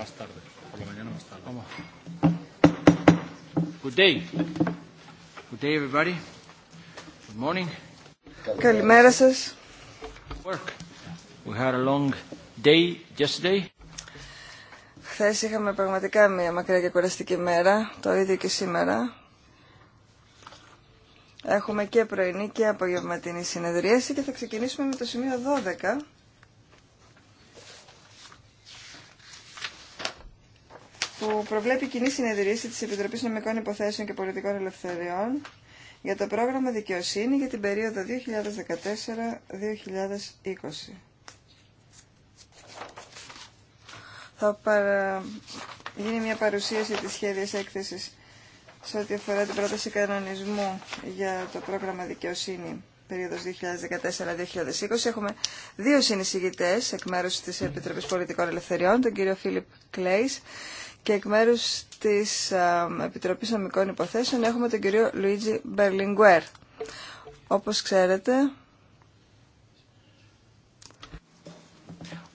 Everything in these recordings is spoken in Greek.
más tarde, por la mañana Good day. Good day everybody. Good morning. Καλημέρα σας. Work. We had a long day yesterday. Χθες είχαμε πραγματικά μια μακριά και κουραστική μέρα, το ίδιο και σήμερα. Έχουμε και πρωινή και απογευματινή συνεδρίαση και θα ξεκινήσουμε με το σημείο 12 που προβλέπει κοινή συνεδρίαση τη Επιτροπή Νομικών Υποθέσεων και Πολιτικών Ελευθεριών για το πρόγραμμα δικαιοσύνη για την περίοδο 2014-2020. Θα γίνει μια παρουσίαση της σχέδιας έκθεσης σε ό,τι αφορά την πρόταση κανονισμού για το πρόγραμμα δικαιοσύνη περίοδος 2014-2020. Έχουμε δύο συνεισηγητές εκ μέρους της Επιτροπής Πολιτικών Ελευθεριών, τον κύριο Φίλιπ Κλέης και εκ μέρου τη επιτροπή Νομικών Υποθέσεων έχουμε τον κύριο Λουίτζι Μπερλιγκουέρ. Όπως ξέρετε...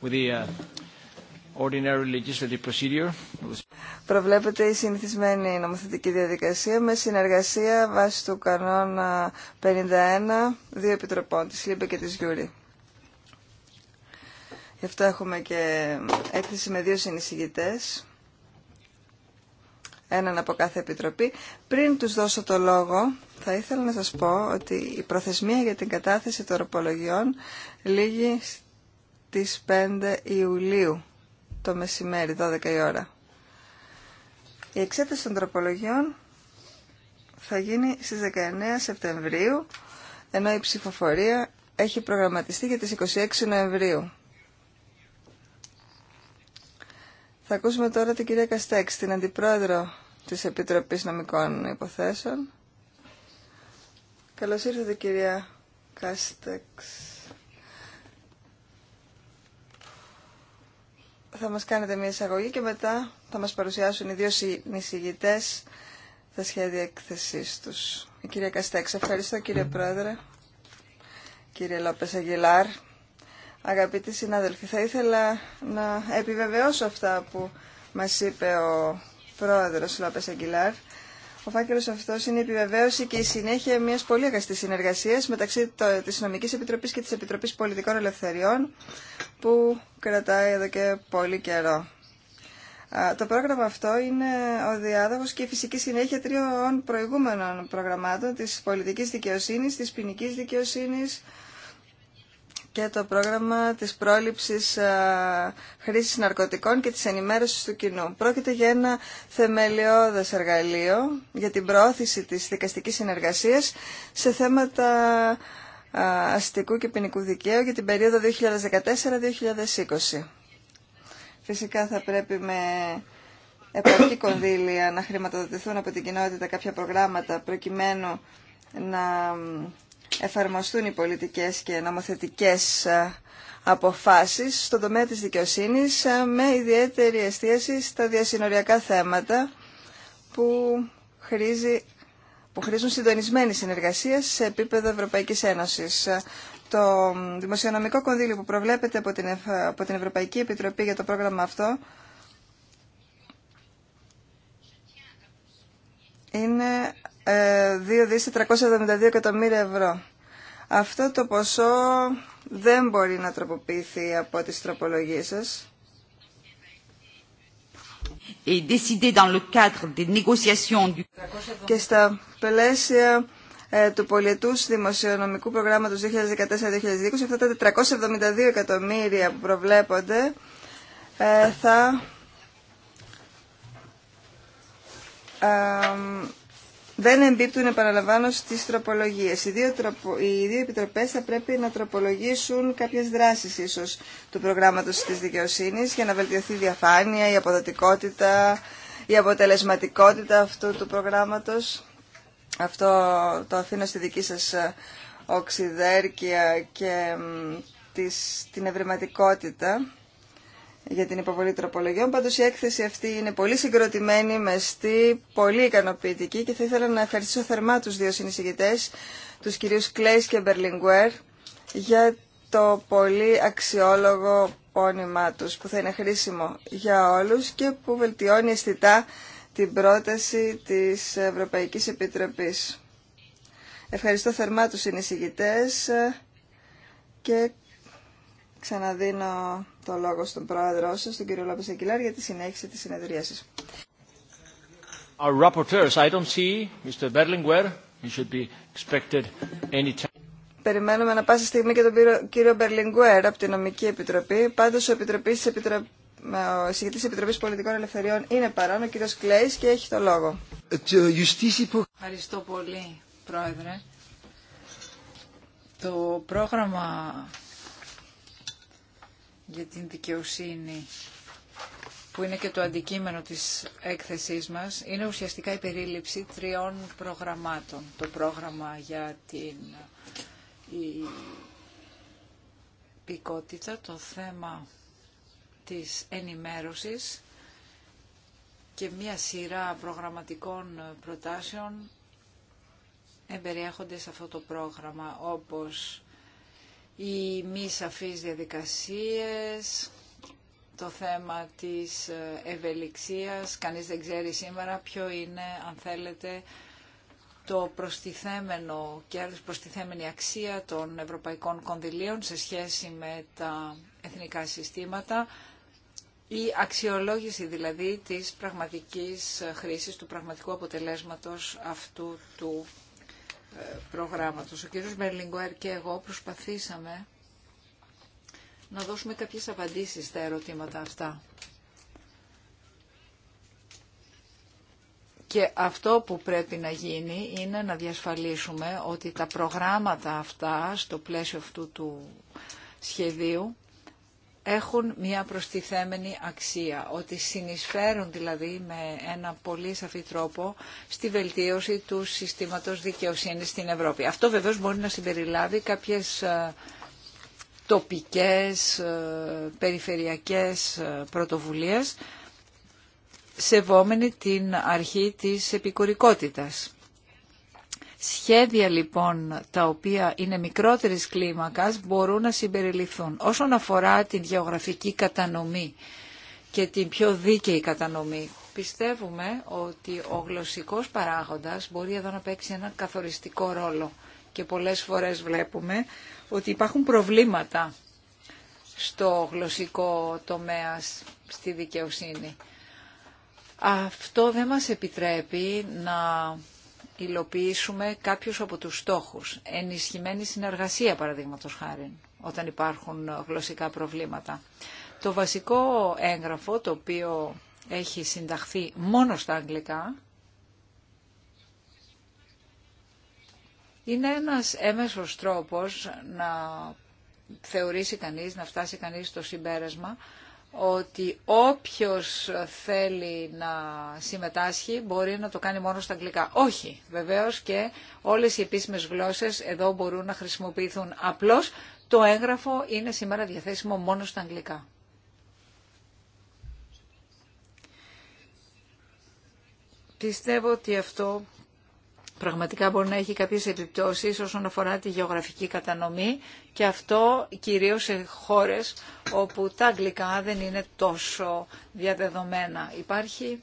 With the, uh, Προβλέπεται η συνηθισμένη νομοθετική διαδικασία με συνεργασία βάσει του κανόνα 51 δύο επιτροπών της ΛΥΜΠΕ και της ΓΙΟΥΡΙ. Γι' αυτό έχουμε και έκθεση με δύο συνεισηγητές έναν από κάθε επιτροπή. Πριν τους δώσω το λόγο, θα ήθελα να σας πω ότι η προθεσμία για την κατάθεση των ροπολογιών λήγει στις 5 Ιουλίου το μεσημέρι, 12 η ώρα. Η εξέταση των τροπολογιών θα γίνει στις 19 Σεπτεμβρίου, ενώ η ψηφοφορία έχει προγραμματιστεί για τις 26 Νοεμβρίου. Θα ακούσουμε τώρα την κυρία Καστέξ, την Αντιπρόεδρο της Επιτροπής Νομικών Υποθέσεων. Καλώς ήρθατε κυρία Κάστεξ. Θα μας κάνετε μια εισαγωγή και μετά θα μας παρουσιάσουν οι δύο συνεισηγητές τα σχέδια εκθεσής τους. Η κυρία Καστέξ, ευχαριστώ κύριε Πρόεδρε, κύριε Λόπες Αγγελάρ, Αγαπητοί συνάδελφοι, θα ήθελα να επιβεβαιώσω αυτά που μας είπε ο πρόεδρος Λόπες Αγγιλάρ. Ο φάκελος αυτός είναι η επιβεβαίωση και η συνέχεια μιας πολύ αγαστής συνεργασίας μεταξύ της Νομικής Επιτροπής και της Επιτροπής Πολιτικών Ελευθεριών που κρατάει εδώ και πολύ καιρό. Το πρόγραμμα αυτό είναι ο διάδοχος και η φυσική συνέχεια τριών προηγούμενων προγραμμάτων της πολιτικής δικαιοσύνης, της ποινική δικαιοσύνης και το πρόγραμμα της πρόληψης α, ε, χρήσης ναρκωτικών και της ενημέρωσης του κοινού. Πρόκειται για ένα θεμελιώδες εργαλείο για την προώθηση της δικαστικής συνεργασίας σε θέματα ε, αστικού και ποινικού δικαίου για την περίοδο 2014-2020. Φυσικά θα πρέπει με επαρκή κονδύλια να χρηματοδοτηθούν από την κοινότητα κάποια προγράμματα προκειμένου να εφαρμοστούν οι πολιτικές και νομοθετικές ε, αποφάσεις στον τομέα της δικαιοσύνης ε, με ιδιαίτερη εστίαση στα διασυνοριακά θέματα που, χρήζει, που χρήζουν συντονισμένη συνεργασία σε επίπεδο Ευρωπαϊκής Ένωσης. Ε, το δημοσιονομικό κονδύλιο που προβλέπεται από την, από την Ευρωπαϊκή Επιτροπή για το πρόγραμμα αυτό είναι 2 εκατομμύρια ευρώ. Αυτό το ποσό δεν μπορεί να τροποποιηθεί από τις τροπολογίες σας. Και στα πλαίσια ε, του πολιτου δημοσιονομικου δημοσιονομικού προγράμματος 2014-2020 αυτά τα 472 εκατομμύρια που προβλέπονται ε, θα ε, δεν εμπίπτουν, επαναλαμβάνω, στις τροπολογίες. Οι δύο, τροπο, δύο επιτροπές θα πρέπει να τροπολογήσουν κάποιες δράσεις ίσως του προγράμματος της δικαιοσύνης για να βελτιωθεί η διαφάνεια, η αποδοτικότητα, η αποτελεσματικότητα αυτού του προγράμματος. Αυτό το αφήνω στη δική σας ε, οξυδέρκεια και της, την ευρηματικότητα για την υποβολή τροπολογιών. Πάντω η έκθεση αυτή είναι πολύ συγκροτημένη, μεστή, πολύ ικανοποιητική και θα ήθελα να ευχαριστήσω θερμά τους δύο συνεισηγητές, τους κυρίους Κλέη και Μπερλιγκουέρ, για το πολύ αξιόλογο όνειμά τους που θα είναι χρήσιμο για όλους και που βελτιώνει αισθητά την πρόταση της Ευρωπαϊκή Επιτροπή. Ευχαριστώ θερμά του συνεισηγητέ και ξαναδίνω το λόγο στον πρόεδρό σα, τον κύριο Λόπη Αγγιλάρ, για τη συνέχιση τη συνεδρία Περιμένουμε να πάσει στιγμή και τον κύριο Μπερλιγκουέρ από την Νομική Επιτροπή. Πάντω, ο, Επιτροπής, τη ο Επιτροπής Πολιτικών Ελευθεριών είναι παρόν, ο κύριος Κλέης και έχει το λόγο. Ευχαριστώ πολύ, Πρόεδρε. Το πρόγραμμα για την δικαιοσύνη που είναι και το αντικείμενο της έκθεσής μας, είναι ουσιαστικά η περίληψη τριών προγραμμάτων. Το πρόγραμμα για την η το θέμα της ενημέρωσης και μία σειρά προγραμματικών προτάσεων εμπεριέχονται σε αυτό το πρόγραμμα, όπως οι μη σαφείς διαδικασίες, το θέμα της ε, ευελιξίας. Κανείς δεν ξέρει σήμερα ποιο είναι, αν θέλετε, το προστιθέμενο κέρδος, προστιθέμενη αξία των ευρωπαϊκών κονδυλίων σε σχέση με τα εθνικά συστήματα. Η αξιολόγηση δηλαδή της πραγματικής ε, χρήσης, του πραγματικού αποτελέσματος αυτού του προγράμματος. Ο κύριος Μερλιγκουέρ και εγώ προσπαθήσαμε να δώσουμε κάποιες απαντήσεις στα ερωτήματα αυτά. Και αυτό που πρέπει να γίνει είναι να διασφαλίσουμε ότι τα προγράμματα αυτά στο πλαίσιο αυτού του σχεδίου έχουν μια προστιθέμενη αξία, ότι συνεισφέρουν δηλαδή με ένα πολύ σαφή τρόπο στη βελτίωση του συστήματος δικαιοσύνης στην Ευρώπη. Αυτό βεβαίως μπορεί να συμπεριλάβει κάποιες ε, τοπικές, ε, περιφερειακές ε, πρωτοβουλίες, σεβόμενη την αρχή της επικουρικότητας. Σχέδια λοιπόν τα οποία είναι μικρότερης κλίμακας μπορούν να συμπεριληφθούν. Όσον αφορά την γεωγραφική κατανομή και την πιο δίκαιη κατανομή, πιστεύουμε ότι ο γλωσσικός παράγοντας μπορεί εδώ να παίξει ένα καθοριστικό ρόλο και πολλές φορές βλέπουμε ότι υπάρχουν προβλήματα στο γλωσσικό τομέα στη δικαιοσύνη. Αυτό δεν μας επιτρέπει να υλοποιήσουμε κάποιους από τους στόχους. Ενισχυμένη συνεργασία, παραδείγματος χάρη, όταν υπάρχουν γλωσσικά προβλήματα. Το βασικό έγγραφο, το οποίο έχει συνταχθεί μόνο στα αγγλικά, είναι ένας έμεσος τρόπος να θεωρήσει κανείς, να φτάσει κανείς στο συμπέρασμα ότι όποιος θέλει να συμμετάσχει μπορεί να το κάνει μόνο στα αγγλικά. Όχι, βεβαίως και όλες οι επίσημες γλώσσες εδώ μπορούν να χρησιμοποιηθούν. Απλώς το έγγραφο είναι σήμερα διαθέσιμο μόνο στα αγγλικά. Πιστεύω ότι αυτό πραγματικά μπορεί να έχει κάποιες επιπτώσεις όσον αφορά τη γεωγραφική κατανομή και αυτό κυρίως σε χώρες όπου τα αγγλικά δεν είναι τόσο διαδεδομένα. Υπάρχει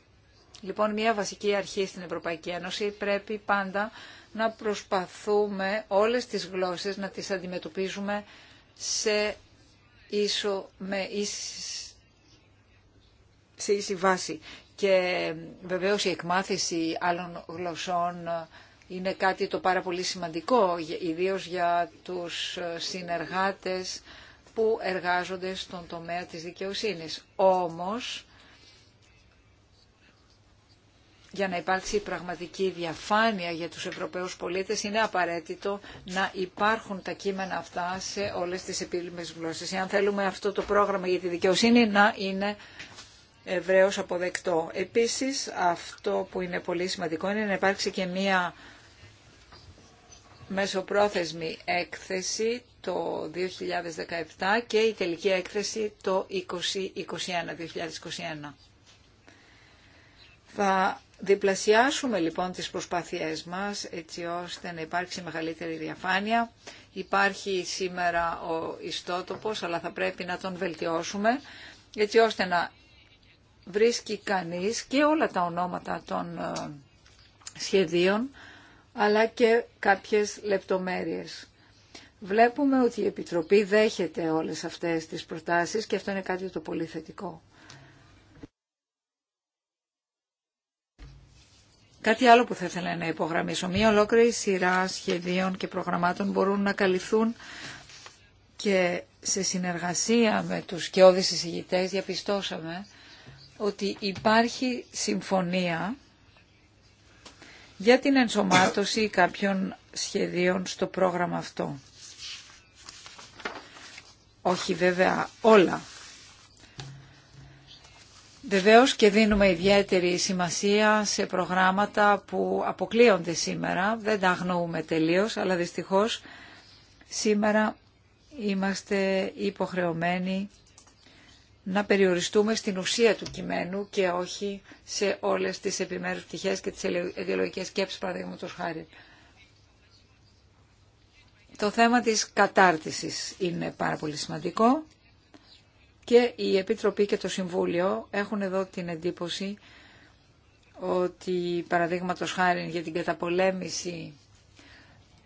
λοιπόν μια βασική αρχή στην Ευρωπαϊκή Ένωση, πρέπει πάντα να προσπαθούμε όλες τις γλώσσες να τις αντιμετωπίζουμε σε ίσο με σε ίση βάση και βεβαίως η εκμάθηση άλλων γλωσσών είναι κάτι το πάρα πολύ σημαντικό, ιδίως για τους συνεργάτες που εργάζονται στον τομέα της δικαιοσύνης. Όμως, για να υπάρξει πραγματική διαφάνεια για τους Ευρωπαίους πολίτες είναι απαραίτητο να υπάρχουν τα κείμενα αυτά σε όλες τις επίλυμες γλώσσες. Εάν θέλουμε αυτό το πρόγραμμα για τη δικαιοσύνη να είναι ευρέως αποδεκτό. Επίσης, αυτό που είναι πολύ σημαντικό είναι να υπάρξει και μία μεσοπρόθεσμη έκθεση το 2017 και η τελική έκθεση το 2021. 2021. Θα διπλασιάσουμε λοιπόν τις προσπάθειές μας έτσι ώστε να υπάρξει μεγαλύτερη διαφάνεια. Υπάρχει σήμερα ο ιστότοπος αλλά θα πρέπει να τον βελτιώσουμε έτσι ώστε να βρίσκει κανείς και όλα τα ονόματα των ε, σχεδίων, αλλά και κάποιες λεπτομέρειες. Βλέπουμε ότι η Επιτροπή δέχεται όλες αυτές τις προτάσεις και αυτό είναι κάτι το πολύ θετικό. Κάτι άλλο που θα ήθελα να υπογραμμίσω. Μία ολόκληρη σειρά σχεδίων και προγραμμάτων μπορούν να καλυφθούν και σε συνεργασία με τους και όδησης διαπιστώσαμε ότι υπάρχει συμφωνία για την ενσωμάτωση κάποιων σχεδίων στο πρόγραμμα αυτό. Όχι βέβαια όλα. Βεβαίως και δίνουμε ιδιαίτερη σημασία σε προγράμματα που αποκλείονται σήμερα. Δεν τα αγνοούμε τελείως, αλλά δυστυχώς σήμερα είμαστε υποχρεωμένοι να περιοριστούμε στην ουσία του κειμένου και όχι σε όλες τις επιμέρους πτυχές και τις ιδεολογικές σκέψεις παραδείγματο χάρη. Το θέμα της κατάρτισης είναι πάρα πολύ σημαντικό και η Επιτροπή και το Συμβούλιο έχουν εδώ την εντύπωση ότι παραδείγματο χάρη για την καταπολέμηση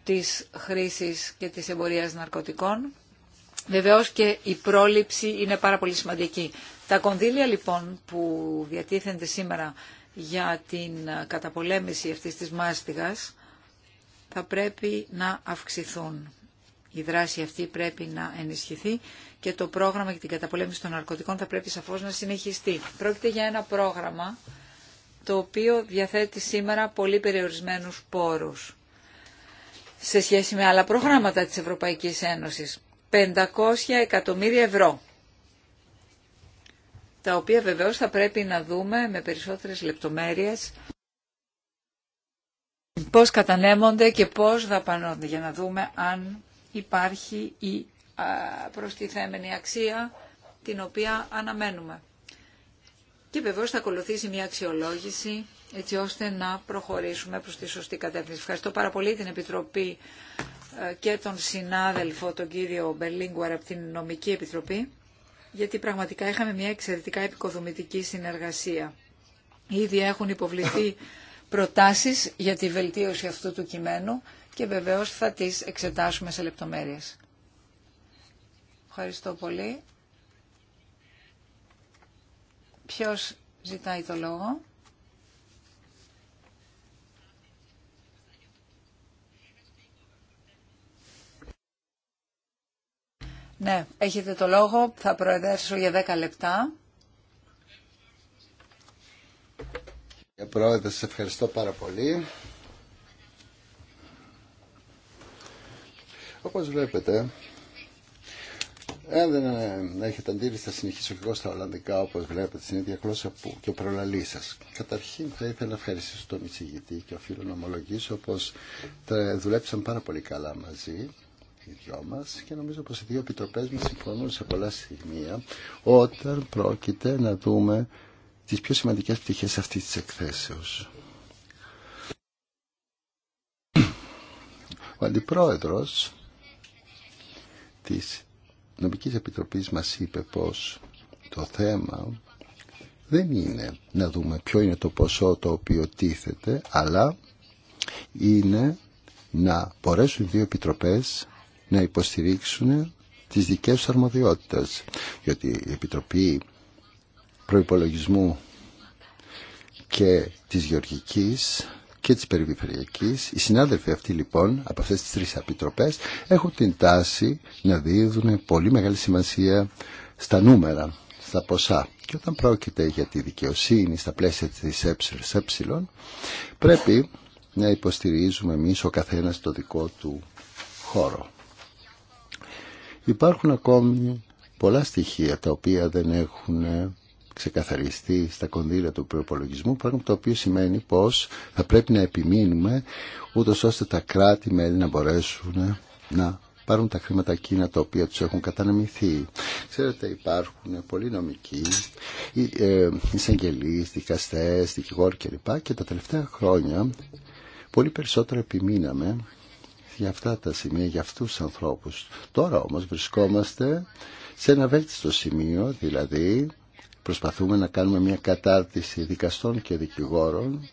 της χρήσης και της εμπορίας ναρκωτικών Βεβαίως και η πρόληψη είναι πάρα πολύ σημαντική. Τα κονδύλια λοιπόν που διατίθενται σήμερα για την καταπολέμηση αυτής της μάστιγας θα πρέπει να αυξηθούν. Η δράση αυτή πρέπει να ενισχυθεί και το πρόγραμμα για την καταπολέμηση των ναρκωτικών θα πρέπει σαφώς να συνεχιστεί. Πρόκειται για ένα πρόγραμμα το οποίο διαθέτει σήμερα πολύ περιορισμένους πόρους σε σχέση με άλλα προγράμματα της Ευρωπαϊκής Ένωσης. 500 εκατομμύρια ευρώ τα οποία βεβαίως θα πρέπει να δούμε με περισσότερες λεπτομέρειες πώς κατανέμονται και πώς δαπανώνται για να δούμε αν υπάρχει η προστιθέμενη αξία την οποία αναμένουμε. Και βεβαίως θα ακολουθήσει μια αξιολόγηση έτσι ώστε να προχωρήσουμε προς τη σωστή κατεύθυνση. Ευχαριστώ πάρα πολύ την Επιτροπή και τον συνάδελφο, τον κύριο Μπελίνγκουαρ από την Νομική Επιτροπή, γιατί πραγματικά είχαμε μια εξαιρετικά επικοδομητική συνεργασία. Ήδη έχουν υποβληθεί προτάσεις για τη βελτίωση αυτού του κειμένου και βεβαίως θα τις εξετάσουμε σε λεπτομέρειες. Ευχαριστώ πολύ. Ποιος ζητάει το λόγο. Ναι, έχετε το λόγο. Θα προεδρεύσω για 10 λεπτά. Κύριε Πρόεδρε, σας ευχαριστώ πάρα πολύ. Όπως βλέπετε, αν δεν έχετε αντίληψη, θα συνεχίσω και εγώ στα Ολλανδικά, όπως βλέπετε, στην ίδια γλώσσα που και ο προλαλή σα. Καταρχήν, θα ήθελα να ευχαριστήσω τον εισηγητή και οφείλω να ομολογήσω πως δουλέψαν πάρα πολύ καλά μαζί οι δυο και νομίζω πω οι δύο επιτροπέ μα συμφωνούν σε πολλά σημεία όταν πρόκειται να δούμε τι πιο σημαντικέ πτυχέ αυτή τη εκθέσεω. Ο αντιπρόεδρο τη Νομική επιτροπή μα είπε πω το θέμα δεν είναι να δούμε ποιο είναι το ποσό το οποίο τίθεται, αλλά είναι να μπορέσουν οι δύο επιτροπές να υποστηρίξουν τις δικές τους αρμοδιότητες γιατί η Επιτροπή Προϋπολογισμού και της Γεωργικής και της Περιφερειακής οι συνάδελφοι αυτοί λοιπόν από αυτές τις τρεις επιτροπές έχουν την τάση να δίδουν πολύ μεγάλη σημασία στα νούμερα, στα ποσά και όταν πρόκειται για τη δικαιοσύνη στα πλαίσια της ε, πρέπει να υποστηρίζουμε εμεί ο καθένας το δικό του χώρο. Υπάρχουν ακόμη πολλά στοιχεία τα οποία δεν έχουν ξεκαθαριστεί στα κονδύλια του προπολογισμού, πράγμα το οποίο σημαίνει πως θα πρέπει να επιμείνουμε ούτω ώστε τα κράτη-μέλη να μπορέσουν να πάρουν τα χρήματα εκείνα τα οποία τους έχουν κατανεμηθεί. Ξέρετε υπάρχουν πολλοί νομικοί, ε, εισαγγελείς, δικαστές, δικηγόροι κλπ. Και τα τελευταία χρόνια πολύ περισσότερο επιμείναμε για αυτά τα σημεία, για αυτούς τους ανθρώπους. Τώρα όμως βρισκόμαστε σε ένα βέλτιστο σημείο, δηλαδή προσπαθούμε να κάνουμε μια κατάρτιση δικαστών και δικηγόρων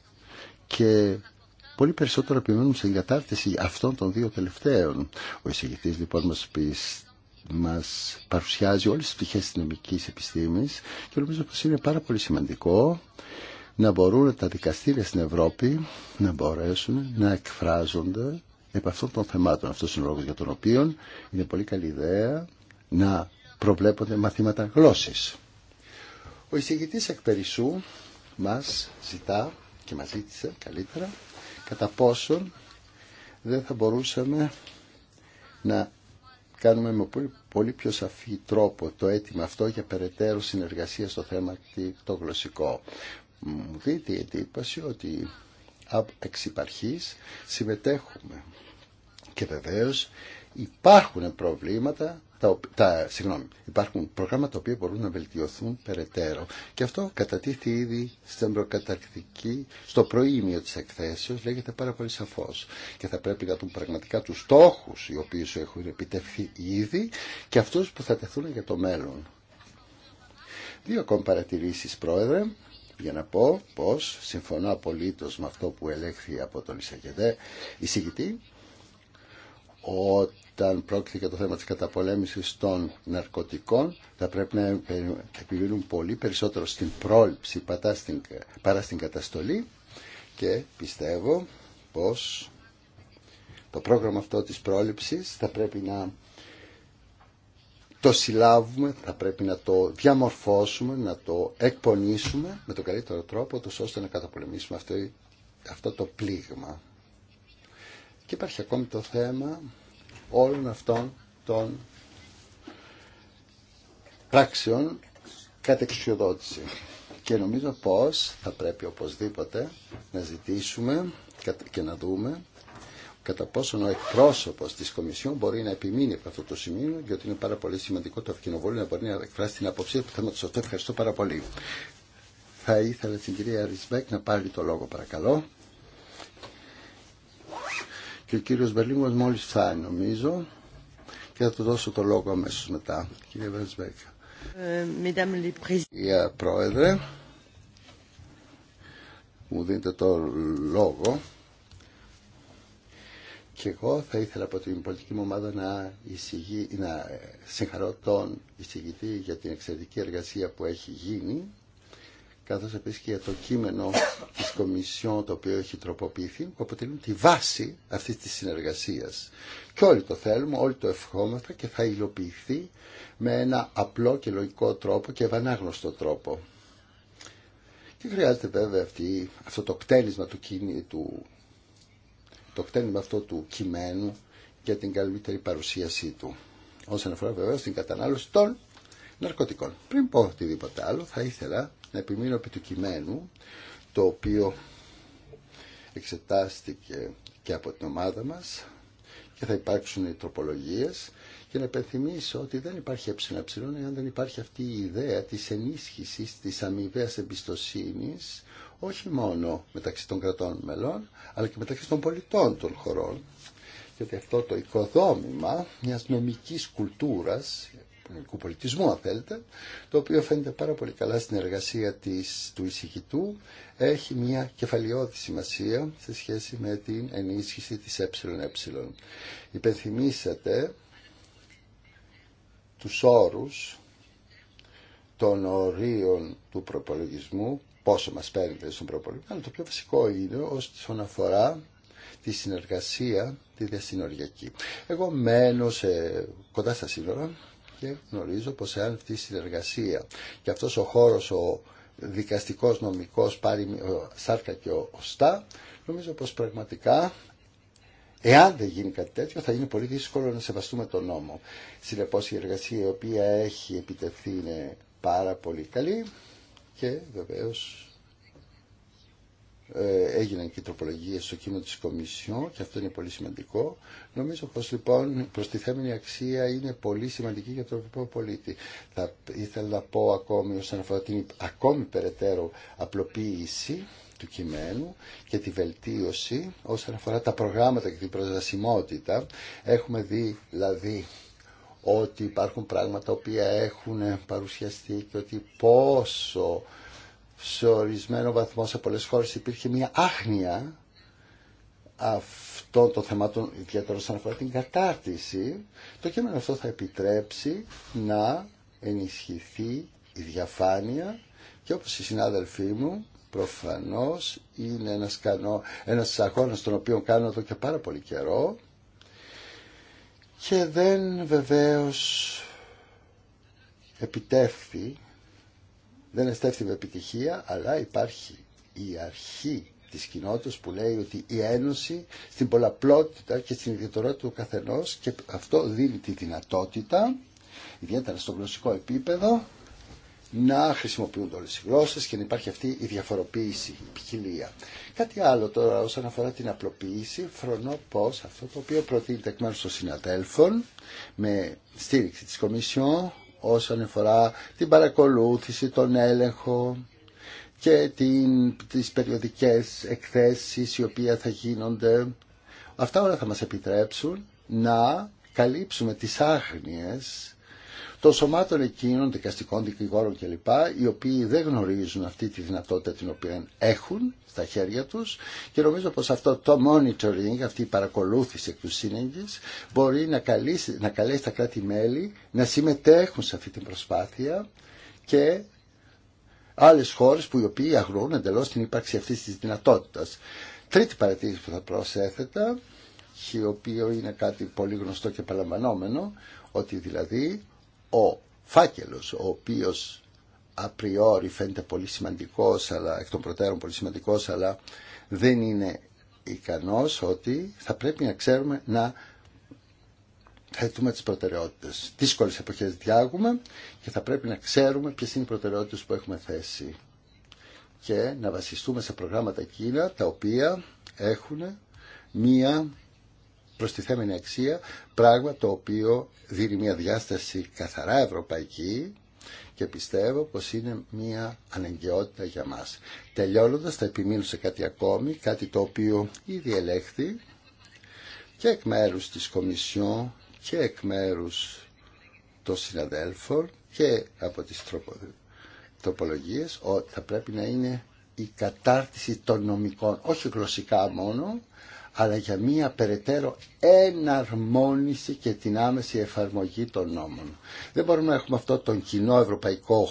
και πολύ περισσότερο επιμένουμε σε κατάρτιση αυτών των δύο τελευταίων. Ο εισηγητής λοιπόν μας μας παρουσιάζει όλες τις πτυχές της νομικής επιστήμης και νομίζω πως είναι πάρα πολύ σημαντικό να μπορούν τα δικαστήρια στην Ευρώπη να μπορέσουν να εκφράζονται επ' αυτών των θεμάτων. Αυτό είναι ο λόγο για τον οποίο είναι πολύ καλή ιδέα να προβλέπονται μαθήματα γλώσση. Ο εισηγητή εκ περισσού μα ζητά και μα ζήτησε καλύτερα κατά πόσον δεν θα μπορούσαμε να κάνουμε με πολύ, πολύ πιο σαφή τρόπο το αίτημα αυτό για περαιτέρω συνεργασία στο θέμα το γλωσσικό. Μου η εντύπωση ότι εξ υπαρχής συμμετέχουμε. Και βεβαίως υπάρχουν προβλήματα, τα, τα, συγγνώμη, υπάρχουν προγράμματα τα οποία μπορούν να βελτιωθούν περαιτέρω. Και αυτό κατατίθεται ήδη στην προκαταρκτική, στο προήμιο της εκθέσεως, λέγεται πάρα πολύ σαφώς. Και θα πρέπει να δουν πραγματικά τους στόχους οι οποίοι έχουν επιτευχθεί ήδη και αυτούς που θα τεθούν για το μέλλον. Δύο ακόμη παρατηρήσεις, Πρόεδρε για να πω πως συμφωνώ απολύτως με αυτό που ελέγχθη από τον εισηγητή όταν πρόκειται για το θέμα της καταπολέμησης των ναρκωτικών θα πρέπει να επιβιβλούν πολύ περισσότερο στην πρόληψη παρά στην καταστολή και πιστεύω πως το πρόγραμμα αυτό της πρόληψης θα πρέπει να το συλλάβουμε, θα πρέπει να το διαμορφώσουμε, να το εκπονήσουμε με τον καλύτερο τρόπο, ώστε να καταπολεμήσουμε αυτό, το πλήγμα. Και υπάρχει ακόμη το θέμα όλων αυτών των πράξεων κατεξιοδότηση. Και νομίζω πως θα πρέπει οπωσδήποτε να ζητήσουμε και να δούμε κατά πόσο ο εκπρόσωπο τη Κομισιόν μπορεί να επιμείνει από αυτό το σημείο, γιατί είναι πάρα πολύ σημαντικό το Ευκοινοβούλιο να μπορεί να εκφράσει την αποψή του θέματο αυτό. Ευχαριστώ πάρα πολύ. Θα ήθελα την κυρία Ρισμπέκ να πάρει το λόγο, παρακαλώ. Και ο κύριο Μπερλίνγκο μόλι φτάνει, νομίζω, και θα του δώσω το λόγο αμέσω μετά. Κύριε Ρισβέκ. Κυρία Πρόεδρε, μου δίνετε το λόγο. Και εγώ θα ήθελα από την πολιτική μου ομάδα να, εισηγεί, να συγχαρώ τον εισηγητή για την εξαιρετική εργασία που έχει γίνει, καθώς επίσης και για το κείμενο της Κομισιόν το οποίο έχει τροποποιηθεί, που αποτελούν τη βάση αυτής της συνεργασίας. Και όλοι το θέλουμε, όλοι το ευχόμαστε και θα υλοποιηθεί με ένα απλό και λογικό τρόπο και ευανάγνωστο τρόπο. Και χρειάζεται βέβαια αυτή, αυτό το κτέλισμα του, του το χτένιμα αυτό του κειμένου για την καλύτερη παρουσίασή του. Όσον αφορά βεβαίω την κατανάλωση των ναρκωτικών. Πριν πω οτιδήποτε άλλο, θα ήθελα να επιμείνω επί του κειμένου, το οποίο εξετάστηκε και από την ομάδα μας και θα υπάρξουν οι τροπολογίες και να επενθυμίσω ότι δεν υπάρχει έψινα ψηλών εάν δεν υπάρχει αυτή η ιδέα της ενίσχυσης της αμοιβαίας εμπιστοσύνης όχι μόνο μεταξύ των κρατών μελών, αλλά και μεταξύ των πολιτών των χωρών. Γιατί αυτό το οικοδόμημα μιας νομικής κουλτούρας, νομικού πολιτισμού αν θέλετε, το οποίο φαίνεται πάρα πολύ καλά στην εργασία της, του εισηγητού, έχει μια κεφαλαιότητη σημασία σε σχέση με την ενίσχυση της ΕΕ. Υπενθυμίσατε τους όρους των ορίων του προπολογισμού πόσο μας παίρνει στον προπολογισμό, αλλά το πιο βασικό είναι όσον αφορά τη συνεργασία, τη διασυνοριακή. Εγώ μένω σε, κοντά στα σύνορα και γνωρίζω πως εάν αυτή η συνεργασία και αυτός ο χώρος ο δικαστικός, νομικός, πάρει σάρκα και οστά, νομίζω πως πραγματικά Εάν δεν γίνει κάτι τέτοιο, θα είναι πολύ δύσκολο να σεβαστούμε τον νόμο. Συνεπώ, η εργασία η οποία έχει επιτευχθεί είναι πάρα πολύ καλή και βεβαίως ε, έγιναν και τροπολογίε στο κείμενο της Κομισιόν και αυτό είναι πολύ σημαντικό. Νομίζω πως λοιπόν η προστιθέμενη αξία είναι πολύ σημαντική για τον ευρωπαϊκό πολίτη. Θα ήθελα να πω ακόμη όσον αφορά την ακόμη περαιτέρω απλοποίηση του κειμένου και τη βελτίωση όσον αφορά τα προγράμματα και την προσβασιμότητα. Έχουμε δει δηλαδή ότι υπάρχουν πράγματα οποία έχουν παρουσιαστεί και ότι πόσο σε ορισμένο βαθμό σε πολλές χώρες υπήρχε μια άχνοια αυτών των θεμάτων, ιδιαίτερα όσον αφορά την κατάρτιση, το κείμενο αυτό θα επιτρέψει να ενισχυθεί η διαφάνεια και όπως οι συνάδελφοί μου προφανώς είναι ένας, κανό, ένας αγώνας τον οποίο κάνω εδώ και πάρα πολύ καιρό και δεν βεβαίως επιτεύχθη, δεν εστέφθη με επιτυχία, αλλά υπάρχει η αρχή της κοινότητας που λέει ότι η Ένωση στην πολλαπλότητα και στην ιδιαιτερότητα του καθενός και αυτό δίνει τη δυνατότητα, ιδιαίτερα στο γλωσσικό επίπεδο, να χρησιμοποιούνται όλες οι γλώσσες και να υπάρχει αυτή η διαφοροποίηση, η ποικιλία. Κάτι άλλο τώρα όσον αφορά την απλοποίηση, φρονώ πως αυτό το οποίο προτείνεται εκ μέρους των συναδέλφων με στήριξη της Κομισιόν όσον αφορά την παρακολούθηση, τον έλεγχο και την, τις περιοδικές εκθέσεις οι οποίες θα γίνονται. Αυτά όλα θα μας επιτρέψουν να καλύψουμε τις άγνοιες των σωμάτων εκείνων, δικαστικών δικηγόρων κλπ, οι οποίοι δεν γνωρίζουν αυτή τη δυνατότητα την οποία έχουν στα χέρια τους και νομίζω πως αυτό το monitoring, αυτή η παρακολούθηση εκ του σύνεγγης μπορεί να, καλέσει, να καλέσει τα κράτη-μέλη να συμμετέχουν σε αυτή την προσπάθεια και άλλες χώρες που οι οποίοι αγρούν εντελώς την ύπαρξη αυτής της δυνατότητας. Τρίτη παρατήρηση που θα προσέθετα, η οποία είναι κάτι πολύ γνωστό και παραμενόμενο, ότι δηλαδή ο φάκελος ο οποίος απριόρι φαίνεται πολύ σημαντικός αλλά εκ των προτέρων πολύ σημαντικός αλλά δεν είναι ικανός ότι θα πρέπει να ξέρουμε να θέτουμε τις προτεραιότητες. Δύσκολες εποχές διάγουμε και θα πρέπει να ξέρουμε ποιες είναι οι προτεραιότητες που έχουμε θέσει και να βασιστούμε σε προγράμματα εκείνα τα οποία έχουν μία προστιθέμενη αξία, πράγμα το οποίο δίνει μια διάσταση καθαρά ευρωπαϊκή και πιστεύω πως είναι μια αναγκαιότητα για μας. Τελειώνοντας θα επιμείνω σε κάτι ακόμη, κάτι το οποίο ήδη ελέγχθη και εκ μέρους της Κομισιόν και εκ μέρους των συναδέλφων και από τις τροπολογίες ότι θα πρέπει να είναι η κατάρτιση των νομικών, όχι γλωσσικά μόνο, αλλά για μία περαιτέρω εναρμόνιση και την άμεση εφαρμογή των νόμων. Δεν μπορούμε να έχουμε αυτό τον κοινό ευρωπαϊκό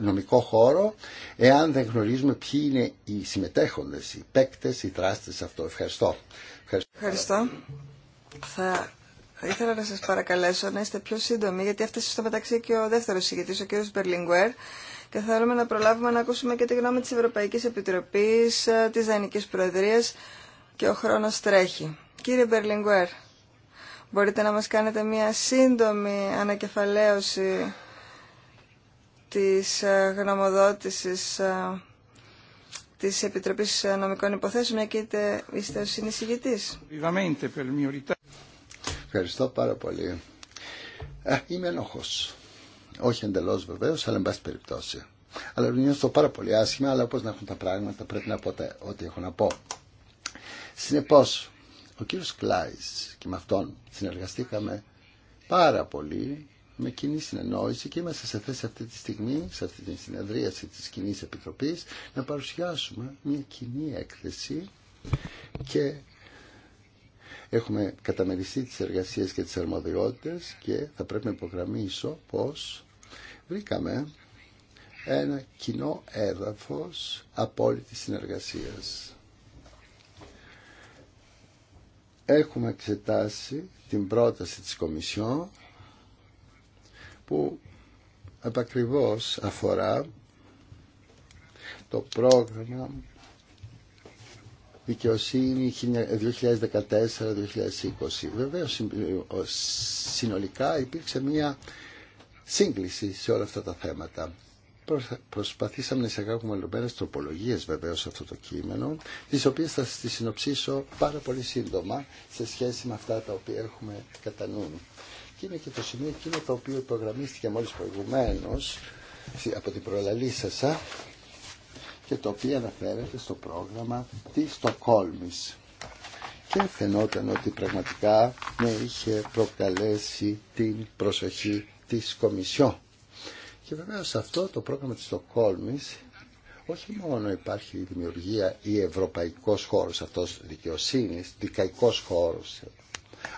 νομικό χώρο εάν δεν γνωρίζουμε ποιοι είναι οι συμμετέχοντες, οι παίκτες, οι δράστες σε αυτό. Ευχαριστώ. Ευχαριστώ. Ευχαριστώ. Θα ήθελα να σας παρακαλέσω να είστε πιο σύντομοι γιατί έφτασε στο μεταξύ και ο δεύτερος συγγετής, ο κύριος Μπερλίνγκουερ, και θέλουμε να προλάβουμε να ακούσουμε και τη γνώμη της Ευρωπαϊκής Επιτροπής, ε, της Δανικής Προεδρίας και ο χρόνος τρέχει. Κύριε Μπερλιγκουέρ, μπορείτε να μας κάνετε μια σύντομη ανακεφαλαίωση της ε, γνωμοδότησης ε, της Επιτροπής Νομικών Υποθέσεων, και είτε είστε ο συνεισηγητής. Ευχαριστώ πάρα πολύ. Ε, είμαι ενόχος. Όχι εντελώς βεβαίως, αλλά εν πάση περιπτώσει. Αλλά νιώθω πάρα πολύ άσχημα, αλλά όπως να έχουν τα πράγματα πρέπει να πω ότι έχω να πω. Συνεπώς, ο κύριος Κλάης και με αυτόν συνεργαστήκαμε πάρα πολύ με κοινή συνεννόηση και είμαστε σε θέση αυτή τη στιγμή, σε αυτή τη συνεδρίαση της κοινή Επιτροπής, να παρουσιάσουμε μια κοινή έκθεση και έχουμε καταμεριστεί τις εργασίες και τις αρμοδιότητες και θα πρέπει να υπογραμμίσω πως βρήκαμε ένα κοινό έδαφος απόλυτης συνεργασίας. έχουμε εξετάσει την πρόταση της Κομισιόν που επακριβώς αφορά το πρόγραμμα δικαιοσύνη 2014-2020. Βεβαίως συνολικά υπήρξε μία σύγκληση σε όλα αυτά τα θέματα προσπαθήσαμε να εισαγάγουμε λομπέρε τροπολογίε βεβαίω σε αυτό το κείμενο, τι οποίε θα τι συνοψίσω πάρα πολύ σύντομα σε σχέση με αυτά τα οποία έχουμε κατά νου. Και είναι και το σημείο εκείνο το οποίο υπογραμμίστηκε μόλι προηγουμένω από την σα και το οποίο αναφέρεται στο πρόγραμμα τη Στοκόλμη. Και φαινόταν ότι πραγματικά με είχε προκαλέσει την προσοχή της Κομισιόν και βέβαια σε αυτό το πρόγραμμα της Στοκόλμης όχι μόνο υπάρχει η δημιουργία ή ευρωπαϊκός χώρος αυτός δικαιοσύνης, δικαϊκός χώρος,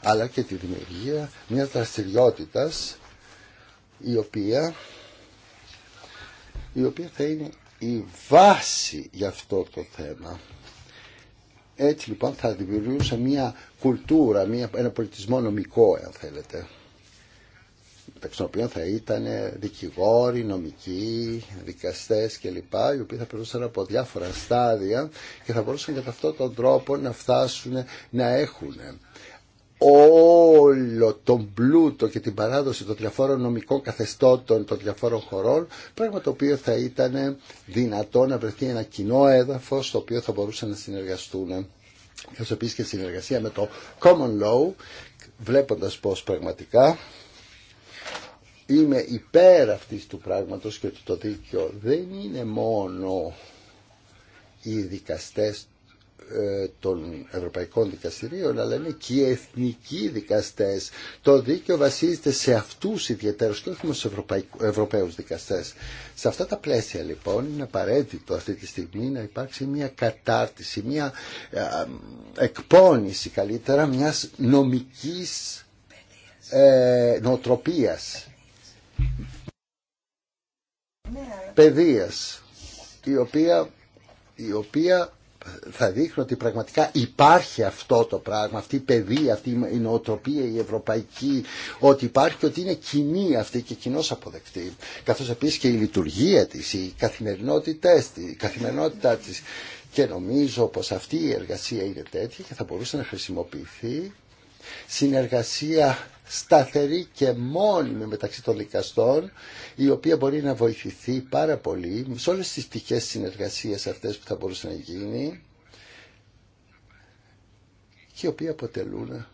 αλλά και τη δημιουργία μιας δραστηριότητας η οποία, η οποία θα είναι η βάση για αυτό το θέμα. Έτσι λοιπόν θα δημιουργούσε μια κουλτούρα, μια, ένα πολιτισμό νομικό, αν θέλετε μεταξύ των οποίων θα ήταν δικηγόροι, νομικοί, δικαστές κλπ. οι οποίοι θα περνούσαν από διάφορα στάδια και θα μπορούσαν κατά αυτόν τον τρόπο να φτάσουν να έχουν όλο τον πλούτο και την παράδοση των διαφόρων νομικών καθεστώτων των διαφόρων χωρών πράγμα το οποίο θα ήταν δυνατό να βρεθεί ένα κοινό έδαφος στο οποίο θα μπορούσαν να συνεργαστούν καθώς επίσης και συνεργασία με το Common Law βλέποντας πως πραγματικά είμαι υπέρ αυτής του πράγματος και το δίκαιο δεν είναι μόνο οι δικαστές ε, των Ευρωπαϊκών Δικαστηρίων αλλά είναι και οι εθνικοί δικαστές το δίκαιο βασίζεται σε αυτούς ιδιαίτερους και όχι μόνο Ευρωπαίους δικαστές σε αυτά τα πλαίσια λοιπόν είναι απαραίτητο αυτή τη στιγμή να υπάρξει μια κατάρτιση μια ε, εκπόνηση καλύτερα μιας νομικής ε, νοοτροπίας παιδείας η οποία, η οποία θα δείχνει ότι πραγματικά υπάρχει αυτό το πράγμα, αυτή η παιδεία, αυτή η νοοτροπία η ευρωπαϊκή, ότι υπάρχει και ότι είναι κοινή αυτή και κοινώ αποδεκτή. Καθώς επίσης και η λειτουργία της, η καθημερινότητά της, η καθημερινότητά της. Και νομίζω πως αυτή η εργασία είναι τέτοια και θα μπορούσε να χρησιμοποιηθεί συνεργασία σταθερή και μόνιμη μεταξύ των δικαστών η οποία μπορεί να βοηθηθεί πάρα πολύ σε όλες τις τυχές συνεργασίες αυτές που θα μπορούσε να γίνει και οι οποίοι αποτελούν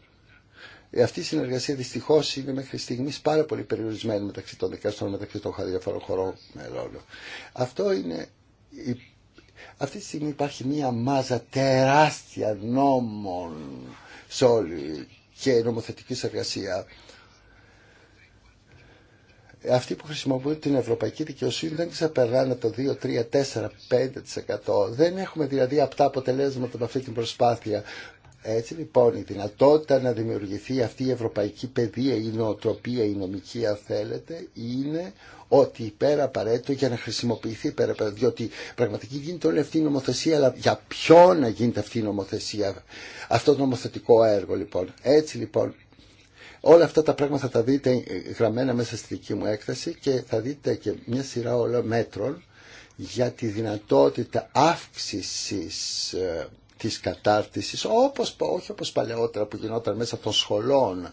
αυτή η συνεργασία δυστυχώ είναι μέχρι στιγμή πάρα πολύ περιορισμένη μεταξύ των δικαστών, μεταξύ των διαφορών χωρών μελών. Αυτό είναι. Αυτή τη στιγμή υπάρχει μία μάζα τεράστια νόμων σε όλη και νομοθετική εργασία. Αυτοί που χρησιμοποιούν την ευρωπαϊκή δικαιοσύνη δεν ξεπερνάνε το 2, 3, 4, 5%. Δεν έχουμε δηλαδή αυτά αποτελέσματα με αυτή την προσπάθεια. Έτσι λοιπόν η δυνατότητα να δημιουργηθεί αυτή η ευρωπαϊκή παιδεία, η νοοτροπία, η νομική αν θέλετε, είναι ότι υπέρα απαραίτητο για να χρησιμοποιηθεί υπέρα απαραίτητο, διότι πραγματική γίνεται όλη αυτή η νομοθεσία, αλλά για ποιο να γίνεται αυτή η νομοθεσία, αυτό το νομοθετικό έργο λοιπόν. Έτσι λοιπόν Όλα αυτά τα πράγματα θα τα δείτε γραμμένα μέσα στη δική μου έκθεση και θα δείτε και μια σειρά όλων μέτρων για τη δυνατότητα αύξησης ε, της κατάρτισης, όπως, όχι όπως παλαιότερα που γινόταν μέσα των σχολών,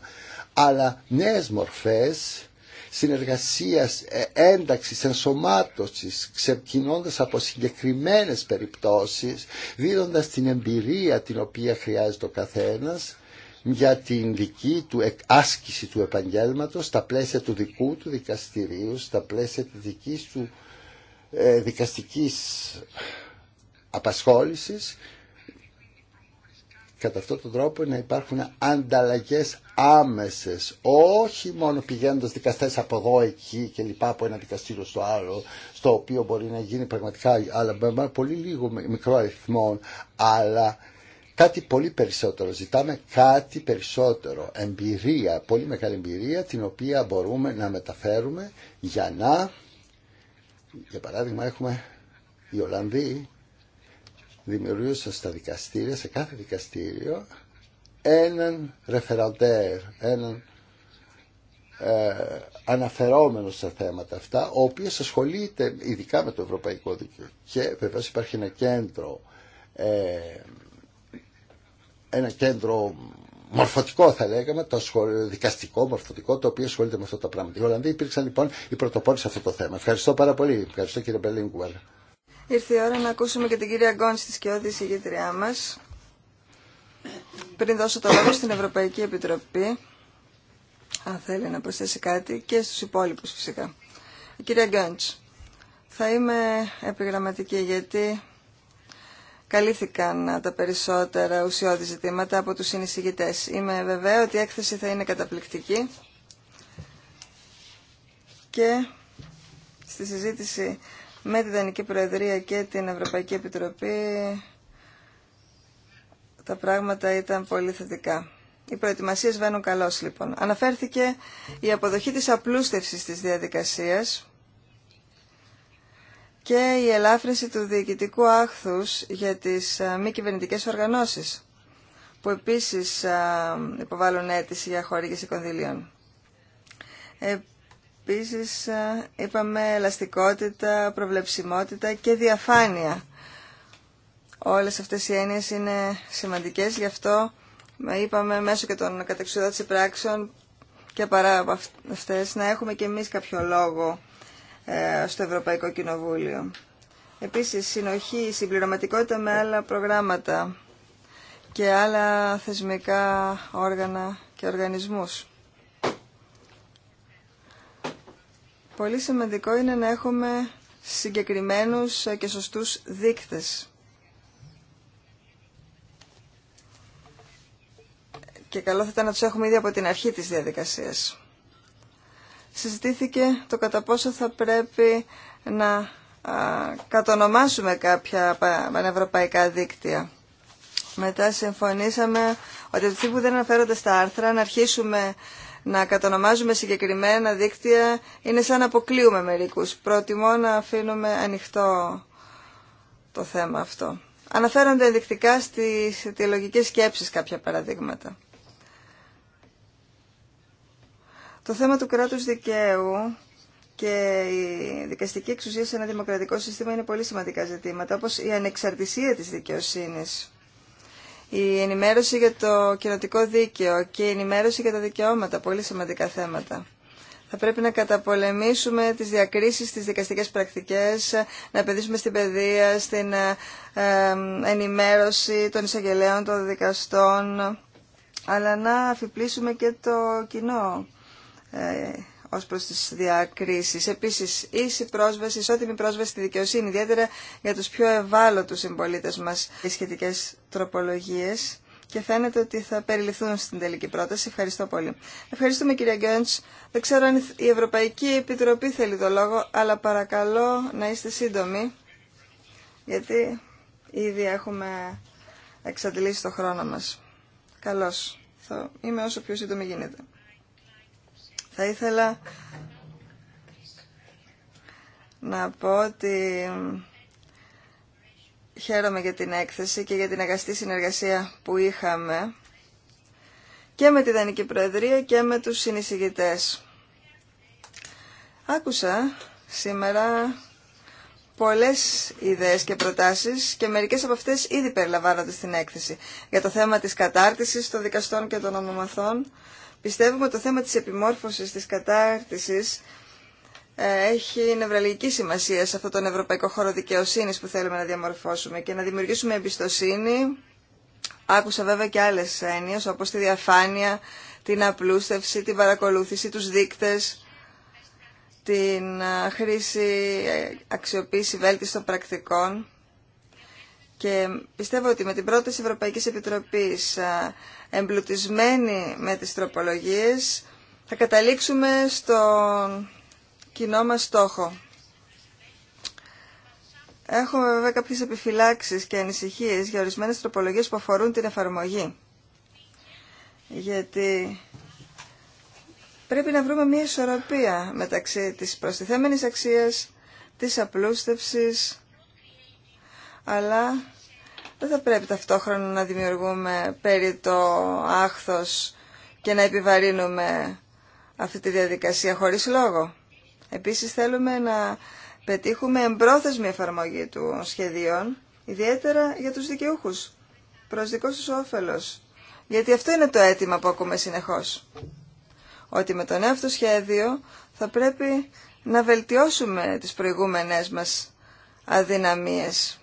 αλλά νέες μορφές συνεργασίας, ε, ένταξης, ενσωμάτωσης, ξεκινώντας από συγκεκριμένες περιπτώσεις, δίνοντας την εμπειρία την οποία χρειάζεται ο καθένας για την δική του άσκηση του επαγγέλματος στα πλαίσια του δικού του δικαστηρίου, στα πλαίσια της δικής του ε, δικαστικής απασχόλησης κατά αυτόν τον τρόπο να υπάρχουν ανταλλαγές άμεσες, όχι μόνο πηγαίνοντας δικαστές από εδώ, εκεί και λοιπά, από ένα δικαστήριο στο άλλο, στο οποίο μπορεί να γίνει πραγματικά, αλλά με πολύ λίγο μικρό αριθμό, αλλά κάτι πολύ περισσότερο. Ζητάμε κάτι περισσότερο, εμπειρία, πολύ μεγάλη εμπειρία, την οποία μπορούμε να μεταφέρουμε για να, για παράδειγμα έχουμε οι Ολλανδοί, δημιουργούσαν στα δικαστήρια, σε κάθε δικαστήριο, έναν ρεφεραντέρ, έναν ε, αναφερόμενο στα θέματα αυτά, ο οποίος ασχολείται ειδικά με το Ευρωπαϊκό Δίκαιο. Και βεβαίως υπάρχει ένα κέντρο, ε, ένα κέντρο μορφωτικό θα λέγαμε, το δικαστικό μορφωτικό, το οποίο ασχολείται με αυτά τα πράγματα. Οι Ολλανδοί υπήρξαν λοιπόν οι πρωτοπόροι σε αυτό το θέμα. Ευχαριστώ πάρα πολύ. Ευχαριστώ κύριε Μπελίνγκουαλ. Ήρθε η ώρα να ακούσουμε και την κυρία Γκόνση της και η γητριά μας. Πριν δώσω το λόγο στην Ευρωπαϊκή Επιτροπή, αν θέλει να προσθέσει κάτι, και στους υπόλοιπους φυσικά. Η κυρία Γκόντς, θα είμαι επιγραμματική γιατί καλύφθηκαν τα περισσότερα ουσιώδη ζητήματα από τους συνεισηγητές. Είμαι βεβαία ότι η έκθεση θα είναι καταπληκτική και στη συζήτηση με τη Δανική Προεδρία και την Ευρωπαϊκή Επιτροπή τα πράγματα ήταν πολύ θετικά. Οι προετοιμασίες βαίνουν καλώς λοιπόν. Αναφέρθηκε η αποδοχή της απλούστευσης της διαδικασίας και η ελάφρυνση του διοικητικού άχθους για τις ε, μη κυβερνητικέ οργανώσεις που επίσης ε, υποβάλλουν αίτηση για χορήγηση κονδυλίων. Ε, Επίση ε, είπαμε ελαστικότητα, προβλεψιμότητα και διαφάνεια. Όλες αυτές οι έννοιες είναι σημαντικές, γι' αυτό ε, είπαμε μέσω και των κατεξουδάτσι πράξεων και παρά από αυτές να έχουμε και εμείς κάποιο λόγο ε, στο Ευρωπαϊκό Κοινοβούλιο. Επίσης, συνοχή, συμπληρωματικότητα με άλλα προγράμματα και άλλα θεσμικά όργανα και οργανισμούς. Πολύ σημαντικό είναι να έχουμε συγκεκριμένους και σωστούς δείκτες. Και καλό θα ήταν να τους έχουμε ήδη από την αρχή της διαδικασίας. Συζητήθηκε το κατά πόσο θα πρέπει να κατονομάσουμε κάποια πανευρωπαϊκά δίκτυα. Μετά συμφωνήσαμε ότι αυτοί που δεν αναφέρονται στα άρθρα να αρχίσουμε να κατανομάζουμε συγκεκριμένα δίκτυα είναι σαν να αποκλείουμε μερικούς. Προτιμώ να αφήνουμε ανοιχτό το θέμα αυτό. Αναφέρονται ενδεικτικά στις αιτιολογικές σκέψεις κάποια παραδείγματα. Το θέμα του κράτους δικαίου και η δικαστική εξουσία σε ένα δημοκρατικό σύστημα είναι πολύ σημαντικά ζητήματα, όπως η ανεξαρτησία της δικαιοσύνης η ενημέρωση για το κοινοτικό δίκαιο και η ενημέρωση για τα δικαιώματα, πολύ σημαντικά θέματα. Θα πρέπει να καταπολεμήσουμε τις διακρίσεις, τις δικαστικές πρακτικές, να επενδύσουμε στην παιδεία, στην ε, ενημέρωση των εισαγγελέων, των δικαστών, αλλά να αφιπλήσουμε και το κοινό ε, Ω προ τι διακρίσει. Επίση, ίση πρόσβαση, ισότιμη πρόσβαση στη δικαιοσύνη, ιδιαίτερα για του πιο ευάλωτους συμπολίτε μα οι σχετικές τροπολογίες και φαίνεται ότι θα περιληφθούν στην τελική πρόταση. Ευχαριστώ πολύ. Ευχαριστούμε κυρία Γκέντς. Δεν ξέρω αν η Ευρωπαϊκή Επιτροπή θέλει το λόγο, αλλά παρακαλώ να είστε σύντομοι, γιατί ήδη έχουμε εξαντλήσει το χρόνο μας. Καλώς. Θα είμαι όσο πιο σύντομη γίνεται. Θα ήθελα να πω ότι χαίρομαι για την έκθεση και για την αγαστή συνεργασία που είχαμε και με τη Δανική Προεδρία και με τους συνεισηγητές. Άκουσα σήμερα πολλές ιδέες και προτάσεις και μερικές από αυτές ήδη περιλαμβάνονται στην έκθεση. Για το θέμα της κατάρτισης των δικαστών και των ονομαθών Πιστεύουμε ότι το θέμα της επιμόρφωσης, της κατάρτισης ε, έχει νευραλική σημασία σε αυτόν τον ευρωπαϊκό χώρο δικαιοσύνης που θέλουμε να διαμορφώσουμε και να δημιουργήσουμε εμπιστοσύνη. Άκουσα βέβαια και άλλες έννοιες όπως τη διαφάνεια, την απλούστευση, την παρακολούθηση, τους δείκτες, την ε, χρήση, ε, αξιοποίηση βέλτιστων πρακτικών και πιστεύω ότι με την πρόταση Ευρωπαϊκής Επιτροπής εμπλουτισμένη με τις τροπολογίες θα καταλήξουμε στον κοινό μας στόχο. Έχουμε βέβαια κάποιες επιφυλάξεις και ανησυχίες για ορισμένες τροπολογίες που αφορούν την εφαρμογή. Γιατί πρέπει να βρούμε μια ισορροπία μεταξύ της προστιθέμενης αξίας, της απλούστευσης αλλά δεν θα πρέπει ταυτόχρονα να δημιουργούμε περί το άχθος και να επιβαρύνουμε αυτή τη διαδικασία χωρίς λόγο. Επίσης θέλουμε να πετύχουμε εμπρόθεσμη εφαρμογή του σχεδίων, ιδιαίτερα για τους δικαιούχους, προς δικό τους όφελος. Γιατί αυτό είναι το αίτημα που ακούμε συνεχώς. Ότι με το νέο αυτό σχέδιο θα πρέπει να βελτιώσουμε τις προηγούμενές μας αδυναμίες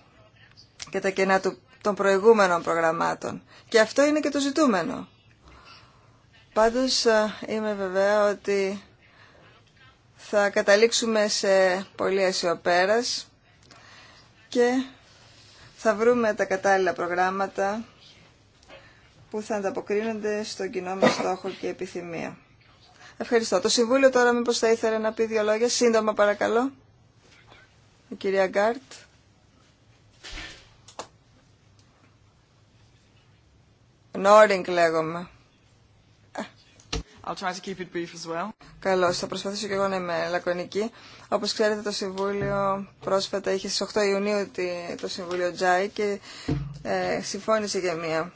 και τα κενά του, των προηγούμενων προγραμμάτων. Και αυτό είναι και το ζητούμενο. Πάντως ε, είμαι βεβαία ότι θα καταλήξουμε σε πολύ αισιοπέρας και θα βρούμε τα κατάλληλα προγράμματα που θα ανταποκρίνονται στον κοινό μας στόχο και επιθυμία. Ευχαριστώ. Το Συμβούλιο τώρα μήπως θα ήθελε να πει δύο λόγια. Σύντομα παρακαλώ. Η κυρία Γκάρτ. Νόρινγκ λέγομαι. Καλώς, θα προσπαθήσω και εγώ να είμαι λακωνική. Όπως ξέρετε το Συμβούλιο πρόσφατα είχε στις 8 Ιουνίου το Συμβούλιο Τζάι και ε, συμφώνησε για μια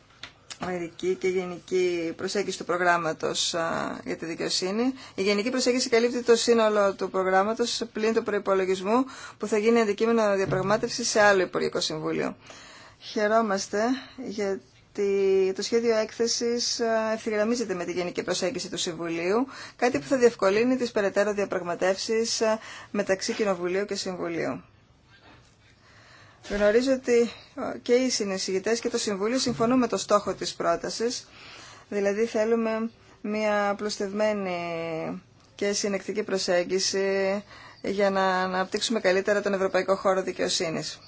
μερική και γενική προσέγγιση του προγράμματος για τη δικαιοσύνη. Η γενική προσέγγιση καλύπτει το σύνολο του προγράμματος πλην του προπολογισμού που θα γίνει αντικείμενο διαπραγμάτευση σε άλλο Υπουργικό Συμβούλιο. Χαιρόμαστε για ότι το σχέδιο έκθεσης ε, ευθυγραμμίζεται με τη γενική προσέγγιση του Συμβουλίου, κάτι που θα διευκολύνει τις περαιτέρω διαπραγματεύσεις ε, μεταξύ Κοινοβουλίου και Συμβουλίου. Γνωρίζω ότι ε, και οι συνεισηγητές και το Συμβούλιο συμφωνούν με το στόχο της πρότασης, δηλαδή θέλουμε μια απλουστευμένη και συνεκτική προσέγγιση για να αναπτύξουμε καλύτερα τον Ευρωπαϊκό Χώρο Δικαιοσύνης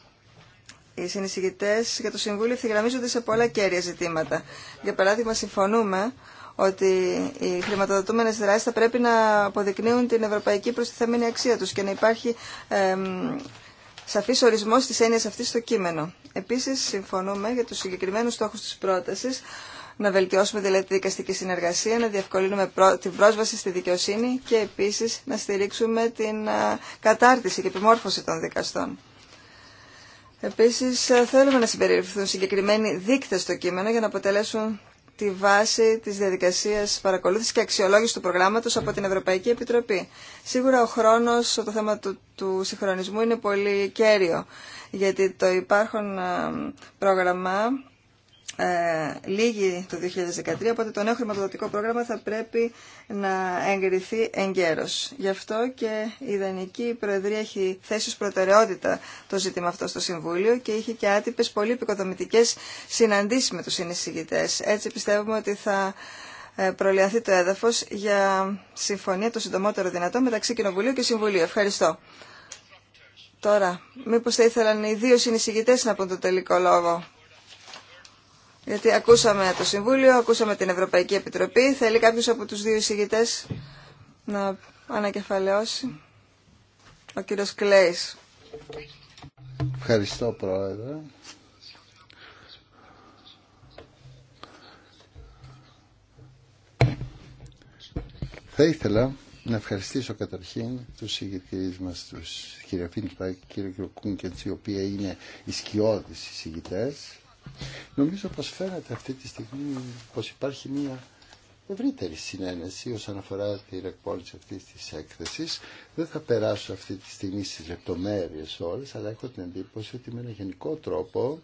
οι συνεισηγητέ για το Συμβούλιο ευθυγραμμίζονται σε πολλά κέρια ζητήματα. Για παράδειγμα, συμφωνούμε ότι οι χρηματοδοτούμενε δράσει θα πρέπει να αποδεικνύουν την ευρωπαϊκή προστιθέμενη αξία του και να υπάρχει σαφή σαφής ορισμός της έννοιας αυτής στο κείμενο. Επίση, συμφωνούμε για του συγκεκριμένου στόχου τη πρόταση να βελτιώσουμε δηλαδή τη δικαστική συνεργασία, να διευκολύνουμε την πρόσβαση στη δικαιοσύνη και επίσης να στηρίξουμε την ε, κατάρτιση και επιμόρφωση των δικαστών. Επίση, θέλουμε να συμπεριληφθούν συγκεκριμένοι δείκτε στο κείμενο για να αποτελέσουν τη βάση της διαδικασία παρακολούθησης και αξιολόγηση του προγράμματος από την Ευρωπαϊκή Επιτροπή. Σίγουρα ο χρόνος, στο θέμα του, του συγχρονισμού είναι πολύ κέριο, γιατί το υπάρχον ε, πρόγραμμα ε, λίγη το 2013, οπότε το νέο χρηματοδοτικό πρόγραμμα θα πρέπει να εγκριθεί εγκαίρως. Γι' αυτό και η Ιδανική Προεδρία έχει θέσει ως προτεραιότητα το ζήτημα αυτό στο Συμβούλιο και είχε και άτυπες πολύ επικοδομητικές συναντήσεις με τους συνεισηγητές. Έτσι πιστεύουμε ότι θα ε, προλιαθεί το έδαφος για συμφωνία το συντομότερο δυνατό μεταξύ Κοινοβουλίου και Συμβουλίου. Ευχαριστώ. Τώρα, μήπως θα ήθελαν οι δύο συνεισηγητές να πούν το τελικό λόγο. Γιατί ακούσαμε το Συμβούλιο, ακούσαμε την Ευρωπαϊκή Επιτροπή. Θέλει κάποιος από τους δύο εισηγητές να ανακεφαλαιώσει. Ο κύριος Κλέης. Ευχαριστώ Πρόεδρε. Θα ήθελα να ευχαριστήσω καταρχήν του ηγητέ μα, του κύριο Φίνιπα και κύριο Κούνκετ, οι οποίοι είναι οι σκιώδει Νομίζω πως φαίνεται αυτή τη στιγμή πως υπάρχει μια ευρύτερη συνένεση όσον αφορά τη ρεκπόληση αυτή τη έκθεση. Δεν θα περάσω αυτή τη στιγμή στι λεπτομέρειε όλε, αλλά έχω την εντύπωση ότι με ένα γενικό τρόπο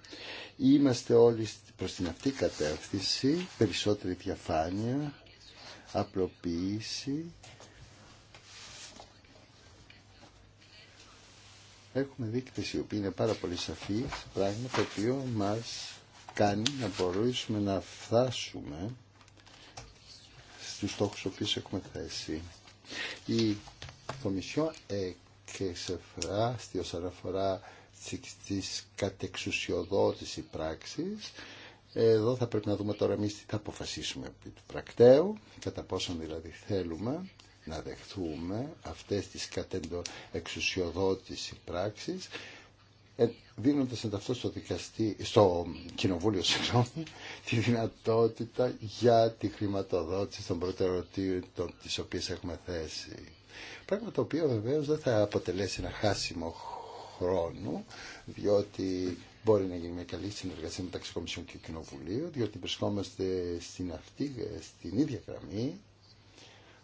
είμαστε όλοι προ την αυτή κατεύθυνση, περισσότερη διαφάνεια, απλοποίηση έχουμε δείκτες οι οποίοι είναι πάρα πολύ σαφείς, πράγμα το οποίο μας κάνει να μπορούμε να φτάσουμε στους στόχους που έχουμε θέσει. Η Κομισιόν εξεφράστη όσον αφορά της κατεξουσιοδότηση πράξης. Εδώ θα πρέπει να δούμε τώρα εμείς τι θα αποφασίσουμε επί του πρακτέου, κατά πόσον δηλαδή θέλουμε να δεχθούμε αυτές τις κατεντοεξουσιοδότηση πράξεις ε, δίνοντας ενταυτό στο, δικαστή, στο κοινοβούλιο συγγνώμη, τη δυνατότητα για τη χρηματοδότηση των προτεραιοτήτων τις οποίες έχουμε θέσει. Πράγμα το οποίο βεβαίως δεν θα αποτελέσει ένα χάσιμο χρόνου διότι μπορεί να γίνει μια καλή συνεργασία μεταξύ Κομισιών και Κοινοβουλίου, διότι βρισκόμαστε στην, αυτή, στην ίδια γραμμή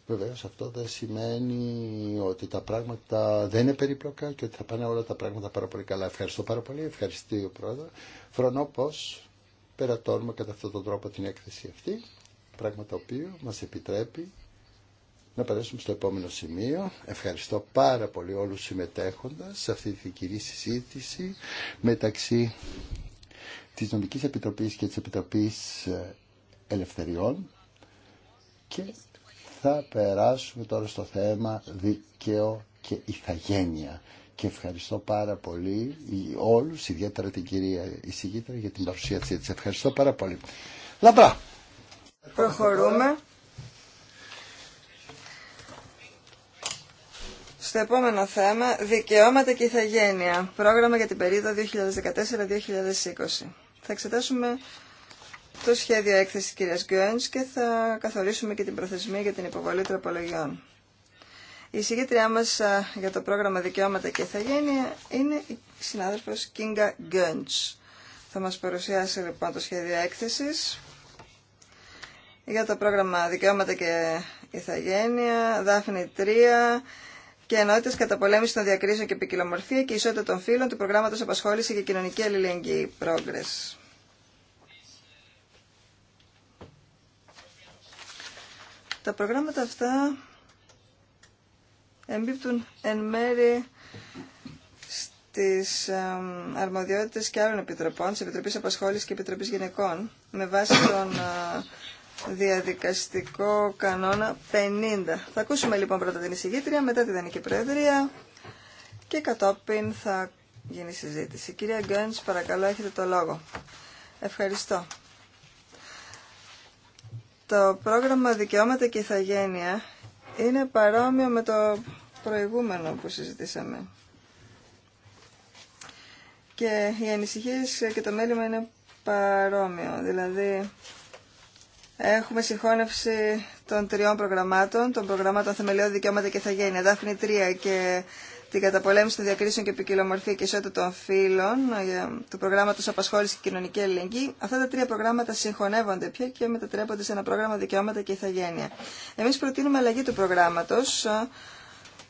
Βεβαίως αυτό δεν σημαίνει ότι τα πράγματα δεν είναι περίπλοκα και ότι θα πάνε όλα τα πράγματα πάρα πολύ καλά. Ευχαριστώ πάρα πολύ, ευχαριστώ ο Πρόεδρο. Φρονώ πως περατώνουμε κατά αυτόν τον τρόπο την έκθεση αυτή, πράγμα το οποίο μας επιτρέπει να περάσουμε στο επόμενο σημείο. Ευχαριστώ πάρα πολύ όλους συμμετέχοντας σε αυτή τη κυρία συζήτηση μεταξύ της Νομικής Επιτροπής και της Επιτροπής Ελευθεριών και θα περάσουμε τώρα στο θέμα δίκαιο και ηθαγένεια. Και ευχαριστώ πάρα πολύ όλους, ιδιαίτερα την κυρία Ισηγήτρα για την παρουσία της. Ευχαριστώ πάρα πολύ. Λαμπρά. Προχωρούμε. Στο επόμενο θέμα, δικαιώματα και ηθαγένεια, πρόγραμμα για την περίοδο 2014-2020. Θα εξετάσουμε το σχέδιο έκθεση τη κυρία Γκέντς και θα καθορίσουμε και την προθεσμία για την υποβολή τροπολογιών. Η συγκεκριά μα για το πρόγραμμα Δικαιώματα και Ιθαγένεια είναι η συνάδελφο Κίνγκα Γκέντ. Θα μα παρουσιάσει λοιπόν το σχέδιο έκθεση για το πρόγραμμα Δικαιώματα και Ιθαγένεια, Δάφνη 3 και ενότητε πολέμηση των διακρίσεων και ποικιλομορφία και ισότητα των φύλων του προγράμματο Απασχόληση και Κοινωνική Αλληλεγγύη Progress. Τα προγράμματα αυτά εμπίπτουν εν μέρη στις αρμοδιότητες και άλλων επιτροπών, της Επιτροπής Απασχόλησης και Επιτροπής Γυναικών, με βάση τον ε, διαδικαστικό κανόνα 50. Θα ακούσουμε λοιπόν πρώτα την εισηγήτρια, μετά τη Δανική Προεδρία και κατόπιν θα γίνει συζήτηση. Κυρία Γκέντς, παρακαλώ, έχετε το λόγο. Ευχαριστώ. Το πρόγραμμα Δικαιώματα και Ιθαγένεια είναι παρόμοιο με το προηγούμενο που συζητήσαμε. Και οι ανησυχίες και το μέλημα είναι παρόμοιο. Δηλαδή, έχουμε συγχώνευση των τριών προγραμμάτων, των προγραμμάτων Θεμελιώδη Δικαιώματα και Ιθαγένεια, Δάφνη 3 και την καταπολέμηση των διακρίσεων και ποικιλομορφία και ισότητα των φύλων, ε, του προγράμματο Απασχόληση και Κοινωνική Ελληνική, αυτά τα τρία προγράμματα συγχωνεύονται πια και μετατρέπονται σε ένα πρόγραμμα Δικαιώματα και ηθαγένεια. Εμεί προτείνουμε αλλαγή του προγράμματο ε,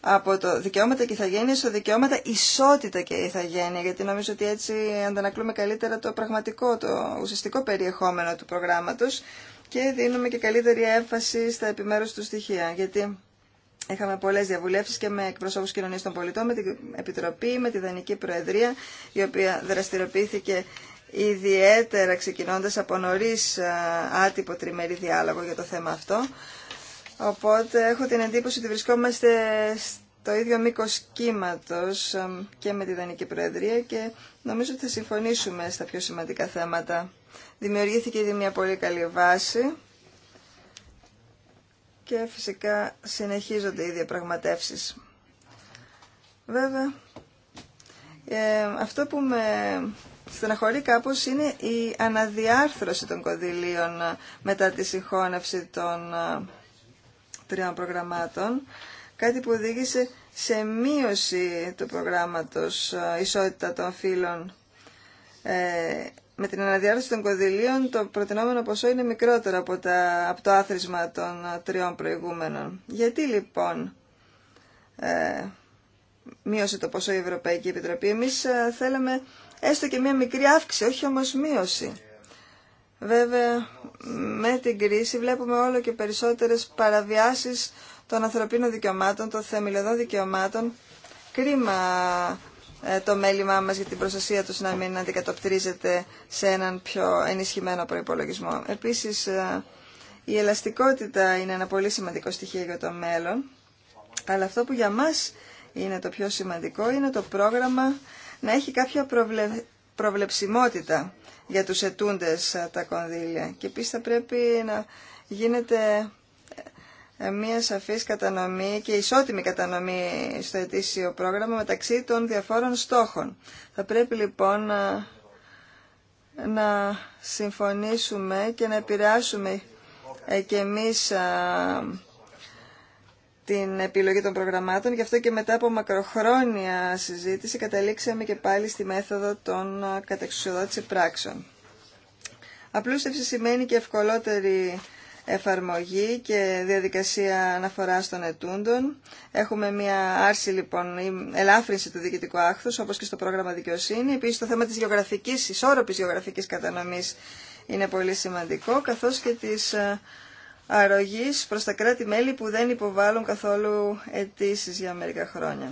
από το δικαιώματα και ηθαγένεια στο δικαιώματα ισότητα και ηθαγένεια, γιατί νομίζω ότι έτσι αντανακλούμε καλύτερα το πραγματικό, το ουσιαστικό περιεχόμενο του προγράμματο και δίνουμε και καλύτερη έμφαση στα επιμέρους του στοιχεία, γιατί Είχαμε πολλέ διαβουλεύσει και με εκπροσώπου κοινωνία των πολιτών, με την Επιτροπή, με τη Δανική Προεδρία, η οποία δραστηριοποιήθηκε ιδιαίτερα ξεκινώντα από νωρί άτυπο τριμερή διάλογο για το θέμα αυτό. Οπότε έχω την εντύπωση ότι βρισκόμαστε στο ίδιο μήκο κύματο και με τη Δανική Προεδρία και νομίζω ότι θα συμφωνήσουμε στα πιο σημαντικά θέματα. Δημιουργήθηκε ήδη μια πολύ καλή βάση και φυσικά συνεχίζονται οι διαπραγματεύσεις. Βέβαια, ε, αυτό που με στεναχωρεί κάπως είναι η αναδιάρθρωση των κονδυλίων μετά τη συγχώνευση των ε, τριών προγραμμάτων, κάτι που οδήγησε σε μείωση του προγράμματος ε, ισότητα των φύλων με την αναδιάρθρωση των κονδυλίων το προτινόμενο ποσό είναι μικρότερο από, τα, από το άθροισμα των ε, τριών προηγούμενων. Γιατί λοιπόν ε, μείωσε το ποσό η Ευρωπαϊκή Επιτροπή. Εμείς ε, θέλαμε έστω και μία μικρή αύξηση, όχι όμως μείωση. Βέβαια, με την κρίση βλέπουμε όλο και περισσότερες παραβιάσεις των ανθρωπίνων δικαιωμάτων, των θεμελιωδών δικαιωμάτων. Κρίμα ε, το μέλημά μας για την προστασία τους να μην αντικατοπτρίζεται σε έναν πιο ενισχυμένο προϋπολογισμό. Επίσης, ε, η ελαστικότητα είναι ένα πολύ σημαντικό στοιχείο για το μέλλον, αλλά αυτό που για μας είναι το πιο σημαντικό είναι το πρόγραμμα να έχει κάποια προβλεψιμότητα για τους ετούντες ε, τα κονδύλια. Και επίσης θα πρέπει να γίνεται ε, μια σαφής κατανομή και ισότιμη κατανομή στο ετήσιο πρόγραμμα μεταξύ των διαφόρων στόχων. Θα πρέπει λοιπόν να, ε, να συμφωνήσουμε και να επηρεάσουμε ε, και εμείς την επιλογή των προγραμμάτων. Γι' αυτό και μετά από μακροχρόνια συζήτηση καταλήξαμε και πάλι στη μέθοδο των κατεξουσιοδότηση πράξεων. Απλούστευση σημαίνει και ευκολότερη εφαρμογή και διαδικασία αναφορά των ετούντων. Έχουμε μια άρση λοιπόν, η ελάφρυνση του διοικητικού άχθους, όπως και στο πρόγραμμα δικαιοσύνη. Επίσης το θέμα της γεωγραφικής, ισόρροπης γεωγραφικής κατανομής είναι πολύ σημαντικό, καθώς και της ε, αρρωγής προς τα κράτη-μέλη που δεν υποβάλλουν καθόλου αιτήσει για μερικά χρόνια.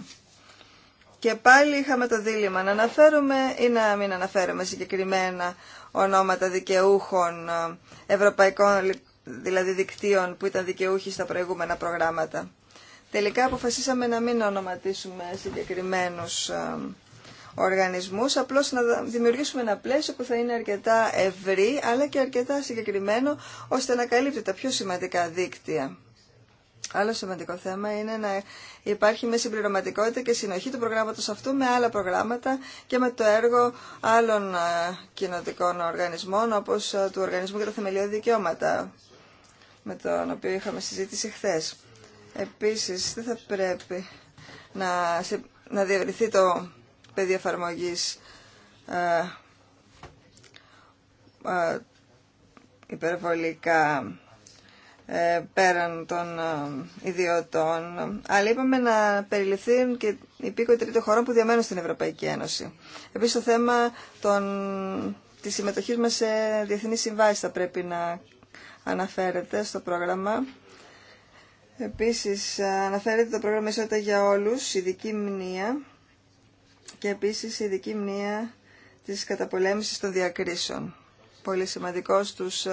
Και πάλι είχαμε το δίλημα να αναφέρουμε ή να μην αναφέρουμε συγκεκριμένα ονόματα δικαιούχων ε, ευρωπαϊκών δηλαδή δικτύων που ήταν δικαιούχοι στα προηγούμενα προγράμματα. Τελικά αποφασίσαμε να μην ονοματίσουμε συγκεκριμένους ε, οργανισμούς, απλώς να δημιουργήσουμε ένα πλαίσιο που θα είναι αρκετά ευρύ, αλλά και αρκετά συγκεκριμένο, ώστε να καλύπτει τα πιο σημαντικά δίκτυα. Άλλο σημαντικό θέμα είναι να υπάρχει με συμπληρωματικότητα και συνοχή του προγράμματος αυτού με άλλα προγράμματα και με το έργο άλλων ε, κοινοτικών οργανισμών όπως ε, του Οργανισμού για τα Θεμελιώδη Δικαιώματα με τον οποίο είχαμε συζήτηση χθες. Επίσης, δεν θα πρέπει να, σε, να το πεδίο εφαρμογή ε, ε, υπερβολικά ε, πέραν των ε, ιδιωτών, αλλά είπαμε να περιληφθούν και η πήκοοι τρίτο χωρών που διαμένουν στην Ευρωπαϊκή Ένωση. Επίσης, το θέμα των, της συμμετοχής μας σε διεθνείς συμβάσεις θα πρέπει να αναφέρεται στο πρόγραμμα. Επίσης αναφέρεται το πρόγραμμα ισότητα για όλους, ειδική μνήμα και επίσης ειδική μνήμα της καταπολέμησης των διακρίσεων. Πολύ σημαντικό στους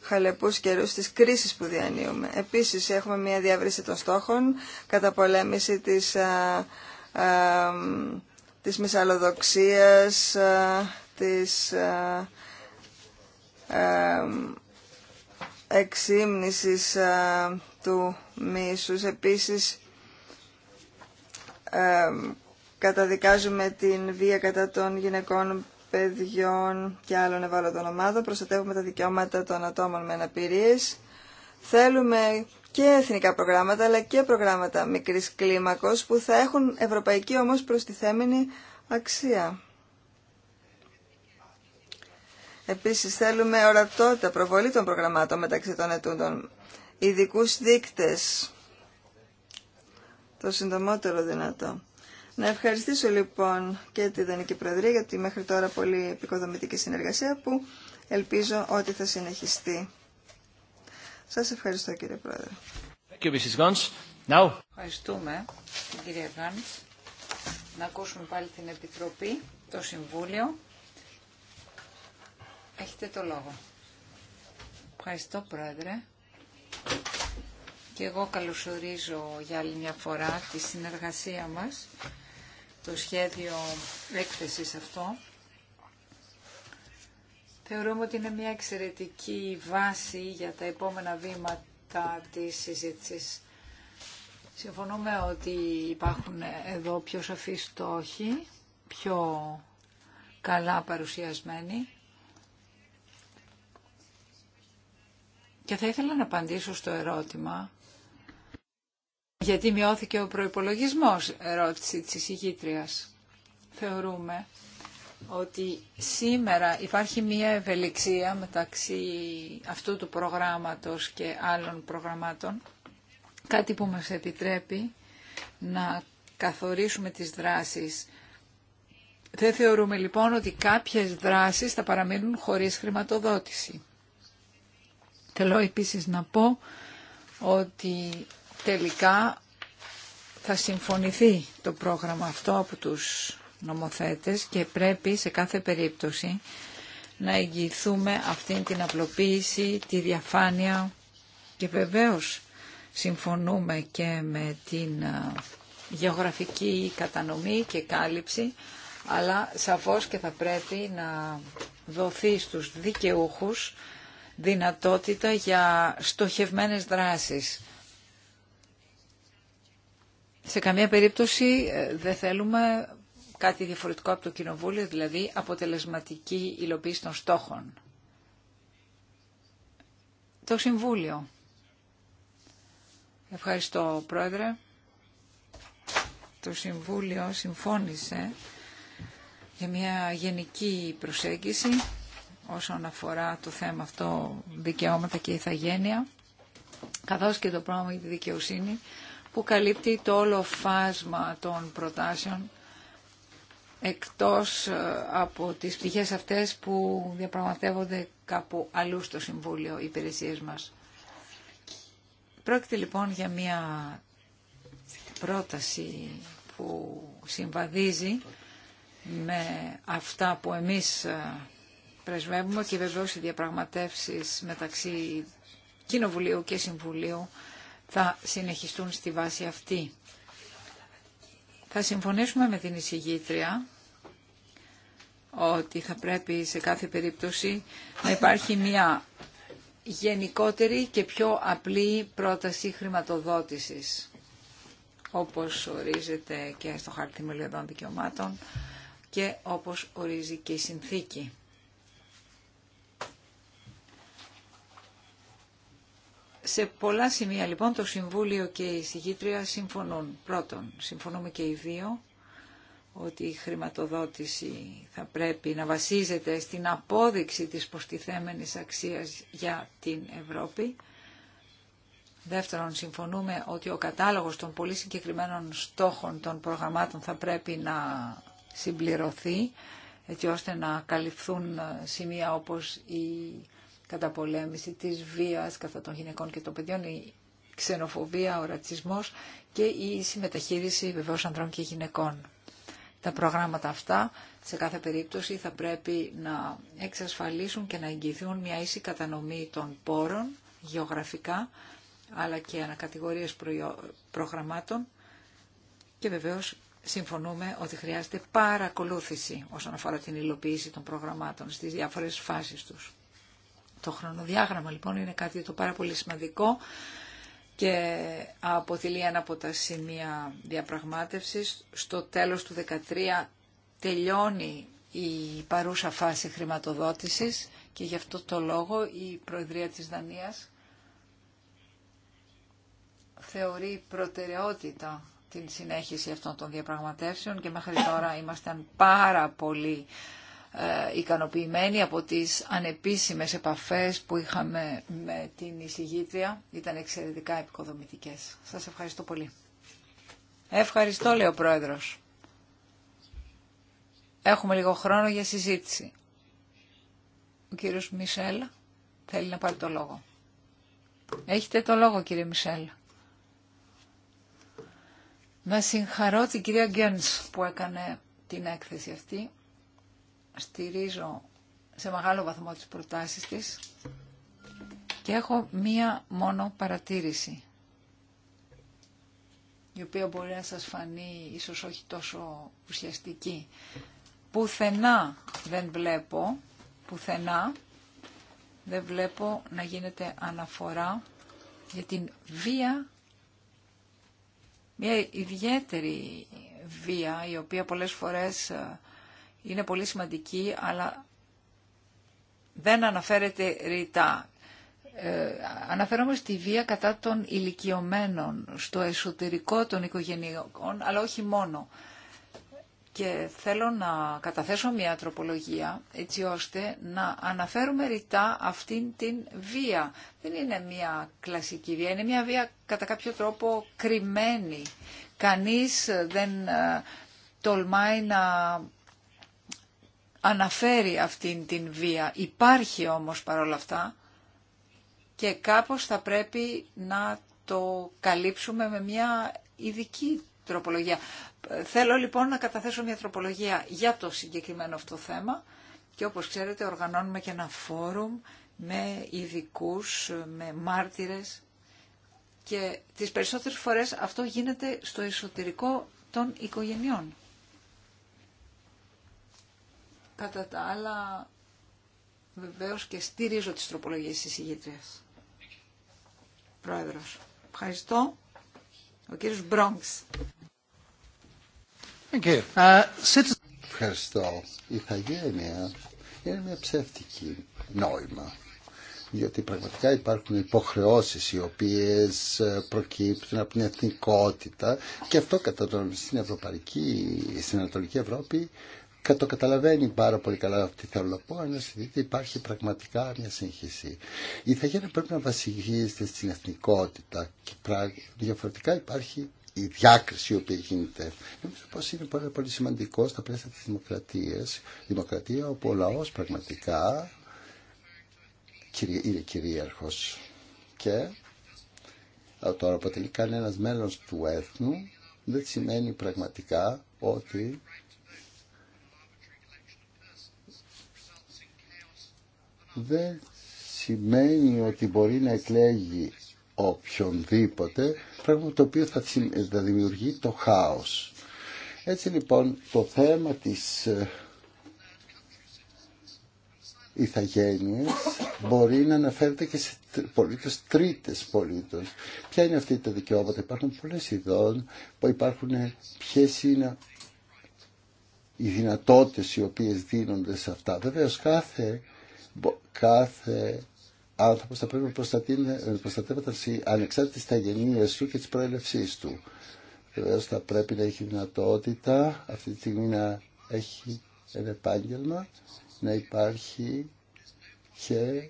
χαλεπούς καιρούς της κρίσης που διανύουμε. Επίσης έχουμε μια διαβρύση των στόχων, καταπολέμηση της, α, της μυσαλλοδοξίας, της εξύμνησης ε, του μίσους. Επίσης, ε, καταδικάζουμε την βία κατά των γυναικών, παιδιών και άλλων ευάλωτων ομάδων. Προστατεύουμε τα δικαιώματα των ατόμων με αναπηρίες. Θέλουμε και εθνικά προγράμματα, αλλά και προγράμματα μικρής κλίμακος, που θα έχουν ευρωπαϊκή όμως προστιθέμενη αξία. Επίσης θέλουμε ορατότητα, προβολή των προγραμμάτων μεταξύ των ετούντων, ειδικού δείκτες, το συντομότερο δυνατό. Να ευχαριστήσω λοιπόν και τη Δανική Προεδρία για τη μέχρι τώρα πολύ επικοδομητική συνεργασία που ελπίζω ότι θα συνεχιστεί. Σας ευχαριστώ κύριε Πρόεδρε. Ευχαριστούμε την κυρία Γκάντς. Να ακούσουμε πάλι την Επιτροπή, το Συμβούλιο. Έχετε το λόγο. Ευχαριστώ, Πρόεδρε. Και εγώ καλωσορίζω για άλλη μια φορά τη συνεργασία μας, το σχέδιο έκθεσης αυτό. Θεωρούμε ότι είναι μια εξαιρετική βάση για τα επόμενα βήματα της συζήτησης. Συμφωνούμε ότι υπάρχουν εδώ πιο σαφείς στόχοι, πιο καλά παρουσιασμένοι. Και θα ήθελα να απαντήσω στο ερώτημα, γιατί μειώθηκε ο προϋπολογισμός, ερώτηση της εισηγήτριας. Θεωρούμε ότι σήμερα υπάρχει μία ευελιξία μεταξύ αυτού του προγράμματος και άλλων προγραμμάτων, κάτι που μας επιτρέπει να καθορίσουμε τις δράσεις. Δεν θεωρούμε λοιπόν ότι κάποιες δράσεις θα παραμείνουν χωρίς χρηματοδότηση. Θέλω επίσης να πω ότι τελικά θα συμφωνηθεί το πρόγραμμα αυτό από τους νομοθέτες και πρέπει σε κάθε περίπτωση να εγγυηθούμε αυτήν την απλοποίηση, τη διαφάνεια και βεβαίως συμφωνούμε και με την γεωγραφική κατανομή και κάλυψη αλλά σαφώς και θα πρέπει να δοθεί στους δικαιούχους δυνατότητα για στοχευμένες δράσεις. Σε καμία περίπτωση ε, δεν θέλουμε κάτι διαφορετικό από το Κοινοβούλιο, δηλαδή αποτελεσματική υλοποίηση των στόχων. Το Συμβούλιο. Ευχαριστώ, Πρόεδρε. Το Συμβούλιο συμφώνησε για μια γενική προσέγγιση όσον αφορά το θέμα αυτό δικαιώματα και ηθαγένεια, καθώς και το πρόγραμμα για τη δικαιοσύνη, που καλύπτει το όλο φάσμα των προτάσεων εκτός ε, από τις πτυχές αυτές που διαπραγματεύονται κάπου αλλού στο Συμβούλιο οι υπηρεσίες μας. Πρόκειται λοιπόν για μια πρόταση που συμβαδίζει με αυτά που εμείς ε, πρεσβεύουμε και βεβαίως οι διαπραγματεύσεις μεταξύ Κοινοβουλίου και Συμβουλίου θα συνεχιστούν στη βάση αυτή. Θα συμφωνήσουμε με την εισηγήτρια ότι θα πρέπει σε κάθε περίπτωση να υπάρχει μια γενικότερη και πιο απλή πρόταση χρηματοδότησης όπως ορίζεται και στο χαρτί μελιωδών δικαιωμάτων και όπως ορίζει και η συνθήκη. Σε πολλά σημεία λοιπόν το Συμβούλιο και η Συγήτρια συμφωνούν. Πρώτον, συμφωνούμε και οι δύο ότι η χρηματοδότηση θα πρέπει να βασίζεται στην απόδειξη της προστιθέμενης αξίας για την Ευρώπη. Δεύτερον, συμφωνούμε ότι ο κατάλογος των πολύ συγκεκριμένων στόχων των προγραμμάτων θα πρέπει να συμπληρωθεί, έτσι ώστε να καλυφθούν σημεία όπως η καταπολέμηση της βίας κατά των γυναικών και των παιδιών, η ξενοφοβία, ο ρατσισμός και η συμμεταχείριση βεβαίως ανδρών και γυναικών. Τα προγράμματα αυτά σε κάθε περίπτωση θα πρέπει να εξασφαλίσουν και να εγγυηθούν μια ίση κατανομή των πόρων γεωγραφικά αλλά και ανακατηγορίες προγραμμάτων και βεβαίως συμφωνούμε ότι χρειάζεται παρακολούθηση όσον αφορά την υλοποίηση των προγραμμάτων στις διάφορες φάσεις τους. Το χρονοδιάγραμμα λοιπόν είναι κάτι το πάρα πολύ σημαντικό και αποτελεί ένα από τα σημεία διαπραγμάτευσης. Στο τέλος του 2013 τελειώνει η παρούσα φάση χρηματοδότησης και γι' αυτό το λόγο η Προεδρία της Δανίας θεωρεί προτεραιότητα την συνέχιση αυτών των διαπραγματεύσεων και μέχρι τώρα ήμασταν πάρα πολύ ε, ικανοποιημένοι από τις ανεπίσημες επαφές που είχαμε με την εισηγήτρια. Ήταν εξαιρετικά επικοδομητικές. Σας ευχαριστώ πολύ. Ευχαριστώ, λέει ο Πρόεδρος. Έχουμε λίγο χρόνο για συζήτηση. Ο κύριος Μισελ θέλει να πάρει το λόγο. Έχετε το λόγο, κύριε Μισελ. Να συγχαρώ την κυρία Γκένς που έκανε την έκθεση αυτή στηρίζω σε μεγάλο βαθμό τις προτάσεις της και έχω μία μόνο παρατήρηση η οποία μπορεί να σας φανεί ίσως όχι τόσο ουσιαστική. Πουθενά δεν βλέπω, πουθενά δεν βλέπω να γίνεται αναφορά για την βία, μια ιδιαίτερη βία η οποία πολλές φορές ε, είναι πολύ σημαντική, αλλά δεν αναφέρεται ρητά. Ε, αναφέρομαι στη βία κατά των ηλικιωμένων, στο εσωτερικό των οικογενειών, αλλά όχι μόνο. Και θέλω να καταθέσω μια τροπολογία έτσι ώστε να αναφέρουμε ρητά αυτήν την βία. Δεν είναι μια κλασική βία, είναι μια βία κατά κάποιο τρόπο κρυμμένη. Κανείς δεν ε, τολμάει να αναφέρει αυτήν την βία. Υπάρχει όμως παρόλα αυτά και κάπως θα πρέπει να το καλύψουμε με μια ειδική τροπολογία. Θέλω λοιπόν να καταθέσω μια τροπολογία για το συγκεκριμένο αυτό θέμα και όπως ξέρετε οργανώνουμε και ένα φόρουμ με ειδικού, με μάρτυρες και τις περισσότερες φορές αυτό γίνεται στο εσωτερικό των οικογενειών. Κατά τα άλλα, βεβαίως και στηρίζω τις τροπολογίες της ηγήτριας. Πρόεδρος. Ευχαριστώ. Ο κύριος Μπρόγκς. Uh, Ευχαριστώ. Η ηθαγένεια είναι μια ψεύτικη νόημα γιατί πραγματικά υπάρχουν υποχρεώσεις οι οποίες ε, προκύπτουν από την εθνικότητα και αυτό κατά τον στην Ευρωπαϊκή, στην Ανατολική Ευρώπη κατοκαταλαβαίνει το καταλαβαίνει πάρα πολύ καλά τι θέλω να πω, αλλά δείτε υπάρχει πραγματικά μια σύγχυση. Η ηθαγένεια πρέπει να βασίζεται στην εθνικότητα και διαφορετικά υπάρχει η διάκριση η οποία γίνεται. Νομίζω πως είναι πολύ πολύ σημαντικό στα πλαίσια της δημοκρατίας, δημοκρατία όπου ο λαός πραγματικά είναι κυρίαρχος και τώρα αποτελεί κανένας μέλος του έθνου δεν σημαίνει πραγματικά ότι δεν σημαίνει ότι μπορεί να εκλέγει οποιονδήποτε, πράγμα το οποίο θα, δημιουργεί το χάος. Έτσι λοιπόν το θέμα της ε, ηθαγένειας μπορεί να αναφέρεται και σε πολίτες τρίτες πολίτες. Ποια είναι αυτή τα δικαιώματα. Υπάρχουν πολλές ειδών που υπάρχουν ε, ποιες είναι οι δυνατότητες οι οποίες δίνονται σε αυτά. Βεβαίως κάθε κάθε άνθρωπος θα πρέπει να προστατεύεται ανεξάρτητα στα γενία του και της προέλευσής του. Βεβαίω θα πρέπει να έχει δυνατότητα αυτή τη στιγμή να έχει ένα επάγγελμα, να υπάρχει και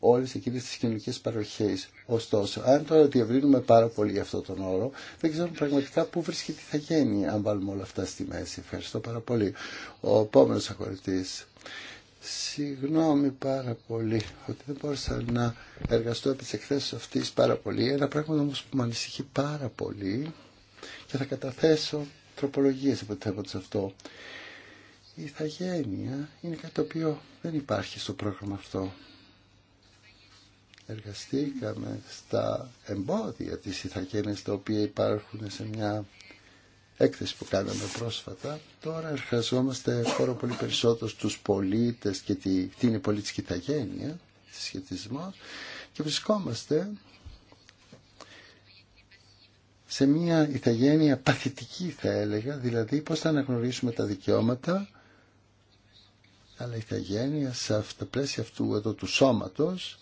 όλες εκείνες τις κοινωνικές παροχές. Ωστόσο, αν τώρα διευρύνουμε πάρα πολύ αυτό αυτόν τον όρο, δεν ξέρουμε πραγματικά πού βρίσκεται η θα γίνει αν βάλουμε όλα αυτά στη μέση. Ευχαριστώ πάρα πολύ. Ο επόμενος Συγγνώμη πάρα πολύ ότι δεν μπόρεσα να εργαστώ επί της εκθέσεως αυτής πάρα πολύ. Ένα πράγμα όμω που με ανησυχεί πάρα πολύ και θα καταθέσω τροπολογίες από το θέμα αυτό. Η ηθαγένεια είναι κάτι το οποίο δεν υπάρχει στο πρόγραμμα αυτό. Εργαστήκαμε στα εμπόδια της ηθαγένειας τα οποία υπάρχουν σε μια έκθεση που κάναμε πρόσφατα. Τώρα εργαζόμαστε χώρο πολύ περισσότερο στους πολίτες και τη, την πολιτική ταγένεια, τη σχετισμό και βρισκόμαστε σε μια ηθαγένεια παθητική θα έλεγα, δηλαδή πώς θα αναγνωρίσουμε τα δικαιώματα αλλά η ηθαγένεια σε αυτά, τα πλαίσια αυτού εδώ του σώματος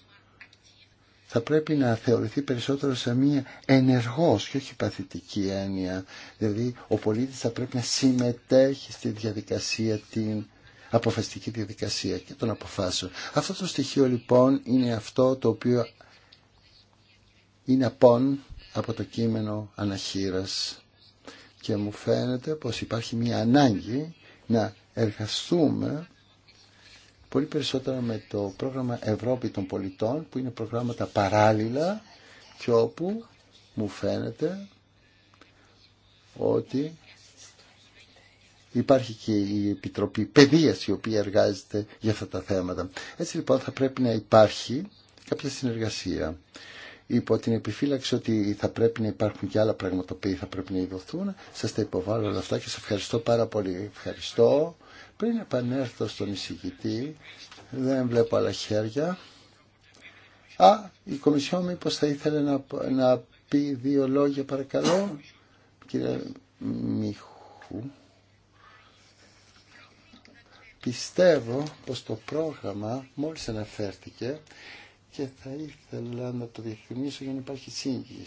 θα πρέπει να θεωρηθεί περισσότερο σε μια ενεργός και όχι παθητική έννοια. Δηλαδή ο πολίτης θα πρέπει να συμμετέχει στη διαδικασία την αποφασιστική διαδικασία και των αποφάσεων. Αυτό το στοιχείο λοιπόν είναι αυτό το οποίο είναι απόν από το κείμενο αναχείρας και μου φαίνεται πως υπάρχει μια ανάγκη να εργαστούμε πολύ περισσότερο με το πρόγραμμα Ευρώπη των Πολιτών που είναι προγράμματα παράλληλα και όπου μου φαίνεται ότι υπάρχει και η Επιτροπή Παιδείας η οποία εργάζεται για αυτά τα θέματα. Έτσι λοιπόν θα πρέπει να υπάρχει κάποια συνεργασία. Υπό την επιφύλαξη ότι θα πρέπει να υπάρχουν και άλλα πράγματα θα πρέπει να ειδωθούν, σας τα υποβάλλω όλα αυτά και σας ευχαριστώ πάρα πολύ. Ευχαριστώ. Πριν επανέλθω στον εισηγητή, δεν βλέπω άλλα χέρια. Α, η Κομισιόν μήπως θα ήθελε να, να πει δύο λόγια παρακαλώ. Κύριε Μίχου, πιστεύω πως το πρόγραμμα μόλις αναφέρθηκε και θα ήθελα να το διευκρινίσω για να υπάρχει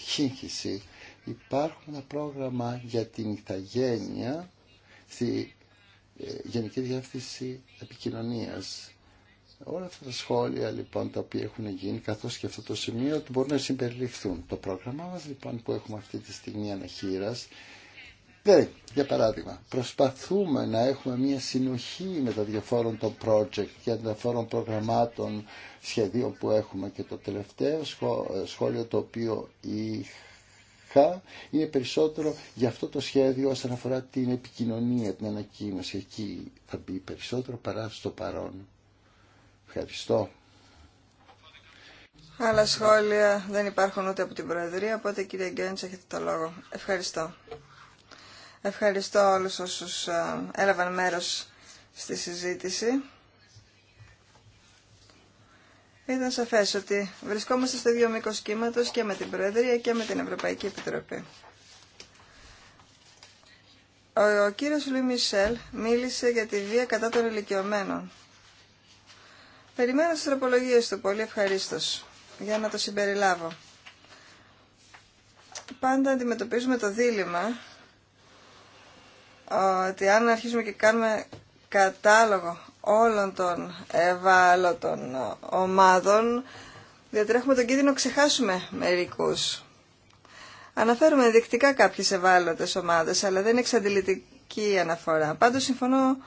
σύγχυση. υπάρχουν ένα πρόγραμμα για την ηθαγένεια ε, Γενική Διεύθυνση Επικοινωνίας. Όλα αυτά τα σχόλια λοιπόν τα οποία έχουν γίνει καθώς και αυτό το σημείο ότι μπορούν να συμπεριληφθούν. Το πρόγραμμά μας λοιπόν που έχουμε αυτή τη στιγμή αναχείρας ε, για παράδειγμα, προσπαθούμε να έχουμε μια συνοχή με τα διαφόρων των project και τα διαφόρων προγραμμάτων σχεδίων που έχουμε και το τελευταίο ε, σχόλιο το οποίο είχα είναι περισσότερο για αυτό το σχέδιο όσον αφορά την επικοινωνία, την ανακοίνωση. Εκεί θα μπει περισσότερο παρά στο παρόν. Ευχαριστώ. Άλλα σχόλια δεν υπάρχουν ούτε από την Προεδρία, οπότε κύριε Γκέντς έχετε το λόγο. Ευχαριστώ. Ευχαριστώ όλους όσους ε, έλαβαν μέρος στη συζήτηση. Ήταν σαφές ότι βρισκόμαστε στο ίδιο μήκο κύματος και με την Προεδρία και με την Ευρωπαϊκή Επιτροπή. Ο, ο κύριος Λουί Μισελ μίλησε για τη βία κατά των ηλικιωμένων. Περιμένω τι τροπολογίες του, πολύ ευχαρίστω για να το συμπεριλάβω. Πάντα αντιμετωπίζουμε το δίλημα ότι αν αρχίσουμε και κάνουμε κατάλογο όλων των ευάλωτων ομάδων διατρέχουμε τον κίνδυνο ξεχάσουμε μερικούς. Αναφέρουμε ενδεικτικά κάποιες ευάλωτες ομάδες, αλλά δεν είναι εξαντλητική η αναφορά. Πάντως συμφωνώ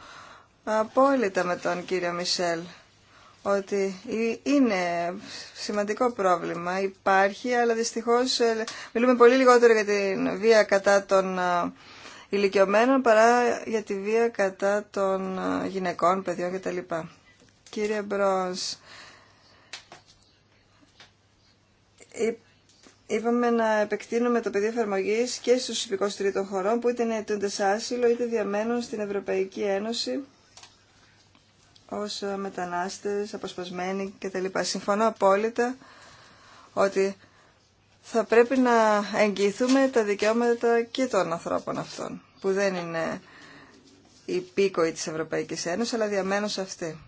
απόλυτα με τον κύριο Μισελ ότι είναι σημαντικό πρόβλημα, υπάρχει, αλλά δυστυχώς ε, μιλούμε πολύ λιγότερο για την βία κατά των ε, ηλικιωμένων παρά για τη βία κατά των ε, γυναικών, παιδιών κτλ. Κύριε Μπρόνς, είπαμε να επεκτείνουμε το πεδίο εφαρμογή και στους υπηκούς τρίτων χωρών που είτε είναι αιτούντες άσυλο είτε διαμένουν στην Ευρωπαϊκή Ένωση ως μετανάστες, αποσπασμένοι κτλ. Συμφωνώ απόλυτα ότι θα πρέπει να εγγυηθούμε τα δικαιώματα και των ανθρώπων αυτών, που δεν είναι υπήκοοι της Ευρωπαϊκής Ένωσης, αλλά διαμένως αυτοί. αυτή.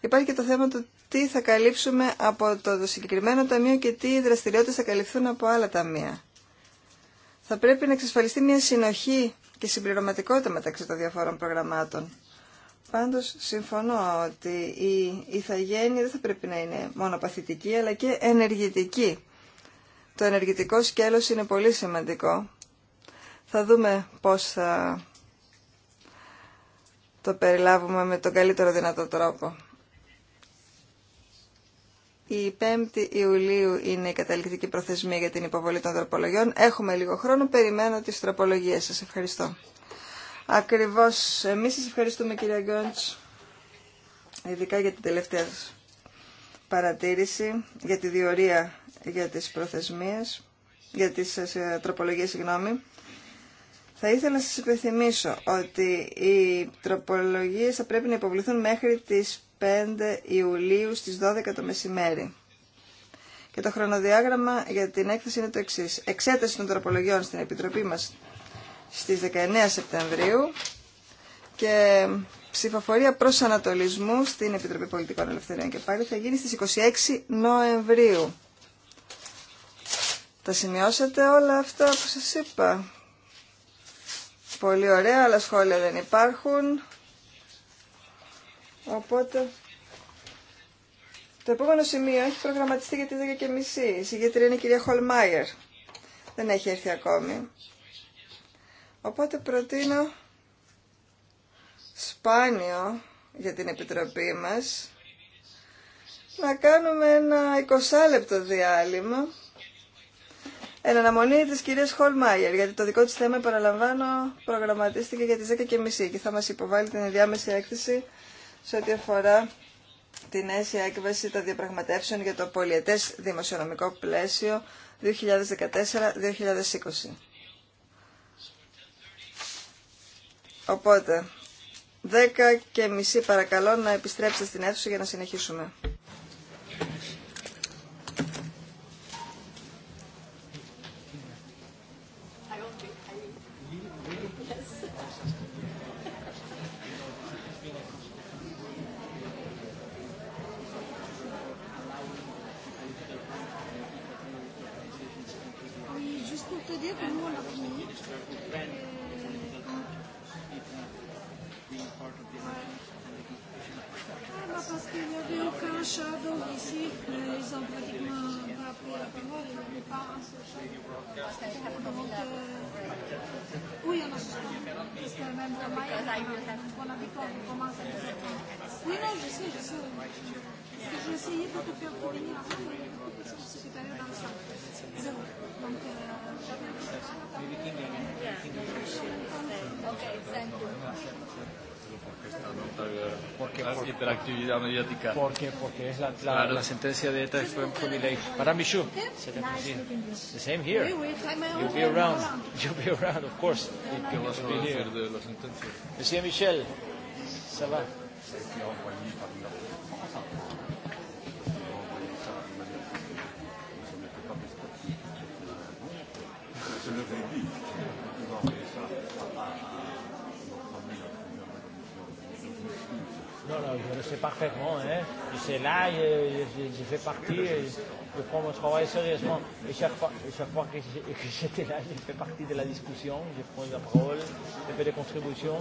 Υπάρχει και το θέμα του τι θα καλύψουμε από το συγκεκριμένο ταμείο και τι δραστηριότητες θα καλυφθούν από άλλα ταμεία. Θα πρέπει να εξασφαλιστεί μια συνοχή και συμπληρωματικότητα μεταξύ των διαφόρων προγραμμάτων. Πάντως συμφωνώ ότι η ηθαγένεια δεν θα πρέπει να είναι μόνο παθητική αλλά και ενεργητική το ενεργητικό σκέλος είναι πολύ σημαντικό. Θα δούμε πώς θα το περιλάβουμε με τον καλύτερο δυνατό τρόπο. Η 5η Ιουλίου είναι η καταληκτική προθεσμία για την υποβολή των τροπολογιών. Έχουμε λίγο χρόνο, περιμένω τις τροπολογίες σας. Ευχαριστώ. Ακριβώς εμείς σας ευχαριστούμε κυρία Γκόντς, ειδικά για την τελευταία σας παρατήρηση, για τη διορία για τις προθεσμίες, για τις ε, τροπολογίες, συγγνώμη. Θα ήθελα να σας υπενθυμίσω ότι οι τροπολογίες θα πρέπει να υποβληθούν μέχρι τις 5 Ιουλίου στις 12 το μεσημέρι. Και το χρονοδιάγραμμα για την έκθεση είναι το εξή. Εξέταση των τροπολογιών στην Επιτροπή μας στις 19 Σεπτεμβρίου και ψηφοφορία προς ανατολισμού στην Επιτροπή Πολιτικών Ελευθεριών και πάλι θα γίνει στις 26 Νοεμβρίου. Τα σημειώσατε όλα αυτά που σας είπα. Πολύ ωραία, άλλα σχόλια δεν υπάρχουν. Οπότε... Το επόμενο σημείο έχει προγραμματιστεί για τις 10.30. Η συγγετρία είναι η κυρία Χολμάιερ. Δεν έχει έρθει ακόμη. Οπότε προτείνω σπάνιο για την Επιτροπή μας να κάνουμε ένα 20 λεπτό διάλειμμα Εν αναμονή τη κυρία Χολμάιερ, γιατί το δικό τη θέμα, επαναλαμβάνω, προγραμματίστηκε για τι 10.30 και θα μα υποβάλει την ενδιάμεση έκθεση σε ό,τι αφορά την αίσια έκβαση των διαπραγματεύσεων για το πολιετέ δημοσιονομικό πλαίσιο 2014-2020. Οπότε, 10 και μισή παρακαλώ να επιστρέψετε στην αίθουσα για να συνεχίσουμε. de la actividad mediática. Porque, porque es la, la, la sentencia de ETA fue muy Para mí, Michou, the same here. You'll be around. You'll be around, of course. ¿Qué vas a decir de la sentencia? Monsieur Michel, ça va? Je ne je le sais parfaitement. Hein. Je sais là, je, je, fais partie, je prends mon travail sérieusement. Et chaque fois, chaque fois que j'étais là, j'ai fait partie de la discussion, j'ai pris la parole, j'ai fait des contributions.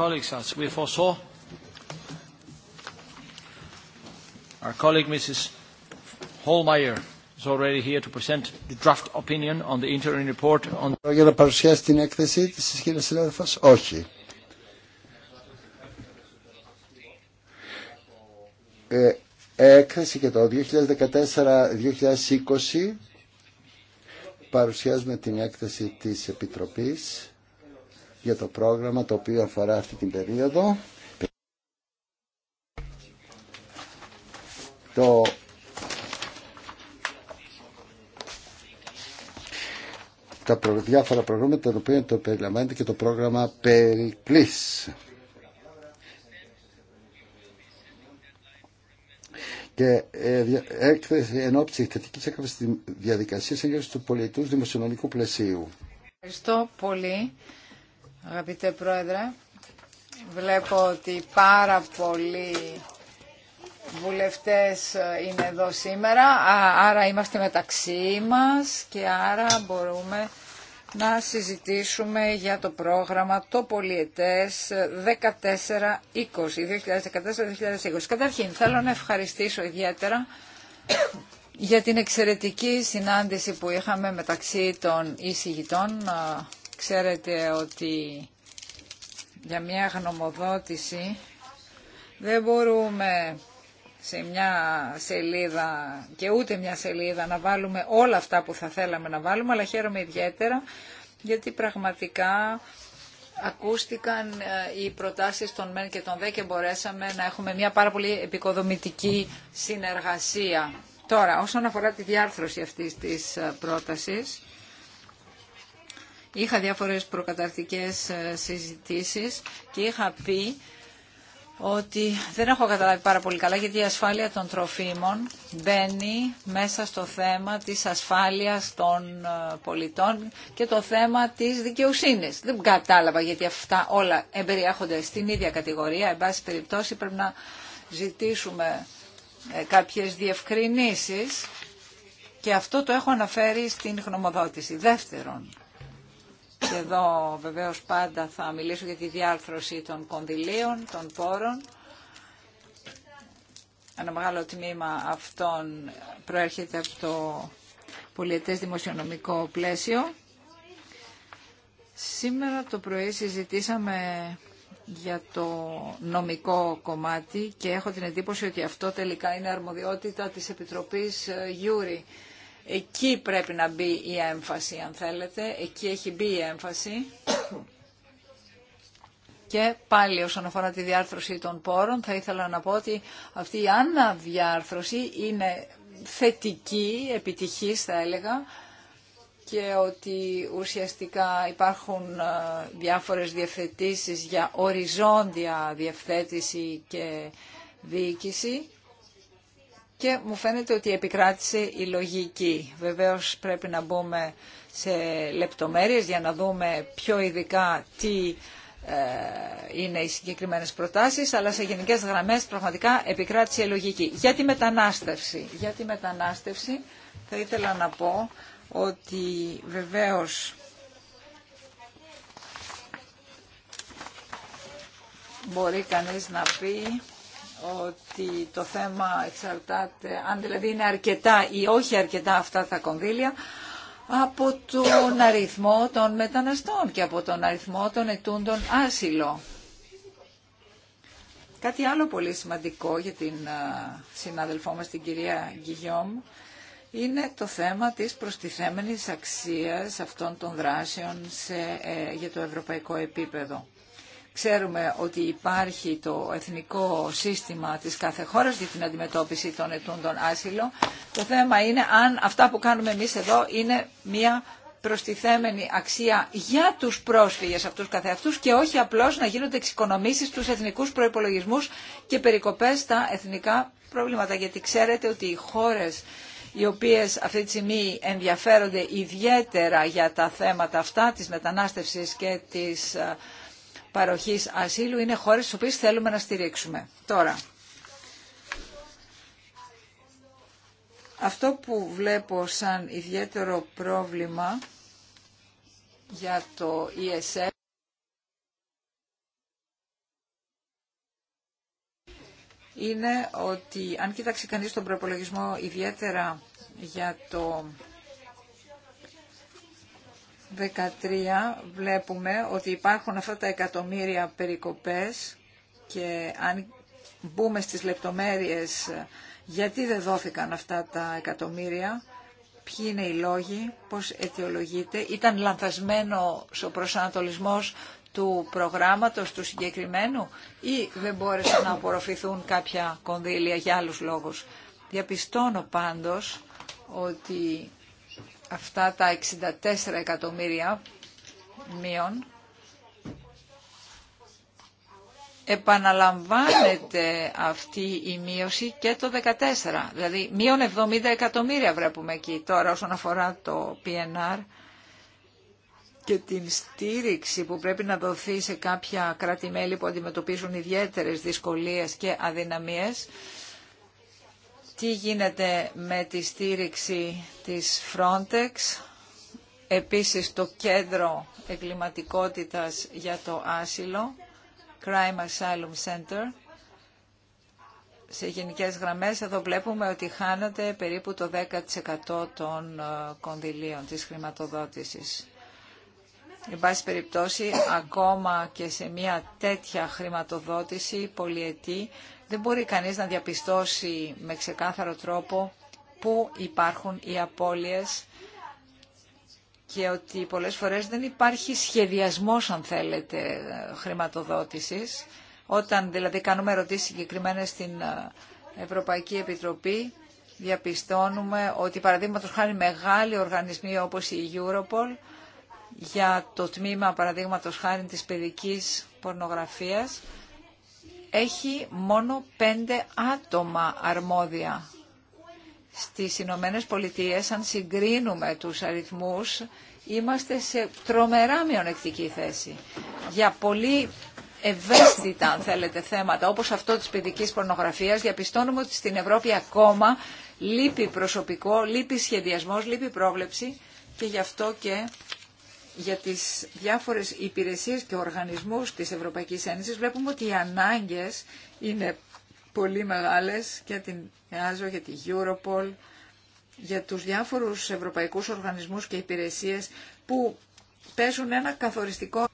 colleagues, as we foresaw, our colleague Mrs. Holmeyer is already here to present the draft opinion on the interim report on... Για να παρουσιάσει την έκθεση της κυρίας συνάδελφας, όχι. έκθεση και το 2014-2020 παρουσιάζουμε την έκθεση της Επιτροπής για το πρόγραμμα το οποίο αφορά αυτή την περίοδο. Το τα διάφορα προγράμματα τα οποία το περιλαμβάνεται και το πρόγραμμα Περικλής. και ε, έκθεση εν ώψη θετική έκθεση διαδικασία έγκριση του πολιτού δημοσιονομικού πλαισίου. Ευχαριστώ πολύ. Αγαπητέ Πρόεδρε, βλέπω ότι πάρα πολλοί βουλευτές είναι εδώ σήμερα, άρα είμαστε μεταξύ μας και άρα μπορούμε να συζητήσουμε για το πρόγραμμα το πολιετές 14-20, 2014-2020. Καταρχήν, θέλω να ευχαριστήσω ιδιαίτερα για την εξαιρετική συνάντηση που είχαμε μεταξύ των εισηγητών Ξέρετε ότι για μια γνωμοδότηση δεν μπορούμε σε μια σελίδα και ούτε μια σελίδα να βάλουμε όλα αυτά που θα θέλαμε να βάλουμε, αλλά χαίρομαι ιδιαίτερα γιατί πραγματικά ακούστηκαν ε, οι προτάσεις των ΜΕΝ και των ΔΕ και μπορέσαμε να έχουμε μια πάρα πολύ επικοδομητική συνεργασία. Τώρα, όσον αφορά τη διάρθρωση αυτής της ε, πρότασης, Είχα διάφορες προκαταρτικές ε, συζητήσεις και είχα πει ότι δεν έχω καταλάβει πάρα πολύ καλά γιατί η ασφάλεια των τροφίμων μπαίνει μέσα στο θέμα της ασφάλειας των ε, πολιτών και το θέμα της δικαιοσύνης. Δεν κατάλαβα γιατί αυτά όλα εμπεριέχονται στην ίδια κατηγορία. Εν πάση περιπτώσει πρέπει να ζητήσουμε ε, κάποιες διευκρινήσεις και αυτό το έχω αναφέρει στην γνωμοδότηση. Δεύτερον, και εδώ βεβαίως πάντα θα μιλήσω για τη διάρθρωση των κονδυλίων, των πόρων. Ένα μεγάλο τμήμα αυτών προέρχεται από το πολιετές δημοσιονομικό πλαίσιο. Σήμερα το πρωί συζητήσαμε για το νομικό κομμάτι και έχω την εντύπωση ότι αυτό τελικά είναι αρμοδιότητα της Επιτροπής ε, Γιούρη. Εκεί πρέπει να μπει η έμφαση, αν θέλετε. Εκεί έχει μπει η έμφαση. Και πάλι όσον αφορά τη διάρθρωση των πόρων, θα ήθελα να πω ότι αυτή η αναδιάρθρωση είναι θετική, επιτυχής θα έλεγα, και ότι ουσιαστικά υπάρχουν ε, διάφορες διευθετήσεις για οριζόντια διευθέτηση και διοίκηση και μου φαίνεται ότι επικράτησε η λογική. Βεβαίως πρέπει να μπούμε σε λεπτομέρειες για να δούμε πιο ειδικά τι ε, είναι οι συγκεκριμένες προτάσεις, αλλά σε γενικές γραμμές πραγματικά επικράτησε η λογική. Για τη μετανάστευση, για τη μετανάστευση θα ήθελα να πω ότι βεβαίως μπορεί κανείς να πει ότι το θέμα εξαρτάται, αν δηλαδή είναι αρκετά ή όχι αρκετά αυτά τα κονδύλια, από τον αριθμό των μεταναστών και από τον αριθμό των ετούντων άσυλο. Κάτι άλλο πολύ σημαντικό για την συνάδελφό μας την κυρία Γκυγιόμ είναι το θέμα της προστιθέμενης αξίας αυτών των δράσεων σε, ε, για το ευρωπαϊκό επίπεδο. Ξέρουμε ότι υπάρχει το εθνικό σύστημα της κάθε χώρας για την αντιμετώπιση των ετούντων άσυλο. Το θέμα είναι αν αυτά που κάνουμε εμείς εδώ είναι μια προστιθέμενη αξία για τους πρόσφυγες αυτούς καθεαυτούς και όχι απλώς να γίνονται εξοικονομήσεις στους εθνικούς προϋπολογισμούς και περικοπές στα εθνικά προβλήματα. Γιατί ξέρετε ότι οι χώρες οι οποίες αυτή τη στιγμή ενδιαφέρονται ιδιαίτερα για τα θέματα αυτά της μετανάστευσης και της ε, παροχής ασύλου είναι χώρες τις οποίες θέλουμε να στηρίξουμε. Τώρα, αυτό που βλέπω σαν ιδιαίτερο πρόβλημα για το ESF είναι ότι αν κοιτάξει κανείς τον προπολογισμό ιδιαίτερα για το 13 βλέπουμε ότι υπάρχουν αυτά τα εκατομμύρια περικοπές και αν μπούμε στις λεπτομέρειες γιατί δεν δόθηκαν αυτά τα εκατομμύρια, ποιοι είναι οι λόγοι, πώς αιτιολογείται. Ήταν λανθασμένο ο προσανατολισμός του προγράμματος του συγκεκριμένου ή δεν μπόρεσαν να απορροφηθούν κάποια κονδύλια για άλλους λόγους. Διαπιστώνω πάντως ότι αυτά τα 64 εκατομμύρια μείων επαναλαμβάνεται αυτή η μείωση και το 14. Δηλαδή μείων 70 εκατομμύρια βλέπουμε εκεί τώρα όσον αφορά το PNR και την στήριξη που πρέπει να δοθεί σε κάποια κράτη-μέλη που αντιμετωπίζουν ιδιαίτερες δυσκολίες και αδυναμίες. Τι γίνεται με τη στήριξη της Frontex, επίσης το κέντρο εγκληματικότητας για το άσυλο, Crime Asylum Center. Σε γενικές γραμμές εδώ βλέπουμε ότι χάνεται περίπου το 10% των ε, κονδυλίων της χρηματοδότησης. Εν πάση περιπτώσει, ακόμα και σε μια τέτοια χρηματοδότηση πολυετή, δεν μπορεί κανείς να διαπιστώσει με ξεκάθαρο τρόπο πού υπάρχουν οι απώλειες και ότι πολλές φορές δεν υπάρχει σχεδιασμός, αν θέλετε, χρηματοδότησης. Όταν δηλαδή κάνουμε ερωτήσεις συγκεκριμένες στην ε, Ευρωπαϊκή Επιτροπή, διαπιστώνουμε ότι παραδείγματο χάρη μεγάλοι οργανισμοί όπως η Europol για το τμήμα παραδείγματο χάρη της παιδικής πορνογραφίας έχει μόνο πέντε άτομα αρμόδια. Στις Ηνωμένε Πολιτείε. αν συγκρίνουμε τους αριθμούς, είμαστε σε τρομερά μειονεκτική θέση. Για πολύ ευαίσθητα, θέλετε, θέματα, όπως αυτό της παιδικής πορνογραφίας, διαπιστώνουμε ότι στην Ευρώπη ακόμα λείπει προσωπικό, λείπει σχεδιασμός, λείπει πρόβλεψη και γι' αυτό και για τις διάφορες υπηρεσίες και οργανισμούς της Ευρωπαϊκής Ένωσης βλέπουμε ότι οι ανάγκες είναι πολύ μεγάλες και την ΕΑΖΟ, για την Europol, για τους διάφορους ευρωπαϊκούς οργανισμούς και υπηρεσίες που παίζουν ένα καθοριστικό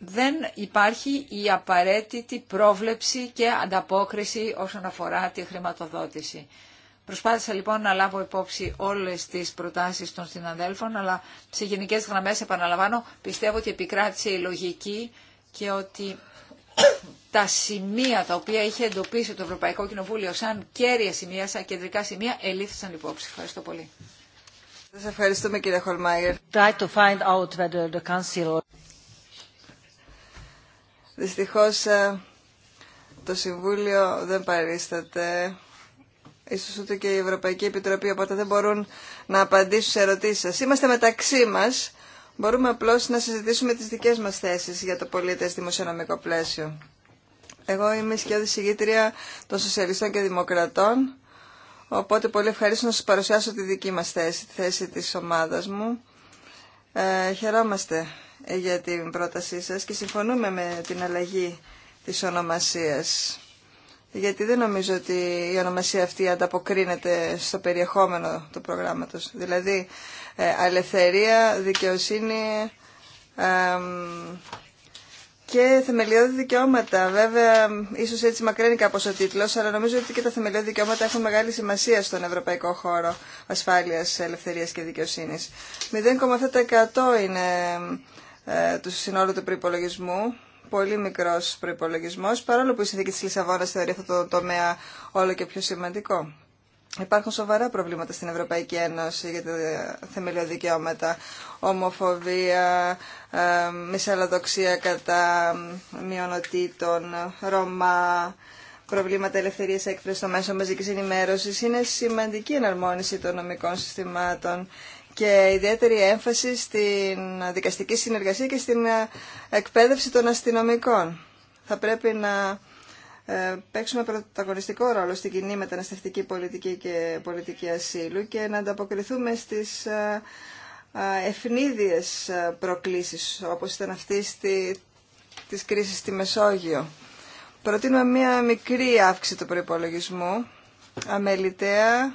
δεν υπάρχει η απαραίτητη πρόβλεψη και ανταπόκριση όσον αφορά τη χρηματοδότηση. Προσπάθησα λοιπόν να λάβω υπόψη όλες τις προτάσεις των συναδέλφων, αλλά σε γενικές γραμμές επαναλαμβάνω, πιστεύω ότι επικράτησε η λογική και ότι τα σημεία τα οποία είχε εντοπίσει το Ευρωπαϊκό Κοινοβούλιο σαν κέρια σημεία, σαν κεντρικά σημεία, ελήφθησαν υπόψη. Ευχαριστώ πολύ. Σας ευχαριστούμε κύριε Χολμάγερ. Try Δυστυχώς ε, το Συμβούλιο δεν παρίσταται ίσως ούτε και η Ευρωπαϊκή Επιτροπή, οπότε δεν μπορούν να απαντήσουν σε ερωτήσεις σας. Είμαστε μεταξύ μας, μπορούμε απλώς να συζητήσουμε τις δικές μας θέσεις για το πολίτες δημοσιονομικό πλαίσιο. Εγώ είμαι σκιώδη συγγήτρια των Σοσιαλιστών και Δημοκρατών, οπότε πολύ ευχαρίστω να σας παρουσιάσω τη δική μας θέση, τη θέση της ομάδας μου. Ε, χαιρόμαστε ε, για την πρότασή σας και συμφωνούμε με την αλλαγή της ονομασίας γιατί δεν νομίζω ότι η ονομασία αυτή ανταποκρίνεται στο περιεχόμενο του προγράμματος. Δηλαδή, ε, αλευθερία, δικαιοσύνη και θεμελιώδη δικαιώματα. Βέβαια, ίσως έτσι μακραίνει κάπως ο τίτλος, αλλά νομίζω ότι και τα θεμελιώδη δικαιώματα έχουν μεγάλη σημασία στον ευρωπαϊκό χώρο ασφάλειας, ελευθερίας και δικαιοσύνης. 0,7% είναι ε, του συνόλου του προπολογισμού πολύ μικρό προπολογισμό, παρόλο που η συνθήκη τη Λισαβόνα θεωρεί αυτό το τομέα όλο και πιο σημαντικό. Υπάρχουν σοβαρά προβλήματα στην Ευρωπαϊκή Ένωση για τα θεμελιώδη δικαιώματα, ομοφοβία, ε, μισαλλοδοξία κατά μειονοτήτων, Ρωμά, προβλήματα ελευθερίας έκφρασης στο μέσο μαζικής ενημέρωσης. Είναι σημαντική εναρμόνιση των νομικών συστημάτων και ιδιαίτερη έμφαση στην δικαστική συνεργασία και στην ε, εκπαίδευση των αστυνομικών. Θα πρέπει να ε, παίξουμε πρωταγωνιστικό ρόλο στην κοινή μεταναστευτική πολιτική και πολιτική ασύλου και να ανταποκριθούμε στις ε, ευνίδιες προκλήσεις όπως ήταν αυτή στη, της κρίσης στη Μεσόγειο. Προτείνουμε μία μικρή αύξηση του προϋπολογισμού, αμεληταία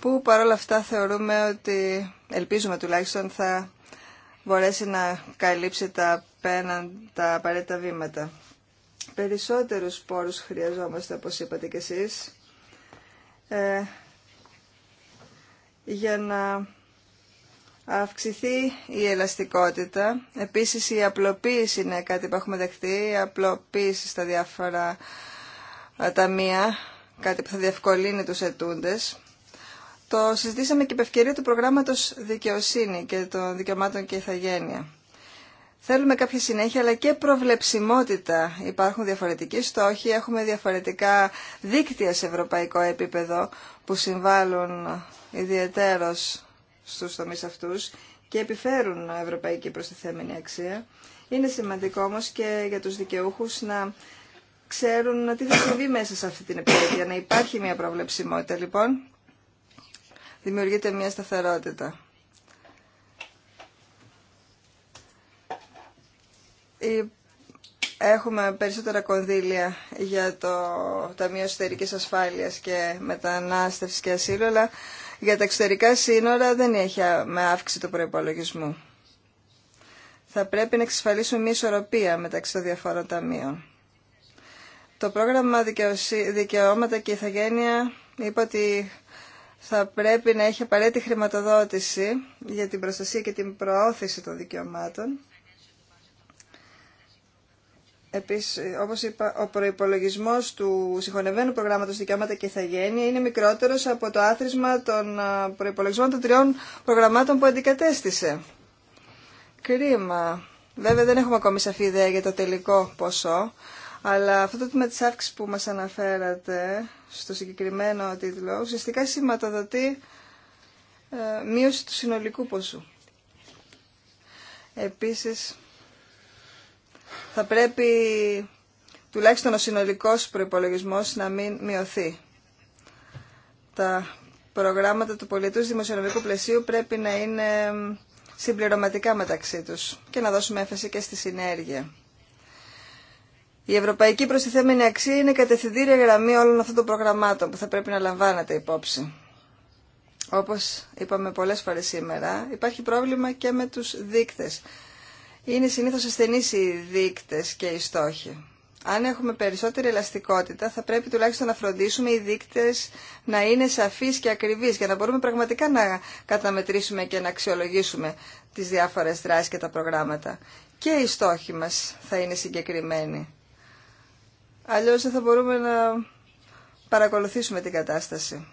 που παρόλα αυτά θεωρούμε ότι, ελπίζουμε τουλάχιστον, θα μπορέσει να καλύψει τα, πέναν, τα απαραίτητα βήματα. Περισσότερους πόρους χρειαζόμαστε, όπως είπατε κι εσείς, ε, για να αυξηθεί η ελαστικότητα. Επίσης η απλοποίηση είναι κάτι που έχουμε δεχτεί, η απλοποίηση στα διάφορα ε, ταμεία, κάτι που θα διευκολύνει τους ετούντες. Το συζητήσαμε και επ' του προγράμματος δικαιοσύνη και των δικαιωμάτων και ηθαγένεια. Θέλουμε κάποια συνέχεια αλλά και προβλεψιμότητα. Υπάρχουν διαφορετικοί στόχοι, έχουμε διαφορετικά δίκτυα σε ευρωπαϊκό επίπεδο που συμβάλλουν ιδιαιτέρως στους τομείς αυτούς και επιφέρουν ευρωπαϊκή προστιθέμενη αξία. Είναι σημαντικό όμως και για τους δικαιούχους να ξέρουν τι θα συμβεί μέσα σε αυτή την επιλογή, να υπάρχει μια προβλεψιμότητα λοιπόν δημιουργείται μια σταθερότητα. Έχουμε περισσότερα κονδύλια για το Ταμείο Εσωτερικής Ασφάλειας και Μετανάστευσης και Ασύλου, αλλά για τα εξωτερικά σύνορα δεν έχει με αύξηση του προϋπολογισμού. Θα πρέπει να εξασφαλίσουμε μια ισορροπία μεταξύ των διαφόρων ταμείων. Το πρόγραμμα δικαιώματα και Ιθαγένεια είπε ότι θα πρέπει να έχει απαραίτητη χρηματοδότηση για την προστασία και την προώθηση των δικαιωμάτων. Επίσης, όπως είπα, ο προϋπολογισμός του συγχωνευμένου προγράμματος Δικαιώματα και ηθαγένεια είναι μικρότερος από το άθροισμα των προϋπολογισμών των τριών προγραμμάτων που αντικατέστησε. Κρίμα. Βέβαια δεν έχουμε ακόμη σαφή ιδέα για το τελικό ποσό, αλλά αυτό το τμήμα της αύξησης που μας αναφέρατε στο συγκεκριμένο τίτλο ουσιαστικά σηματοδοτεί ε, μείωση του συνολικού ποσού. Επίσης, θα πρέπει τουλάχιστον ο συνολικός προϋπολογισμός να μην μειωθεί. Τα προγράμματα του πολιτούς δημοσιονομικού πλαισίου πρέπει να είναι ε, συμπληρωματικά μεταξύ τους και να δώσουμε έφεση και στη συνέργεια. Η ευρωπαϊκή προστιθέμενη αξία είναι η κατευθυντήρια γραμμή όλων αυτών των προγραμμάτων που θα πρέπει να λαμβάνετε υπόψη. Όπως είπαμε πολλές φορές σήμερα, υπάρχει πρόβλημα και με τους δείκτες. Είναι συνήθως ασθενείς οι δείκτες και οι στόχοι. Αν έχουμε περισσότερη ελαστικότητα, θα πρέπει τουλάχιστον να φροντίσουμε οι δείκτες να είναι σαφείς και ακριβείς για να μπορούμε πραγματικά να καταμετρήσουμε και να αξιολογήσουμε τις διάφορες δράσει και τα προγράμματα. Και οι στόχοι μας θα είναι συγκεκριμένοι. Αλλιώς δεν θα μπορούμε να παρακολουθήσουμε την κατάσταση.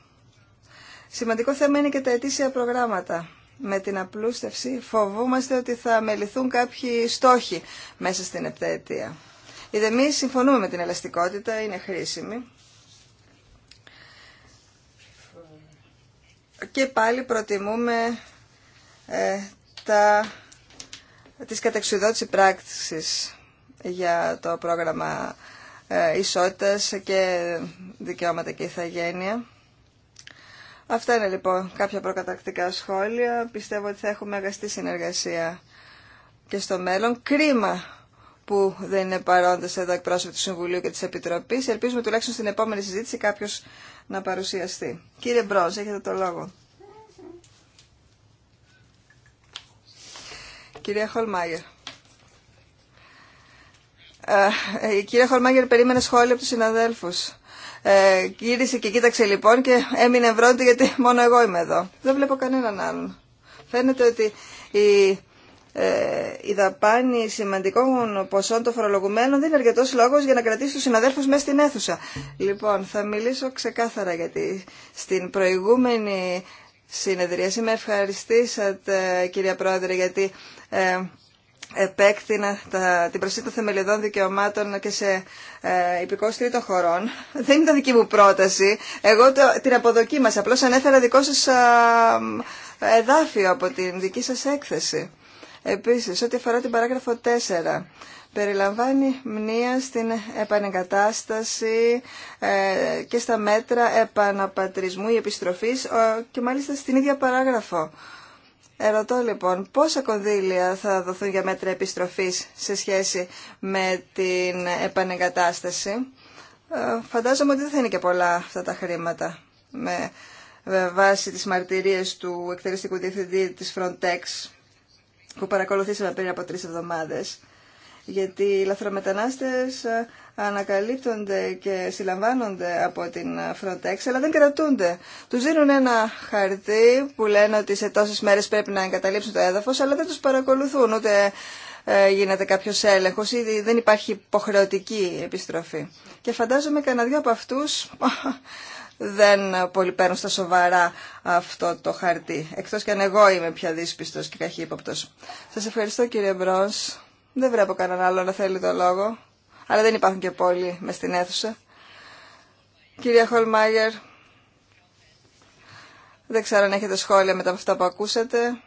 Σημαντικό θέμα είναι και τα ετήσια προγράμματα. Με την απλούστευση φοβούμαστε ότι θα μεληθούν κάποιοι στόχοι μέσα στην επταετία. Οι συμφωνούμε με την ελαστικότητα, είναι χρήσιμη. Και πάλι προτιμούμε ε, τα, τις κατεξουδότηση πράξης για το πρόγραμμα ε, ισότητας και δικαιώματα και ηθαγένεια. Αυτά είναι λοιπόν κάποια προκατακτικά σχόλια. Πιστεύω ότι θα έχουμε αγαστή συνεργασία και στο μέλλον. Κρίμα που δεν είναι παρόντες εδώ εκπρόσωποι του Συμβουλίου και της Επιτροπής. Ελπίζουμε τουλάχιστον στην επόμενη συζήτηση κάποιος να παρουσιαστεί. Κύριε Μπρόζ, έχετε το λόγο. Κυρία Χολμάγερ. Ε, η κυρία Χολμάγερ περίμενε σχόλια από του συναδέλφου. Ε, γύρισε και κοίταξε λοιπόν και έμεινε ευρώντη γιατί μόνο εγώ είμαι εδώ. Δεν βλέπω κανέναν άλλον. Φαίνεται ότι η, ε, δαπάνη σημαντικών ποσών των φορολογουμένων δεν είναι αρκετό λόγο για να κρατήσει του συναδέλφου μέσα στην αίθουσα. Λοιπόν, θα μιλήσω ξεκάθαρα γιατί στην προηγούμενη συνεδρίαση με ευχαριστήσατε, κυρία Πρόεδρε, γιατί ε, επέκτηνα τα, την προσθήκη των θεμελιωδών δικαιωμάτων και σε ε, υπηκό χωρών. Δεν ήταν δική μου πρόταση. Εγώ το, την αποδοκίμασα. Απλώ ανέφερα δικό σα εδάφιο από την δική σας έκθεση. Επίσης, ό,τι αφορά την παράγραφο 4, περιλαμβάνει μνήμα στην επανεγκατάσταση ε, και στα μέτρα επαναπατρισμού ή επιστροφής και μάλιστα στην ίδια παράγραφο. Ερωτώ λοιπόν πόσα κονδύλια θα δοθούν για μέτρα επιστροφής σε σχέση με την επανεγκατάσταση. Ε, φαντάζομαι ότι δεν θα είναι και πολλά αυτά τα χρήματα με βάση τις μαρτυρίες του εκτελεστικού διευθυντή της Frontex που παρακολουθήσαμε πριν από τρεις εβδομάδες γιατί οι λαθρομετανάστες ε, ανακαλύπτονται και συλλαμβάνονται από την Frontex, αλλά δεν κρατούνται. Του δίνουν ένα χαρτί που λένε ότι σε τόσε μέρε πρέπει να εγκαταλείψουν το έδαφο, αλλά δεν του παρακολουθούν, ούτε ε, γίνεται κάποιο έλεγχο, ή δεν υπάρχει υποχρεωτική επιστροφή. Και φαντάζομαι κανένα δυο από αυτού δεν πολύ παίρνουν στα σοβαρά αυτό το χαρτί. Εκτό κι αν εγώ είμαι πια δύσπιστο και καχύποπτο. Σα ευχαριστώ κύριε Μπρόνς. Δεν βλέπω κανέναν άλλο να θέλει το λόγο αλλά δεν υπάρχουν και πολλοί με στην αίθουσα. Κυρία Χολμάγερ, δεν ξέρω αν έχετε σχόλια μετά από αυτά που ακούσατε.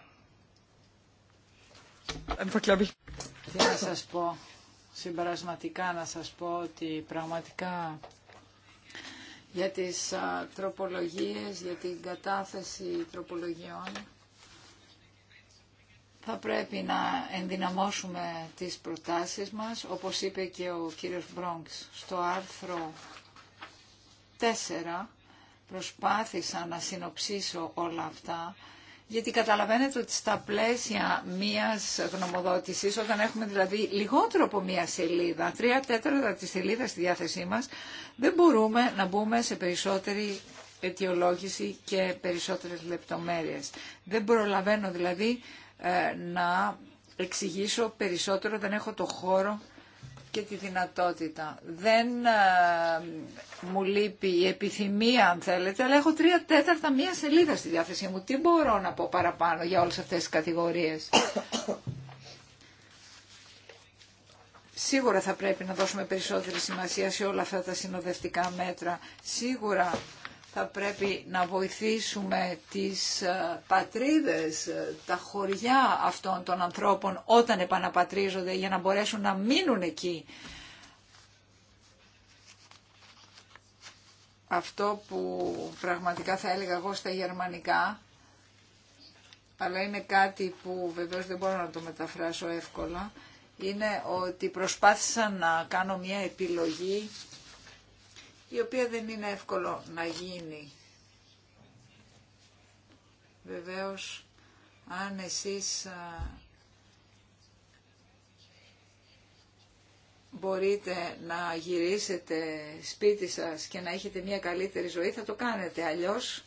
Τι να σας πω, συμπερασματικά να σας πω ότι πραγματικά για τις τροπολογίες, για την κατάθεση τροπολογιών θα πρέπει να ενδυναμώσουμε τις προτάσεις μας, όπως είπε και ο κύριος Μπρόγκ στο άρθρο 4 προσπάθησα να συνοψίσω όλα αυτά, γιατί καταλαβαίνετε ότι στα πλαίσια μίας γνωμοδότησης, όταν έχουμε δηλαδή λιγότερο από μία σελίδα, τρία τέταρτα της σελίδας στη διάθεσή μας, δεν μπορούμε να μπούμε σε περισσότερη αιτιολόγηση και περισσότερες λεπτομέρειες. Δεν προλαβαίνω δηλαδή ε, να εξηγήσω περισσότερο, δεν έχω το χώρο και τη δυνατότητα. Δεν ε, μου λείπει η επιθυμία, αν θέλετε, αλλά έχω τρία τέταρτα μία σελίδα στη διάθεσή μου. Τι μπορώ να πω παραπάνω για όλες αυτές τις κατηγορίες. Σίγουρα θα πρέπει να δώσουμε περισσότερη σημασία σε όλα αυτά τα συνοδευτικά μέτρα. Σίγουρα θα πρέπει να βοηθήσουμε τις ε, πατρίδες, ε, τα χωριά αυτών των ανθρώπων όταν επαναπατρίζονται για να μπορέσουν να μείνουν εκεί. Αυτό που πραγματικά θα έλεγα εγώ στα γερμανικά, αλλά είναι κάτι που βεβαίως δεν μπορώ να το μεταφράσω εύκολα, είναι ότι προσπάθησα να κάνω μια επιλογή η οποία δεν είναι εύκολο να γίνει. Βεβαίως, αν εσείς μπορείτε να γυρίσετε σπίτι σας και να έχετε μια καλύτερη ζωή, θα το κάνετε. Αλλιώς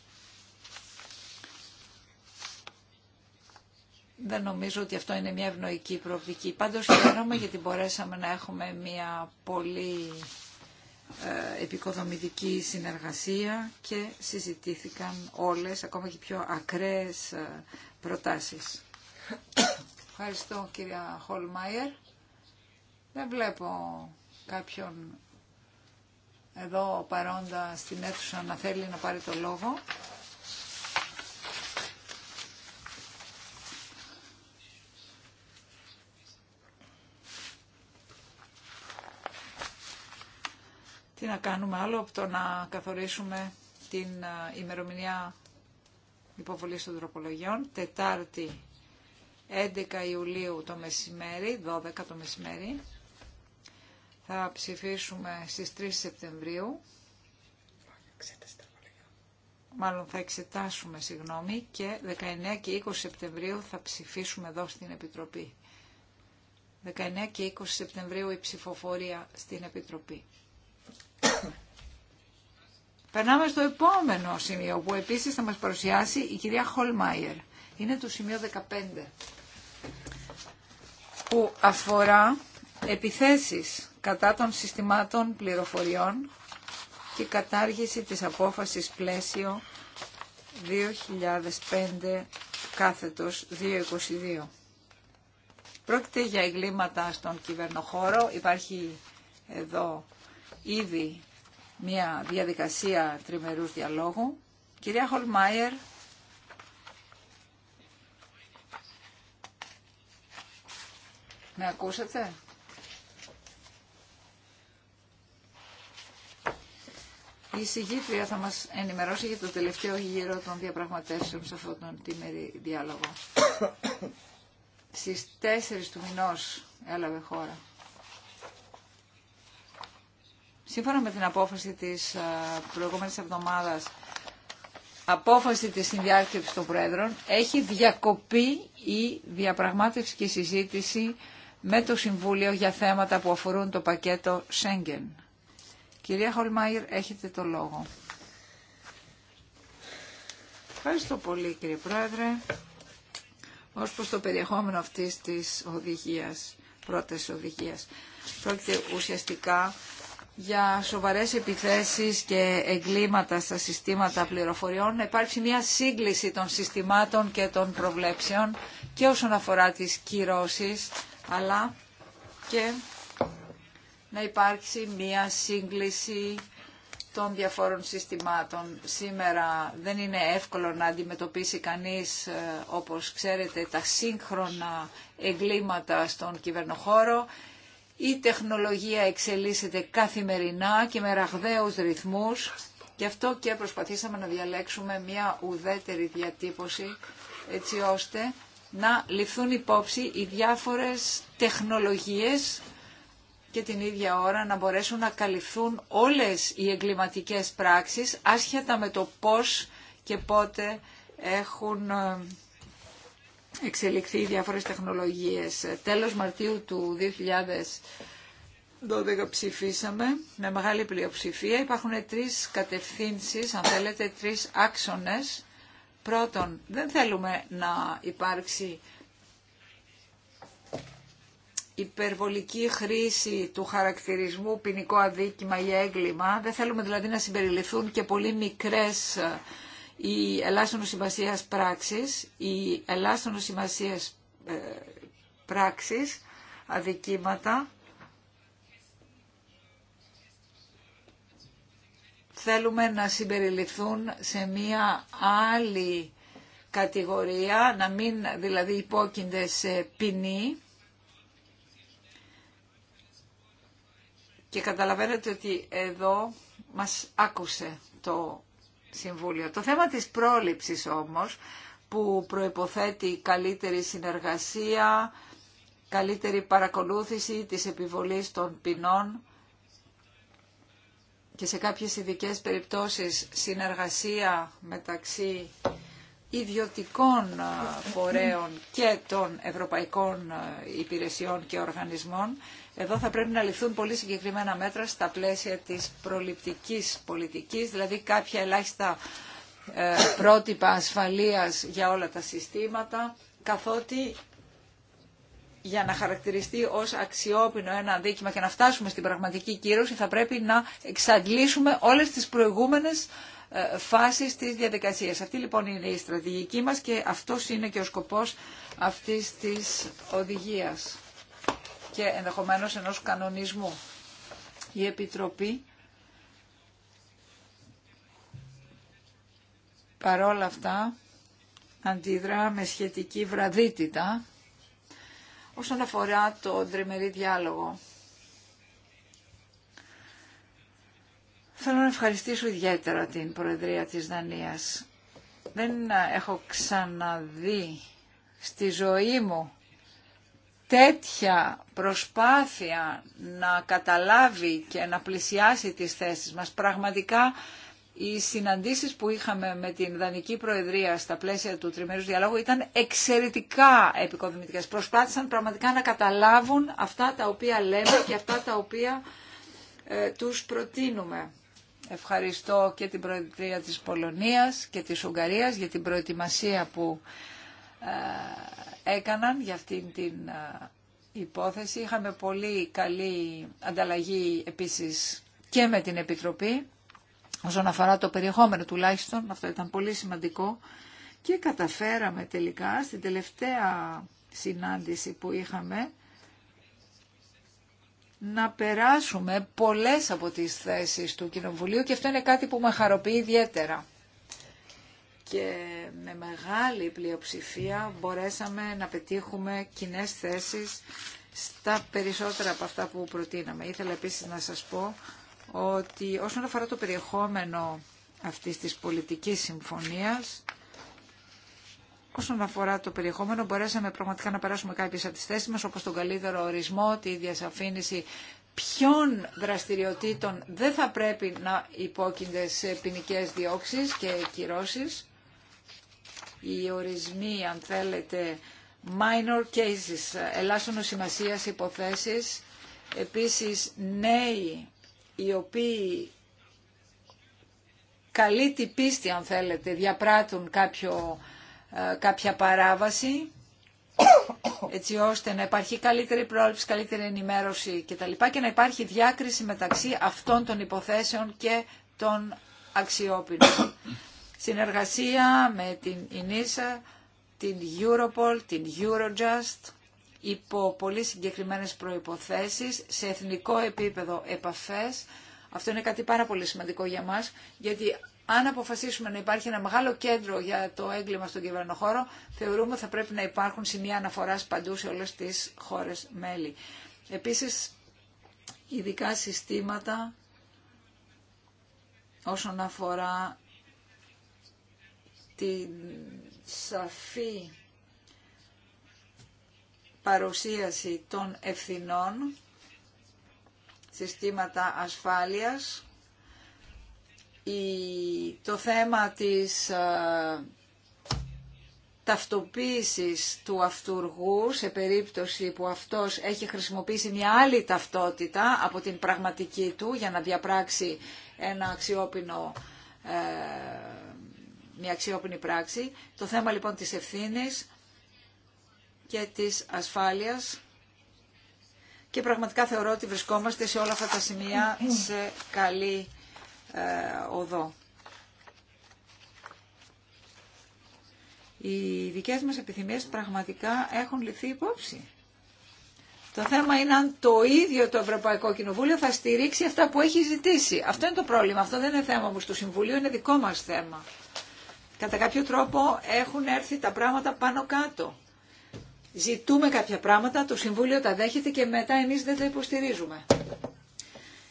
δεν νομίζω ότι αυτό είναι μια ευνοϊκή προοπτική. Πάντως χαίρομαι γιατί μπορέσαμε να έχουμε μια πολύ ε, επικοδομητική συνεργασία και συζητήθηκαν όλες, ακόμα και πιο ακραίες ε, προτάσεις. Ευχαριστώ κυρία Χολμάιερ. Δεν βλέπω κάποιον εδώ παρόντα στην αίθουσα να θέλει να πάρει το λόγο. Τι να κάνουμε άλλο από το να καθορίσουμε την ε, ημερομηνία υποβολής των τροπολογιών, Τετάρτη 11 Ιουλίου το μεσημέρι, 12 το μεσημέρι. Θα ψηφίσουμε στις 3 Σεπτεμβρίου. Μάλλον θα εξετάσουμε, συγγνώμη, και 19 και 20 Σεπτεμβρίου θα ψηφίσουμε εδώ στην Επιτροπή. 19 και 20 Σεπτεμβρίου η ψηφοφορία στην Επιτροπή. Περνάμε στο επόμενο σημείο που επίσης θα μας παρουσιάσει η κυρία Χολμάιερ. Είναι το σημείο 15 που αφορά επιθέσεις κατά των συστημάτων πληροφοριών και κατάργηση της απόφασης πλαίσιο 2005 κάθετος 222. Πρόκειται για εγκλήματα στον κυβερνοχώρο. Υπάρχει εδώ ήδη μια διαδικασία τριμερούς διαλόγου. Κυρία Χολμάιερ, με ακούσατε? Η συγγήτρια θα μας ενημερώσει για το τελευταίο γύρο των διαπραγματεύσεων σε αυτόν τον τίμερη διάλογο. Στις 4 του μηνός έλαβε χώρα. Σύμφωνα με την απόφαση της προηγούμενης εβδομάδας, απόφαση της συνδιάρκειας των Πρόεδρων, έχει διακοπεί η διαπραγμάτευση και η συζήτηση με το Συμβούλιο για θέματα που αφορούν το πακέτο Σέγγεν. Κυρία Χολμάιρ, έχετε το λόγο. Ευχαριστώ πολύ κύριε Πρόεδρε. Ως προς το περιεχόμενο αυτής της οδηγίας, πρώτης οδηγίας, πρόκειται ουσιαστικά για σοβαρές επιθέσεις και εγκλήματα στα συστήματα πληροφοριών να υπάρξει μια σύγκληση των συστημάτων και των προβλέψεων και όσον αφορά τις κυρώσεις αλλά και να υπάρξει μια σύγκληση των διαφόρων συστημάτων. Σήμερα δεν είναι εύκολο να αντιμετωπίσει κανείς, ε, όπως ξέρετε, τα σύγχρονα εγκλήματα στον κυβερνοχώρο. Η τεχνολογία εξελίσσεται καθημερινά και με ραγδαίους ρυθμούς. και αυτό και προσπαθήσαμε να διαλέξουμε μια ουδέτερη διατύπωση έτσι ώστε να ληφθούν υπόψη οι διάφορες τεχνολογίες και την ίδια ώρα να μπορέσουν να καλυφθούν όλες οι εγκληματικές πράξεις άσχετα με το πώς και πότε έχουν ε, εξελιχθεί διάφορες τεχνολογίες. Τέλος Μαρτίου του 2012 ψηφίσαμε με μεγάλη πλειοψηφία. Υπάρχουν τρεις κατευθύνσεις, αν θέλετε, τρεις άξονες. Πρώτον, δεν θέλουμε να υπάρξει υπερβολική χρήση του χαρακτηρισμού ποινικό αδίκημα ή έγκλημα. Δεν θέλουμε δηλαδή να συμπεριληφθούν και πολύ μικρές οι ελάσσονο σημασία πράξεις, οι ελάσσονος σημασίας πράξεις, ε, αδικήματα, θέλουμε να συμπεριληφθούν σε μία άλλη κατηγορία, να μην δηλαδή υπόκεινται σε ποινή. Και καταλαβαίνετε ότι εδώ μας άκουσε το Συμβούλιο. Το θέμα της πρόληψης όμως που προϋποθέτει καλύτερη συνεργασία, καλύτερη παρακολούθηση της επιβολής των ποινών και σε κάποιες ειδικές περιπτώσεις συνεργασία μεταξύ ιδιωτικών φορέων και των ευρωπαϊκών υπηρεσιών και οργανισμών. Εδώ θα πρέπει να ληφθούν πολύ συγκεκριμένα μέτρα στα πλαίσια της προληπτικής πολιτικής, δηλαδή κάποια ελάχιστα πρότυπα ασφαλείας για όλα τα συστήματα, καθότι για να χαρακτηριστεί ως αξιόπινο ένα δίκημα και να φτάσουμε στην πραγματική κύρωση θα πρέπει να εξαντλήσουμε όλες τις προηγούμενες ε, φάσεις της διαδικασίας. Αυτή λοιπόν είναι η στρατηγική μας και αυτό είναι και ο σκοπός αυτής της οδηγίας και ενδεχομένως ενός κανονισμού. Η Επιτροπή παρόλα αυτά αντίδρα με σχετική βραδύτητα όσον αφορά το ντρεμερή διάλογο. Θέλω να ευχαριστήσω ιδιαίτερα την Προεδρία της Δανίας. Δεν έχω ξαναδεί στη ζωή μου τέτοια προσπάθεια να καταλάβει και να πλησιάσει τις θέσεις μας. Πραγματικά οι συναντήσεις που είχαμε με την Δανική Προεδρία στα πλαίσια του τριμερούς διαλόγου ήταν εξαιρετικά επικοδομητικές. Προσπάθησαν πραγματικά να καταλάβουν αυτά τα οποία λέμε και αυτά τα οποία ε, τους προτείνουμε. Ευχαριστώ και την Προεδρία της Πολωνίας και της Ουγγαρίας για την προετοιμασία που ε, έκαναν για αυτήν την ε, υπόθεση. Είχαμε πολύ καλή ανταλλαγή επίσης και με την Επιτροπή όσον αφορά το περιεχόμενο τουλάχιστον. Αυτό ήταν πολύ σημαντικό και καταφέραμε τελικά στην τελευταία συνάντηση που είχαμε να περάσουμε πολλές από τις θέσεις του Κοινοβουλίου και αυτό είναι κάτι που με χαροποιεί ιδιαίτερα. Και με μεγάλη πλειοψηφία μπορέσαμε να πετύχουμε κοινέ θέσεις στα περισσότερα από αυτά που προτείναμε. Ήθελα επίσης να σας πω ότι όσον αφορά το περιεχόμενο αυτής της πολιτικής συμφωνίας, Όσον αφορά το περιεχόμενο, μπορέσαμε πραγματικά να περάσουμε κάποιε από τι θέσει μα, όπως τον καλύτερο ορισμό, τη διασαφήνιση ποιών δραστηριοτήτων δεν θα πρέπει να υπόκεινται σε ποινικέ διώξει και κυρώσει. Οι ορισμοί, αν θέλετε, minor cases, ελάσσονο σημασία υποθέσει. επίσης νέοι οι οποίοι καλή την πίστη αν θέλετε διαπράττουν κάποιο ε, κάποια παράβαση έτσι ώστε να υπάρχει καλύτερη πρόληψη, καλύτερη ενημέρωση κτλ. και να υπάρχει διάκριση μεταξύ αυτών των υποθέσεων και των αξιόπινων. Συνεργασία με την Ινίσα, την Europol, την Eurojust υπό πολύ συγκεκριμένες προϋποθέσεις, σε εθνικό επίπεδο επαφές. Αυτό είναι κάτι πάρα πολύ σημαντικό για μας, γιατί αν αποφασίσουμε να υπάρχει ένα μεγάλο κέντρο για το έγκλημα στον κυβερνοχώρο, θεωρούμε ότι θα πρέπει να υπάρχουν σημεία αναφοράς παντού σε όλες τις χώρες μέλη. Επίσης, ειδικά συστήματα όσον αφορά τη σαφή παρουσίαση των ευθυνών, συστήματα ασφάλειας, το θέμα της ε, ταυτοποίησης του αυτούργου σε περίπτωση που αυτός έχει χρησιμοποιήσει μια άλλη ταυτότητα από την πραγματική του για να διαπράξει ένα αξιόπινο, ε, μια αξιόπινη πράξη. Το θέμα λοιπόν της ευθύνης και της ασφάλειας και πραγματικά θεωρώ ότι βρισκόμαστε σε όλα αυτά τα σημεία σε καλή ε, οδό. Οι δικές μας επιθυμίες πραγματικά έχουν ληφθεί υπόψη. Το θέμα είναι αν το ίδιο το Ευρωπαϊκό Κοινοβούλιο θα στηρίξει αυτά που έχει ζητήσει. Αυτό είναι το πρόβλημα. Αυτό δεν είναι θέμα μου στο Συμβουλίο, είναι δικό μας θέμα. Κατά κάποιο τρόπο έχουν έρθει τα πράγματα πάνω κάτω. Ζητούμε κάποια πράγματα, το Συμβούλιο τα δέχεται και μετά εμείς δεν τα υποστηρίζουμε.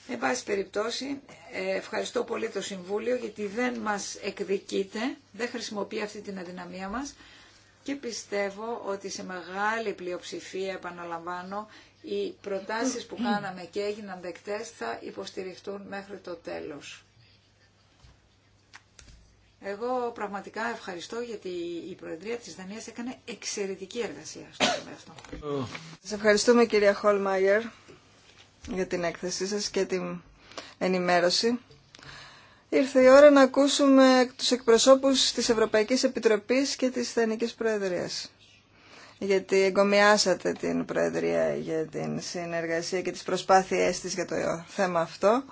Εν πάση περιπτώσει, ε, ευχαριστώ πολύ το Συμβούλιο γιατί δεν μας εκδικείται, δεν χρησιμοποιεί αυτή την αδυναμία μας και πιστεύω ότι σε μεγάλη πλειοψηφία, επαναλαμβάνω, οι προτάσεις που κάναμε και έγιναν δεκτές θα υποστηριχτούν μέχρι το τέλος. Εγώ πραγματικά ευχαριστώ γιατί η Προεδρία της Δανίας έκανε εξαιρετική εργασία στο αυτό. Σας ευχαριστούμε κυρία Χολμάγερ για την έκθεσή σας και την ενημέρωση. Ήρθε η ώρα να ακούσουμε τους εκπροσώπους της Ευρωπαϊκής Επιτροπής και της Θεανικής Προεδρίας. Γιατί εγκομιάσατε την Προεδρία για την συνεργασία και τις προσπάθειές της για το θέμα αυτό.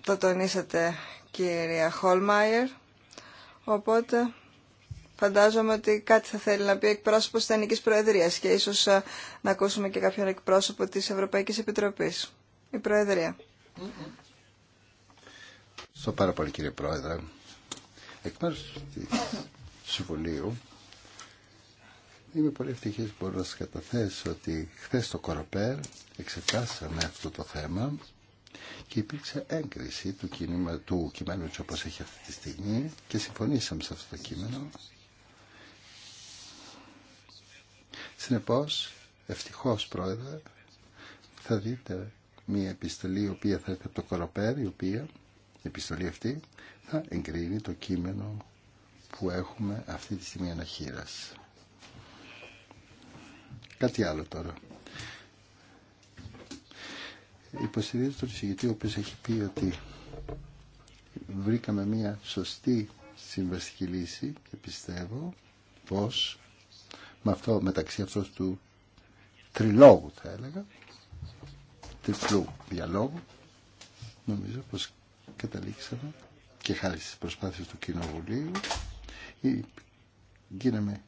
Το τονίσατε κυρία Χολμάιερ. Οπότε Φαντάζομαι ότι κάτι θα θέλει να πει εκπρόσωπο τη Ελληνική προεδρία και ίσως ε, να ακούσουμε και κάποιον εκπρόσωπο τη Ευρωπαϊκή Επιτροπή. Η Προεδρία. Στο πάρα πολύ κύριε Πρόεδρε. Εκ μέρου του Συμβουλίου είμαι πολύ ευτυχής που μπορώ να σα καταθέσω ότι χθε στο Κοροπέρ εξετάσαμε αυτό το θέμα και υπήρξε έγκριση του, κίνημα, του κειμένου όπως έχει αυτή τη στιγμή και συμφωνήσαμε σε αυτό το κείμενο Συνεπώς, ευτυχώς πρόεδρε, θα δείτε μια επιστολή η οποία θα έρθει από το κοροπέρι, η οποία, η επιστολή αυτή, θα εγκρίνει το κείμενο που έχουμε αυτή τη στιγμή αναχείραση. Κάτι άλλο τώρα. Υποστηρίζω τον εισηγητή, ο οποίος έχει πει ότι βρήκαμε μια σωστή συμβαστική λύση και πιστεύω πως με αυτό, μεταξύ αυτού του τριλόγου θα έλεγα, τριπλού διαλόγου, νομίζω πως καταλήξαμε και χάρη στις προσπάθειες του Κοινοβουλίου γίναμε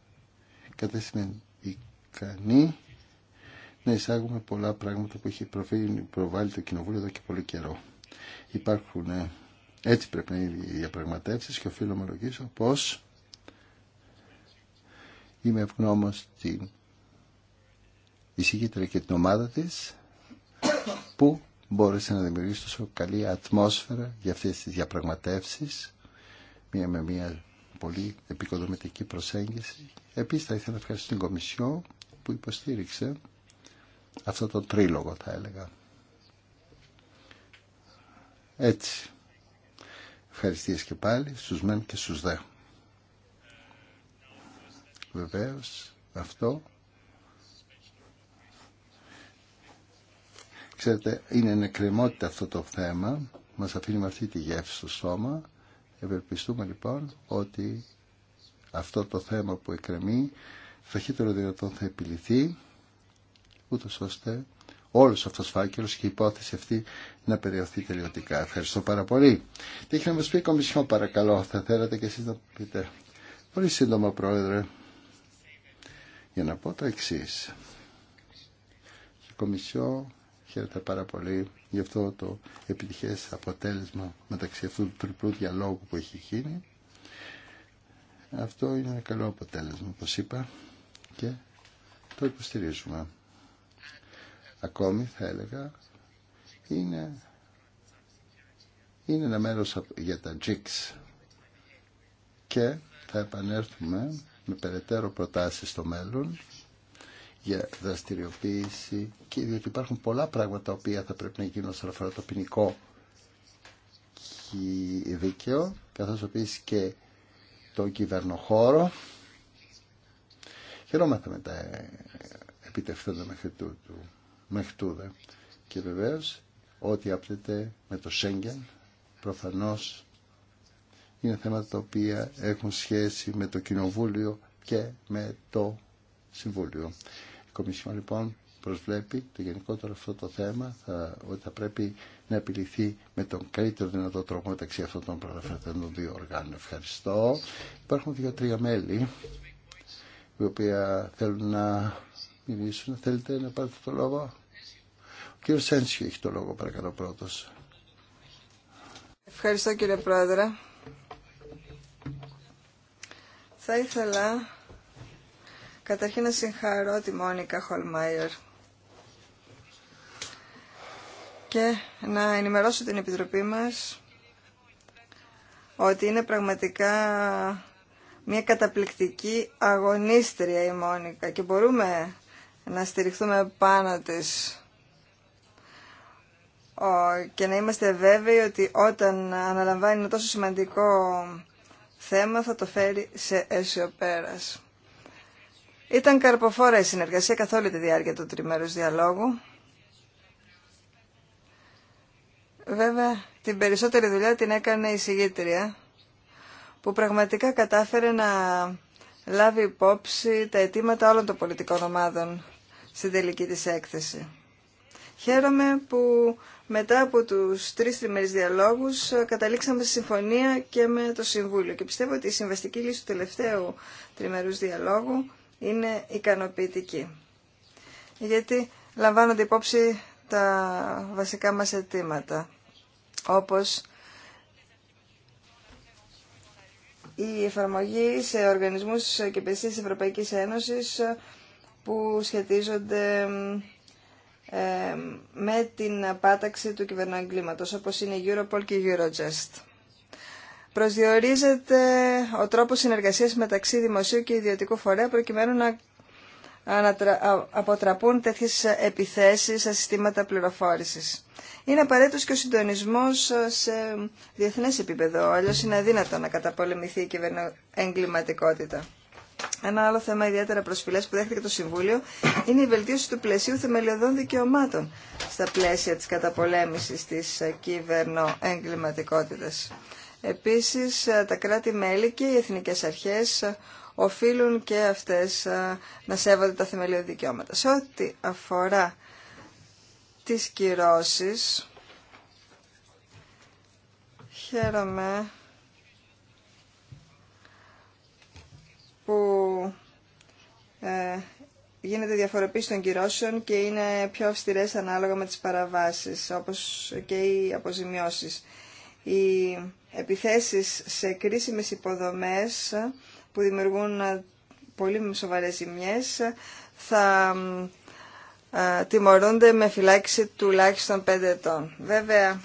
κατέστημεν ικανοί να εισάγουμε πολλά πράγματα που έχει προβάλλει το Κοινοβούλιο εδώ και πολύ καιρό. Υπάρχουν, ε, έτσι πρέπει να είναι οι διαπραγματεύσει και οφείλω να ομολογήσω πως Είμαι ευγνώμων στην εισηγήτρια και την ομάδα της που μπόρεσε να δημιουργήσει τόσο καλή ατμόσφαιρα για αυτές τις διαπραγματεύσεις μία με μία πολύ επικοδομητική προσέγγιση. Επίσης θα ήθελα να ευχαριστήσω την Κομισιό που υποστήριξε αυτό το τρίλογο θα έλεγα. Έτσι. Ευχαριστίες και πάλι στους μεν και στους δε βεβαίως αυτό Ξέρετε, είναι νεκρεμότητα αυτό το θέμα, μας αφήνει με αυτή τη γεύση στο σώμα. Ευελπιστούμε λοιπόν ότι αυτό το θέμα που εκκρεμεί φαχύτερο δυνατόν θα επιληθεί, ούτως ώστε όλος αυτός ο φάκελος και η υπόθεση αυτή να περιοθεί τελειωτικά. Ευχαριστώ πάρα πολύ. Τι έχει να μας πει η Κομισιόν παρακαλώ, θα θέλατε και εσείς να πείτε. Πολύ σύντομα πρόεδρε για να πω το εξή. Η Κομισιό χαίρεται πάρα πολύ γι' αυτό το επιτυχές αποτέλεσμα μεταξύ αυτού του τριπλού διαλόγου που έχει γίνει. Αυτό είναι ένα καλό αποτέλεσμα, όπως είπα, και το υποστηρίζουμε. Ακόμη, θα έλεγα, είναι, είναι ένα μέρος για τα JICS και θα επανέλθουμε με περαιτέρω προτάσεις στο μέλλον για δραστηριοποίηση και διότι υπάρχουν πολλά πράγματα τα οποία θα πρέπει να γίνουν όσον αφορά το ποινικό δίκαιο καθώς επίση και το κυβερνοχώρο χαιρόμαστε με τα επιτευχθέντα μέχρι τούτου μέχρι τούδε. και βεβαίως ό,τι άπτεται με το Σέγγεν προφανώς είναι θέματα τα οποία έχουν σχέση με το Κοινοβούλιο και με το Συμβούλιο. Η Κομισιόν λοιπόν προσβλέπει το γενικότερο αυτό το θέμα θα, ότι θα πρέπει να επιληθεί με τον καλύτερο δυνατό τρόπο μεταξύ αυτών των των δυο δύο οργάνων. Ευχαριστώ. Υπάρχουν δύο-τρία μέλη οι οποία θέλουν να μιλήσουν. Θέλετε να πάρετε το λόγο. Ο κύριος Σένσιο έχει το λόγο παρακαλώ πρώτος. Ευχαριστώ κύριε Πρόεδρε. Θα ήθελα καταρχήν να συγχαρώ τη Μόνικα Χολμάιερ και να ενημερώσω την Επιτροπή μας ότι είναι πραγματικά μια καταπληκτική αγωνίστρια η Μόνικα και μπορούμε να στηριχθούμε πάνω της και να είμαστε βέβαιοι ότι όταν αναλαμβάνει ένα τόσο σημαντικό θέμα θα το φέρει σε αίσιο Ήταν καρποφόρα η συνεργασία καθ' όλη τη διάρκεια του τριμέρους διαλόγου. Βέβαια, την περισσότερη δουλειά την έκανε η συγγήτρια, που πραγματικά κατάφερε να λάβει υπόψη τα αιτήματα όλων των πολιτικών ομάδων στην τελική της έκθεση. Χαίρομαι που μετά από τους τρεις τριμερείς διαλόγους ε, καταλήξαμε σε συμφωνία και με το Συμβούλιο και πιστεύω ότι η συμβαστική λύση του τελευταίου τριμερούς διαλόγου είναι ικανοποιητική. Γιατί λαμβάνονται υπόψη τα βασικά μας αιτήματα, όπως η εφαρμογή σε οργανισμούς και υπηρεσίες Ευρωπαϊκής Ένωσης ε, που σχετίζονται ε, με την πάταξη του εγκλήματος, όπως είναι η Europol και η Eurojust. Προσδιορίζεται ο τρόπος συνεργασίας μεταξύ δημοσίου και ιδιωτικού φορέα προκειμένου να αποτραπούν τέτοιες επιθέσεις σε συστήματα πληροφόρησης. Είναι απαραίτητος και ο συντονισμός σε διεθνές επίπεδο, αλλιώς είναι αδύνατο να καταπολεμηθεί η κυβερνοεγκληματικότητα. Ένα άλλο θέμα ιδιαίτερα προσφυλές που δέχτηκε το Συμβούλιο είναι η βελτίωση του πλαισίου θεμελιωδών δικαιωμάτων στα πλαίσια της καταπολέμησης της ε, κυβερνοεγκληματικότητας. Επίσης, ε, τα κράτη-μέλη και οι εθνικές αρχές ε, οφείλουν και αυτές να σέβονται τα θεμελιώδη δικαιώματα. Σε ό,τι αφορά τις κυρώσεις, χαίρομαι που ε, γίνεται διαφοροποίηση των κυρώσεων και είναι πιο αυστηρές ανάλογα με τις παραβάσεις, όπως και οι αποζημιώσεις. Οι επιθέσεις σε κρίσιμες υποδομές που δημιουργούν πολύ σοβαρές ζημιές θα ε, τιμωρούνται με φυλάξη τουλάχιστον 5 ετών. Βέβαια,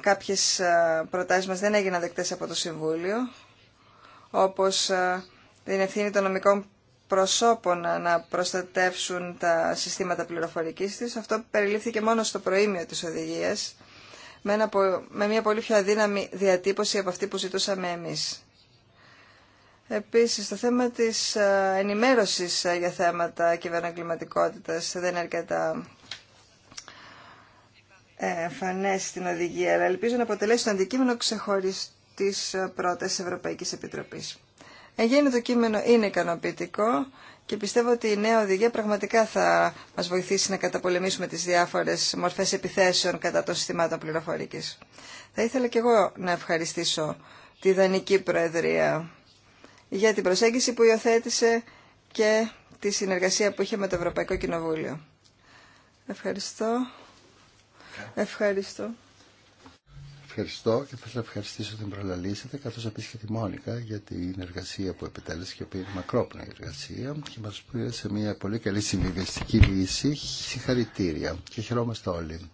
κάποιες ε, προτάσεις μας δεν έγιναν δεκτές από το Συμβούλιο, όπως ε, την ευθύνη των νομικών προσώπων να προστατεύσουν τα συστήματα πληροφορικής της. Αυτό περιλήφθηκε μόνο στο προήμιο της οδηγίας, με μια πολύ πιο αδύναμη διατύπωση από αυτή που ζητούσαμε εμείς. Επίσης, το θέμα της ε, ενημέρωσης ε, για θέματα κυβερνοκληματικότητας δεν είναι αρκετά εμφανές στην οδηγία, αλλά ελπίζω να αποτελέσει το αντικείμενο ξεχωριστό της ε, πρώτης Ευρωπαϊκής Επιτροπής. Εγένει το κείμενο είναι ικανοποιητικό και πιστεύω ότι η νέα οδηγία πραγματικά θα μας βοηθήσει να καταπολεμήσουμε τις διάφορες μορφές επιθέσεων κατά των συστημάτων πληροφορικής. Θα ήθελα και εγώ να ευχαριστήσω τη Δανική Προεδρία για την προσέγγιση που υιοθέτησε και τη συνεργασία που είχε με το Ευρωπαϊκό Κοινοβούλιο. Ευχαριστώ. Ευχαριστώ ευχαριστώ και θα σα ευχαριστήσω την προλαλήσατε καθώς επίσης και τη Μόνικα για την εργασία που επιτέλεσε και που είναι μακρόπνοη εργασία και μας πήρε σε μια πολύ καλή συμβιβαστική λύση συγχαρητήρια και χαιρόμαστε όλοι.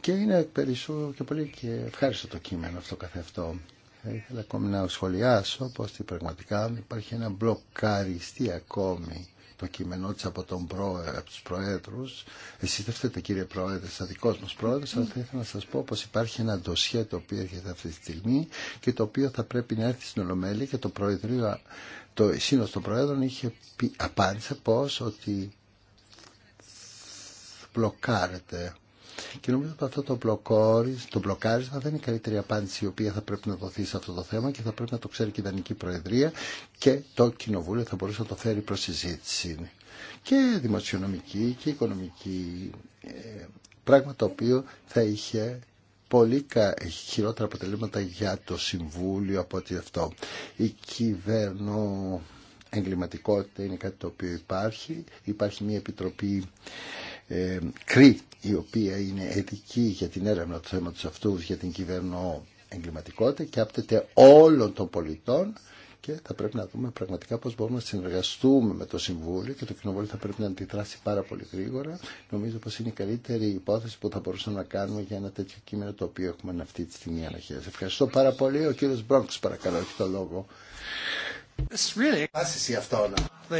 Και είναι περισσότερο και πολύ και ευχάριστο το κείμενο αυτό αυτό. Θα ήθελα ακόμη να σχολιάσω πως πραγματικά υπάρχει ένα μπλοκαριστή ακόμη το κείμενό τη από, τον προ, από τους Προέδρους. Εσείς δεν φταίτε κύριε Πρόεδρε, σαν δικό μας Πρόεδρος, αλλά θα ήθελα να σας πω πως υπάρχει ένα ντοσιέ το οποίο έρχεται αυτή τη στιγμή και το οποίο θα πρέπει να έρθει στην Ολομέλη και το Προεδρείο, το Σύνος των Προέδρων είχε απάντησε πως ότι μπλοκάρεται και νομίζω ότι αυτό το, το μπλοκάρισμα δεν είναι η καλύτερη απάντηση η οποία θα πρέπει να δοθεί σε αυτό το θέμα και θα πρέπει να το ξέρει και η Δανική Προεδρία και το Κοινοβούλιο θα μπορούσε να το φέρει προ συζήτηση. Και δημοσιονομική και οικονομική. Ε, πράγμα το οποίο θα είχε πολύ χειρότερα αποτελέσματα για το Συμβούλιο από ότι αυτό. Η κυβερνό εγκληματικότητα είναι κάτι το οποίο υπάρχει. Υπάρχει μια επιτροπή ε, ΚΡΙ, η οποία είναι ειδική για την έρευνα του θέματος αυτού για την κυβερνό εγκληματικότητα και άπτεται όλων των πολιτών και θα πρέπει να δούμε πραγματικά πώς μπορούμε να συνεργαστούμε με το Συμβούλιο και το Κοινοβούλιο θα πρέπει να αντιδράσει πάρα πολύ γρήγορα. Νομίζω πως είναι η καλύτερη υπόθεση που θα μπορούσαμε να κάνουμε για ένα τέτοιο κείμενο το οποίο έχουμε αυτή τη στιγμή αναχέδες. Ευχαριστώ πάρα πολύ. Ο κύριος Μπρόγκς παρακαλώ, έχει το λόγο. Really... αυτό. Uh,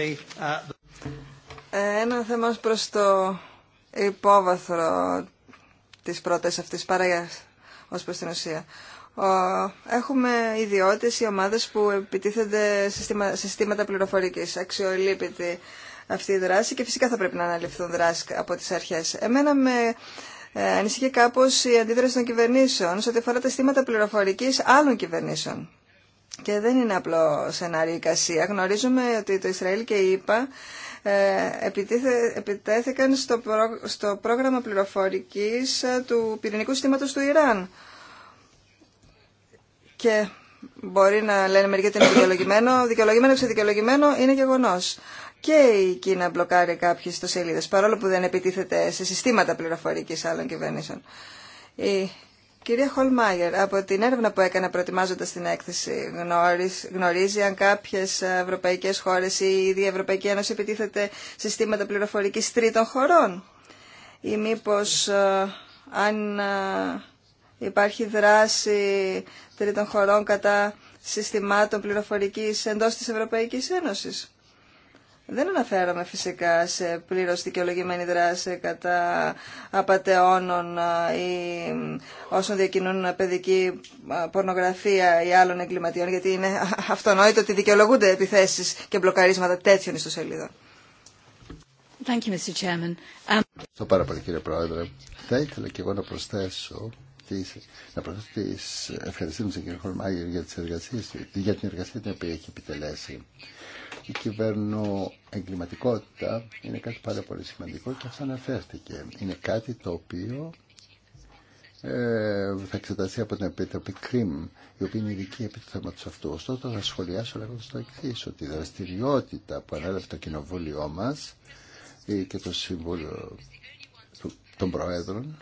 ε, ένα θέμα προς το υπόβαθρο της πρότασης αυτής παρά ως προς την ουσία. Έχουμε ιδιώτες ή ομάδες που επιτίθενται σε συστήματα πληροφορικής, αξιολύπητη αυτή η δράση και φυσικά θα πρέπει να αναλυφθούν δράσεις από τις αρχές. Εμένα με ε, ανησυχεί κάπως η αντίδραση των κυβερνήσεων σε ό,τι αφορά τα συστήματα πληροφορικής άλλων κυβερνήσεων. Και δεν είναι απλό σενάριο η Γνωρίζουμε ότι το Ισραήλ και η ΙΠΑ ε, επιτέθηκαν στο, στο πρόγραμμα πληροφορικής ε, του πυρηνικού συστήματος του Ιράν. Και μπορεί να λένε μερικοί ότι είναι δικαιολογημένο. Δικαιολογημένο, ξεδικαιολογημένο είναι γεγονός. Και η Κίνα μπλοκάρει κάποιε ιστοσελίδε, παρόλο που δεν επιτίθεται σε συστήματα πληροφορικής άλλων κυβερνήσεων. Η Κυρία Χολμάγερ, από την έρευνα που έκανα προετοιμάζοντα την έκθεση γνωρίζει αν κάποιε ευρωπαϊκές χώρες ή η ίδια Ευρωπαϊκή Ένωση επιτίθεται συστήματα πληροφορικής τρίτων χωρών ή μήπω ε, αν ε, υπάρχει δράση τρίτων χωρών κατά συστημάτων πληροφορικής εντός της Ευρωπαϊκής Ένωση. Δεν αναφέρομαι φυσικά σε πλήρω δικαιολογημένη δράση κατά απαταιώνων ή όσων διακινούν παιδική πορνογραφία ή άλλων εγκληματιών, γιατί είναι αυτονόητο ότι δικαιολογούνται επιθέσει και μπλοκαρίσματα τέτοιων ιστοσελίδων. Um, Ευχαριστώ πάρα πολύ κύριε Πρόεδρε. Θα ήθελα και εγώ να προσθέσω τις, να προσθέσω τις ευχαριστήσεις μου στον κύριο Χολμάγερ για την εργασία την οποία έχει επιτελέσει η εγκληματικότητα είναι κάτι πάρα πολύ σημαντικό και αυτό αναφέρθηκε. Είναι κάτι το οποίο ε, θα εξεταστεί από την Επιτροπή ΚΡΙΜ, η οποία είναι ειδική επί του θέματο αυτού. Ωστόσο, θα σχολιάσω λέγοντα το εξή, ότι η δραστηριότητα που ανέλαβε το Κοινοβούλιο μα ε, και το Σύμβουλο των Προέδρων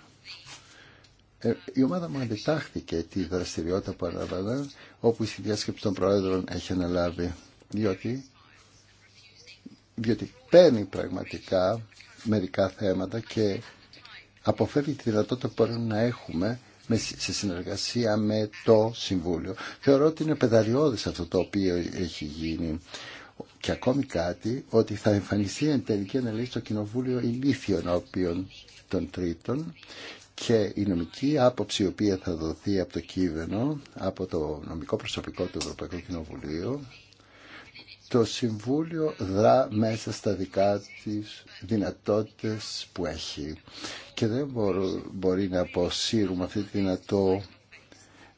ε, η ομάδα μου αντιτάχθηκε τη δραστηριότητα που ανέλαβε, όπου η συνδιάσκεψη των Προέδρων έχει αναλάβει διότι διότι παίρνει πραγματικά μερικά θέματα και αποφεύγει τη δυνατότητα που μπορούμε να έχουμε σε συνεργασία με το Συμβούλιο. Θεωρώ ότι είναι πεδαριώδες αυτό το οποίο έχει γίνει. Και ακόμη κάτι, ότι θα εμφανιστεί εν τελική αναλύση στο Κοινοβούλιο ηλίθιο ενώπιον των τρίτων και η νομική άποψη η οποία θα δοθεί από το κείμενο, από το νομικό προσωπικό του Ευρωπαϊκού Κοινοβουλίου, το Συμβούλιο δρά μέσα στα δικά της δυνατότητες που έχει και δεν μπορεί να αποσύρουμε αυτή τη δυνατό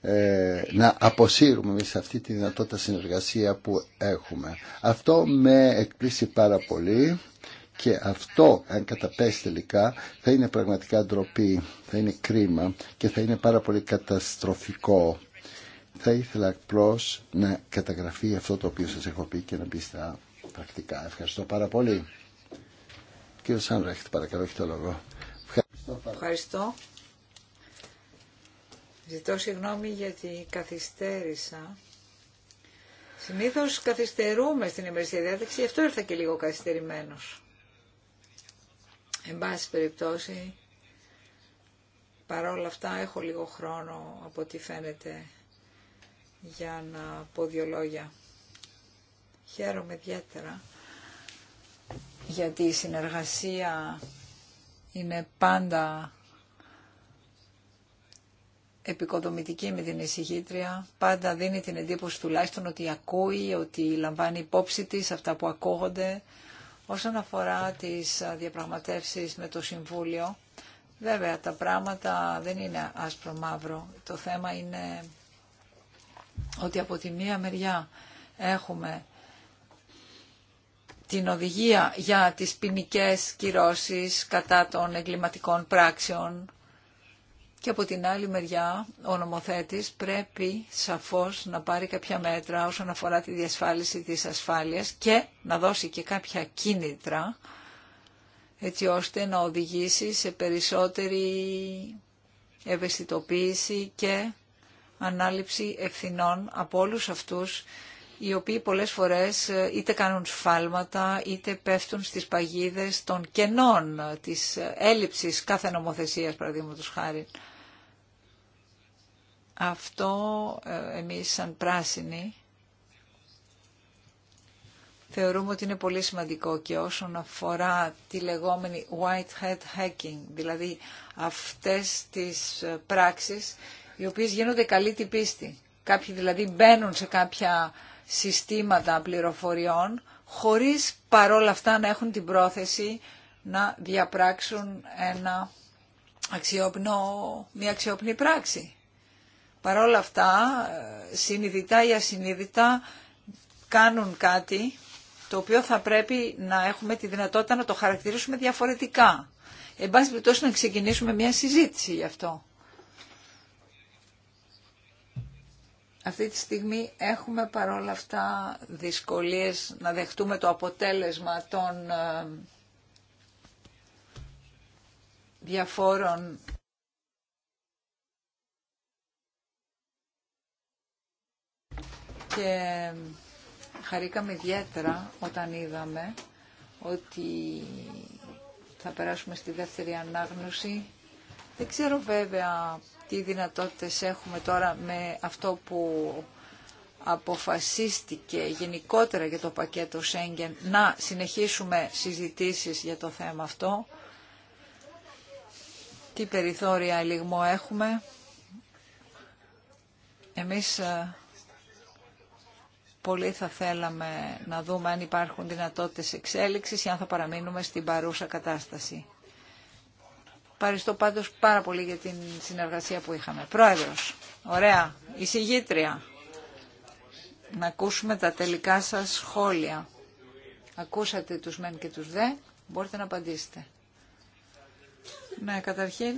ε, να αποσύρουμε εμείς αυτή τη δυνατότητα συνεργασία που έχουμε. Αυτό με εκπλήσει πάρα πολύ και αυτό, αν καταπέσει τελικά, θα είναι πραγματικά ντροπή, θα είναι κρίμα και θα είναι πάρα πολύ καταστροφικό θα ήθελα απλώ να καταγραφεί αυτό το οποίο σας έχω πει και να μπει στα πρακτικά. Ευχαριστώ πάρα πολύ. Κύριε Σάνρεχτ, παρακαλώ, έχει το λόγο. Ευχαριστώ. Ευχαριστώ. Ζητώ συγγνώμη γιατί καθυστέρησα. Συνήθως καθυστερούμε στην ημερησία διάταξη, γι' αυτό ήρθα και λίγο καθυστερημένος. Εν πάση περιπτώσει, παρόλα αυτά έχω λίγο χρόνο από ό,τι φαίνεται για να πω δύο λόγια. Χαίρομαι ιδιαίτερα γιατί η συνεργασία είναι πάντα επικοδομητική με την εισηγήτρια, πάντα δίνει την εντύπωση τουλάχιστον ότι ακούει, ότι λαμβάνει υπόψη της αυτά που ακούγονται. Όσον αφορά τις διαπραγματεύσεις με το Συμβούλιο, βέβαια τα πράγματα δεν είναι άσπρο-μαύρο. Το θέμα είναι ότι από τη μία μεριά έχουμε την οδηγία για τις ποινικέ κυρώσεις κατά των εγκληματικών πράξεων και από την άλλη μεριά ο νομοθέτης πρέπει σαφώς να πάρει κάποια μέτρα όσον αφορά τη διασφάλιση της ασφάλειας και να δώσει και κάποια κίνητρα έτσι ώστε να οδηγήσει σε περισσότερη ευαισθητοποίηση και ανάληψη ευθυνών από όλους αυτούς οι οποίοι πολλές φορές ε, είτε κάνουν σφάλματα είτε πέφτουν στις παγίδες των κενών ε, της ε, έλλειψης κάθε νομοθεσίας παραδείγματο χάρη. Αυτό εμείς σαν πράσινοι θεωρούμε ότι είναι πολύ σημαντικό και όσον αφορά τη λεγόμενη white hat hacking, δηλαδή αυτές τις πράξεις οι οποίες γίνονται καλή την πίστη. Κάποιοι δηλαδή μπαίνουν σε κάποια συστήματα πληροφοριών χωρίς παρόλα αυτά να έχουν την πρόθεση να διαπράξουν ένα αξιόπνο, μια αξιόπνη πράξη. Παρόλα αυτά, ε, συνειδητά ή ασυνείδητα κάνουν κάτι το οποίο θα πρέπει να έχουμε τη δυνατότητα να το χαρακτηρίσουμε διαφορετικά. Εν πάση να ξεκινήσουμε μια συζήτηση γι' αυτό. Αυτή τη στιγμή έχουμε παρόλα αυτά δυσκολίες να δεχτούμε το αποτέλεσμα των ε, διαφόρων και χαρήκαμε ιδιαίτερα όταν είδαμε ότι θα περάσουμε στη δεύτερη ανάγνωση. Δεν ξέρω βέβαια τι δυνατότητες έχουμε τώρα με αυτό που αποφασίστηκε γενικότερα για το πακέτο Σέγγεν να συνεχίσουμε συζητήσεις για το θέμα αυτό. Τι περιθώρια λιγμό έχουμε. Εμείς ε, πολύ θα θέλαμε να δούμε αν υπάρχουν δυνατότητες εξέλιξης ή αν θα παραμείνουμε στην παρούσα κατάσταση. Ευχαριστώ πάντω πάρα πολύ για την συνεργασία που είχαμε. Πρόεδρος, ωραία, εισηγήτρια. Να ακούσουμε τα τελικά σας σχόλια. Ακούσατε τους μεν και τους δε, μπορείτε να απαντήσετε. Ναι, καταρχήν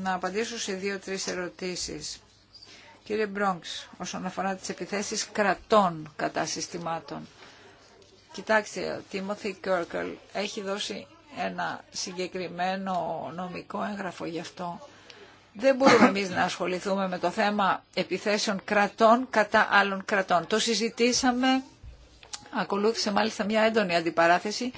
να απαντήσω σε δυο τρει ερωτήσεις. Κύριε Μπρόγκ, όσον αφορά τις επιθέσεις κρατών κατά συστημάτων. Κοιτάξτε, ο Τίμωθη Κέρκελ έχει δώσει ένα συγκεκριμένο νομικό έγγραφο γι' αυτό. Δεν μπορούμε εμείς να ασχοληθούμε με το θέμα επιθέσεων κρατών κατά άλλων κρατών. Το συζητήσαμε, ακολούθησε μάλιστα μια έντονη αντιπαράθεση.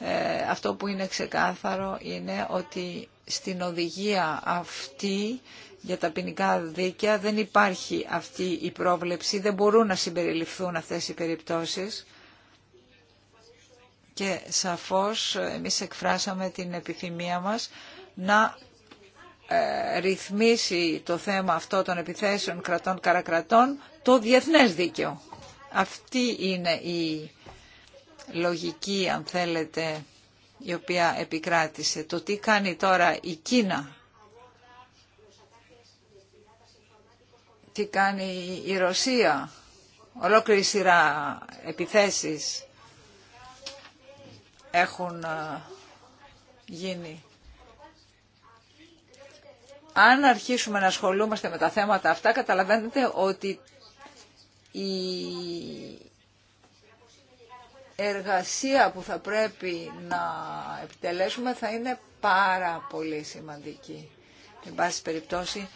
Ε, αυτό που είναι ξεκάθαρο είναι ότι στην οδηγία αυτή για τα ποινικά δίκαια δεν υπάρχει αυτή η πρόβλεψη, δεν μπορούν να συμπεριληφθούν αυτές οι περιπτώσεις και σαφώς εμείς εκφράσαμε την επιθυμία μας να ε, ρυθμίσει το θέμα αυτό των επιθέσεων κρατών καρακρατών το διεθνές δίκαιο. Αυτή είναι η λογική, αν θέλετε, η οποία επικράτησε. Το τι κάνει τώρα η Κίνα, τι κάνει η Ρωσία, ολόκληρη σειρά επιθέσεις έχουν ε, γίνει. Αν αρχίσουμε να ασχολούμαστε με τα θέματα αυτά, καταλαβαίνετε ότι η εργασία που θα πρέπει να επιτελέσουμε θα είναι πάρα πολύ σημαντική. Εν πάση περιπτώσει,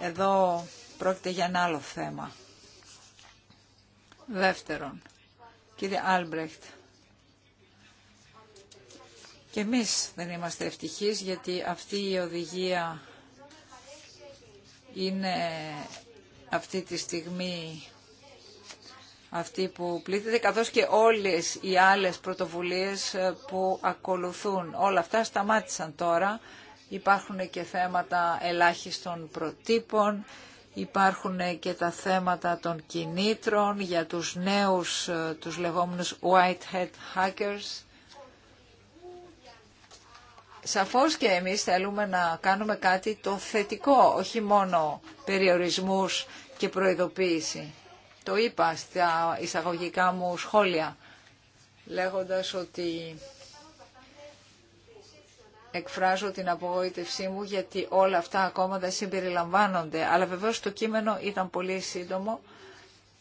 εδώ πρόκειται για ένα άλλο θέμα. Δεύτερον, κύριε Άλμπρεχτ, και εμείς δεν είμαστε ευτυχείς γιατί αυτή η οδηγία είναι αυτή τη στιγμή αυτή που πλήττεται, καθώς και όλες οι άλλες πρωτοβουλίες ε, που ακολουθούν. Όλα αυτά σταμάτησαν τώρα. Υπάρχουν και θέματα ελάχιστων προτύπων, υπάρχουν και τα θέματα των κινήτρων για τους νέους, ε, τους λεγόμενους white hat hackers σαφώς και εμείς θέλουμε να κάνουμε κάτι το θετικό, όχι μόνο περιορισμούς και προειδοποίηση. Το είπα στα εισαγωγικά μου σχόλια, λέγοντας ότι εκφράζω την απογοήτευσή μου γιατί όλα αυτά ακόμα δεν συμπεριλαμβάνονται. Αλλά βεβαίως το κείμενο ήταν πολύ σύντομο.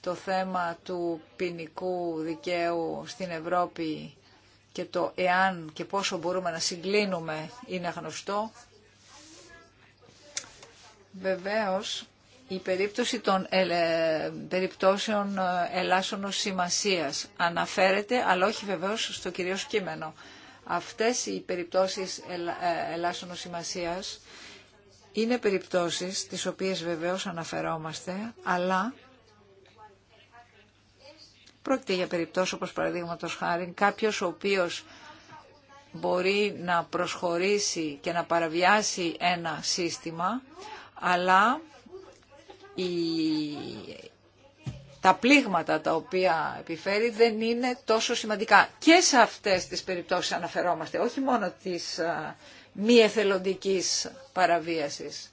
Το θέμα του ποινικού δικαίου στην Ευρώπη και το εάν και πόσο μπορούμε να συγκλίνουμε είναι γνωστό. Βεβαίως, η περίπτωση των περιπτώσεων ε, ελάσσονος σημασίας αναφέρεται, αλλά όχι βεβαίως στο κυρίως κείμενο. Αυτές οι περιπτώσεις ε, ελάσσονος σημασίας είναι περιπτώσεις τις οποίες βεβαίως αναφερόμαστε, αλλά Πρόκειται για περιπτώσεις όπως παραδείγματο χάρη κάποιος ο οποίος μπορεί να προσχωρήσει και να παραβιάσει ένα σύστημα, αλλά η... τα πλήγματα τα οποία επιφέρει δεν είναι τόσο σημαντικά. Και σε αυτές τις περιπτώσεις αναφερόμαστε, όχι μόνο της μη εθελοντικής παραβίασης.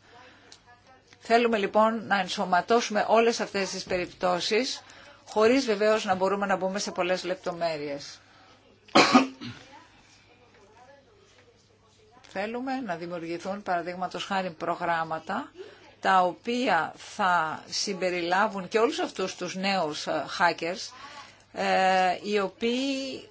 Θέλουμε λοιπόν να ενσωματώσουμε όλες αυτές τις περιπτώσεις χωρίς βεβαίως να μπορούμε να μπούμε σε πολλές λεπτομέρειες. Θέλουμε να δημιουργηθούν παραδείγματος χάρη προγράμματα τα οποία θα συμπεριλάβουν και όλους αυτούς τους νέους ε, hackers ε, οι οποίοι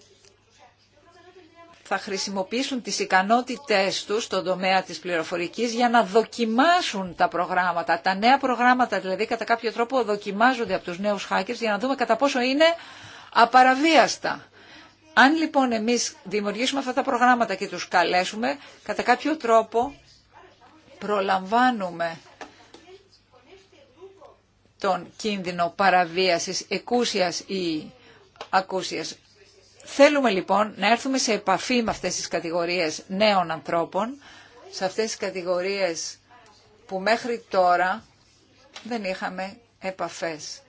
θα χρησιμοποιήσουν τις ικανότητές τους στον τομέα της πληροφορικής για να δοκιμάσουν τα προγράμματα. Τα νέα προγράμματα δηλαδή κατά κάποιο τρόπο δοκιμάζονται από τους νέους hackers για να δούμε κατά πόσο είναι απαραβίαστα. Αν λοιπόν εμείς δημιουργήσουμε αυτά τα προγράμματα και τους καλέσουμε, κατά κάποιο τρόπο προλαμβάνουμε τον κίνδυνο παραβίασης εκούσιας ή ακούσιας Θέλουμε λοιπόν να έρθουμε σε επαφή με αυτές τις κατηγορίες νέων ανθρώπων, σε αυτές τις κατηγορίες που μέχρι τώρα δεν είχαμε επαφές.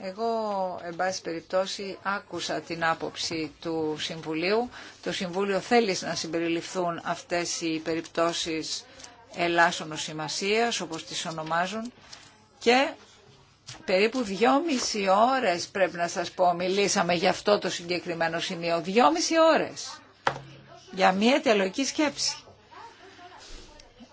Εγώ, εν πάση περιπτώσει, άκουσα την άποψη του Συμβουλίου. Το Συμβούλιο θέλει να συμπεριληφθούν αυτές οι περιπτώσεις ελάσσονος σημασίας, όπως τις ονομάζουν, και περίπου δυόμιση ώρες πρέπει να σας πω μιλήσαμε για αυτό το συγκεκριμένο σημείο. Δυόμιση ώρες για μια αιτιολογική σκέψη.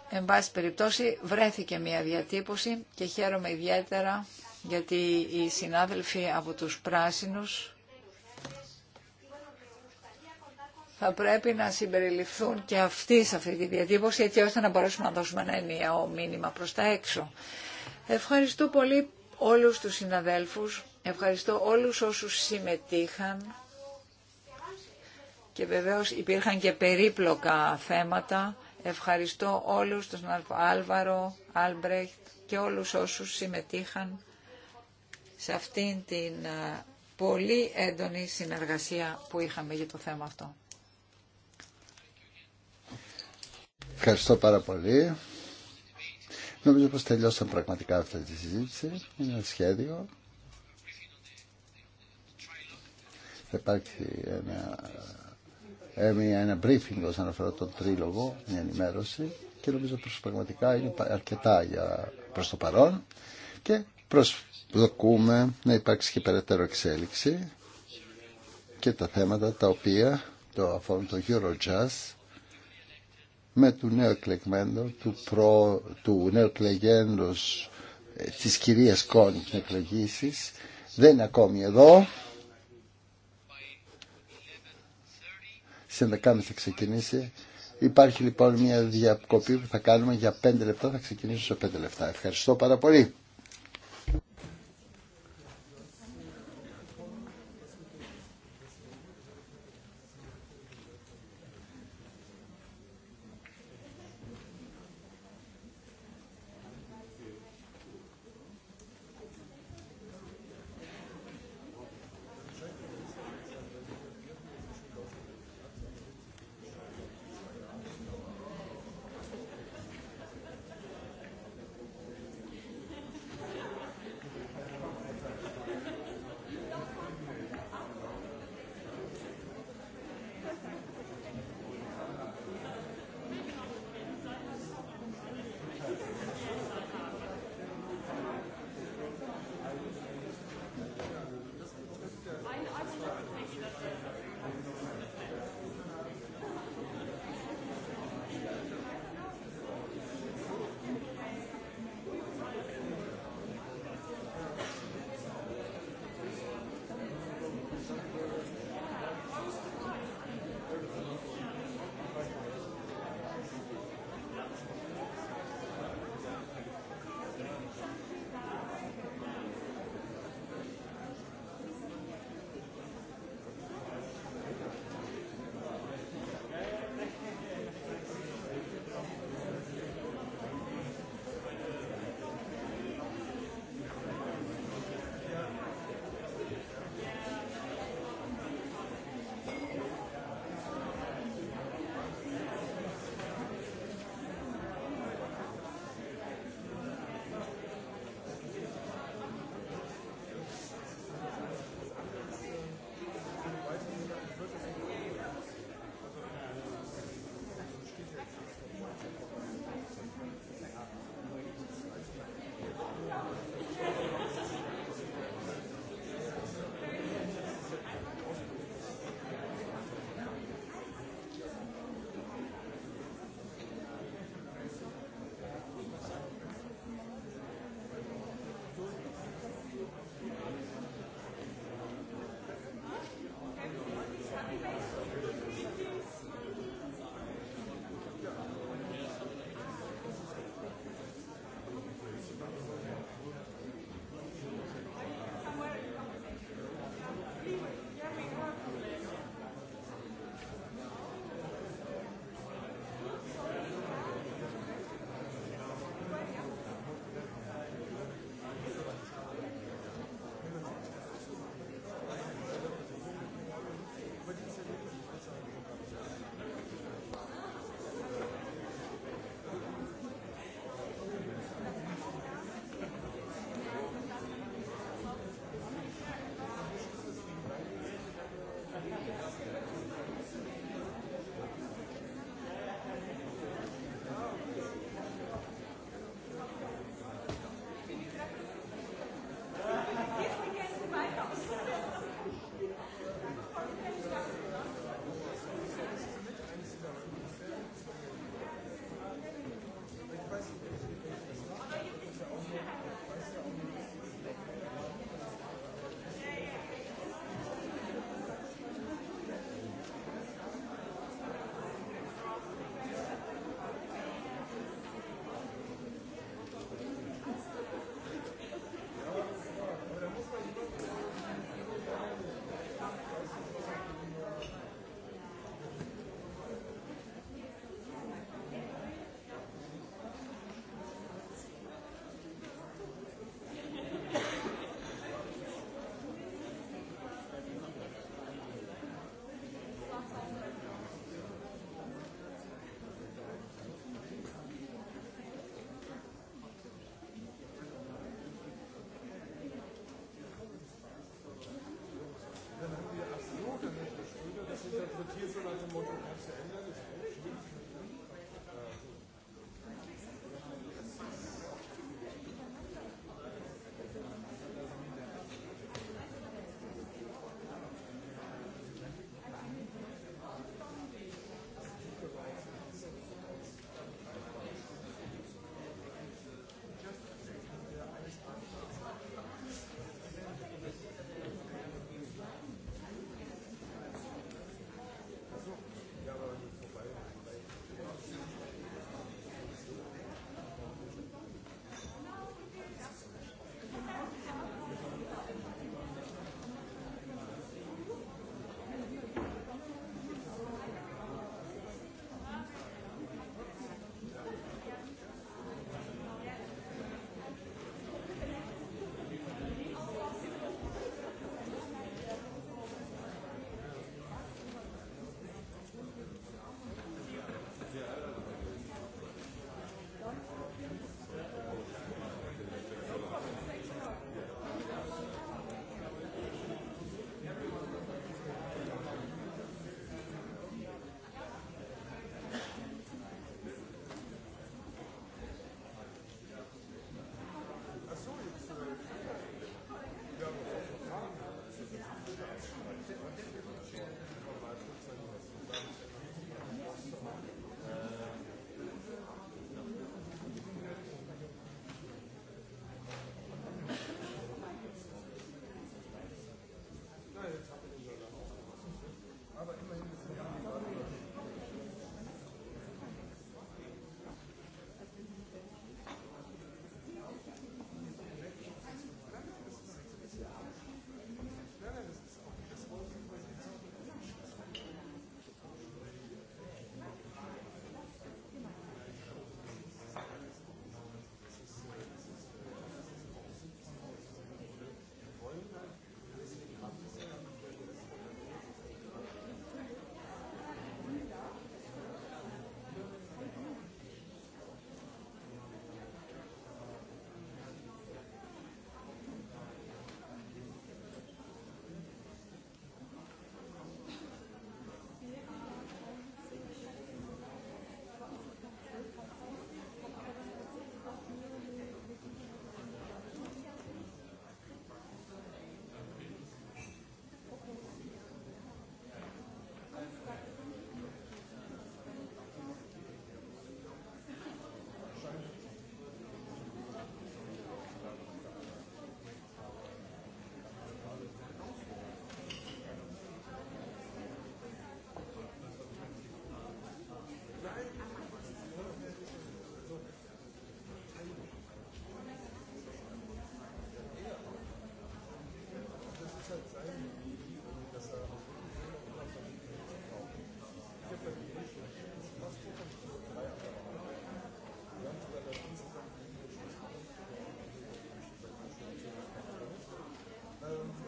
Εν πάση περιπτώσει βρέθηκε μια διατύπωση και χαίρομαι ιδιαίτερα γιατί οι συνάδελφοι από τους πράσινους θα πρέπει να συμπεριληφθούν και αυτοί σε αυτή τη διατύπωση έτσι ώστε να μπορέσουμε να δώσουμε ένα ενιαίο μήνυμα προς τα έξω. Ευχαριστώ πολύ όλους τους συναδέλφους, ευχαριστώ όλους όσους συμμετείχαν και βεβαίως υπήρχαν και περίπλοκα θέματα. Ευχαριστώ όλους τον Άλβαρο, Άλμπρεχτ και όλους όσους συμμετείχαν σε αυτήν την ε, πολύ έντονη συνεργασία που είχαμε για το θέμα αυτό. Ευχαριστώ πάρα πολύ. Νομίζω πως τελειώσαμε πραγματικά αυτή τη συζήτηση. Είναι ένα σχέδιο. Θα υπάρχει ένα, ένα briefing όσον αφορά τον τρίλογο, μια ενημέρωση και νομίζω πως πραγματικά είναι αρκετά για, προς το παρόν και προσδοκούμε να υπάρξει και περαιτέρω εξέλιξη και τα θέματα τα οποία το αφορούν το Eurojazz με του νέου εκλεγμένου, του, προ, του νέου εκλεγέντος ε, της κυρίας Κόνη να εκλεγήσεις. Δεν είναι ακόμη εδώ. Σε 11.30 θα ξεκινήσει. Υπάρχει λοιπόν μια διακοπή που θα κάνουμε για 5 λεπτά. Θα ξεκινήσω σε 5 λεπτά. Ευχαριστώ πάρα πολύ.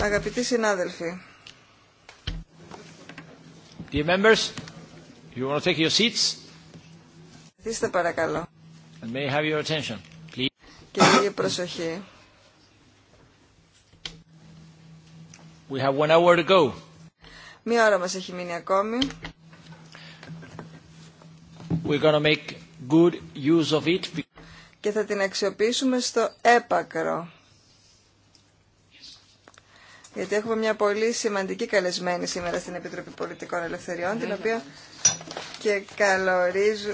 Αγαπητοί συνάδελφοι. Dear members, you want to take your seats? Σταματήστε παρακαλώ. May have your attention, please. Και λίγη προσοχή. We have one hour to go. Μία ώρα μας έχει μείνει ακόμη. We're to make good use of it. Και θα την αξιοποιήσουμε στο έπακρο. Γιατί έχουμε μια πολύ σημαντική καλεσμένη σήμερα στην Επιτροπή Πολιτικών Ελευθεριών, την οποία και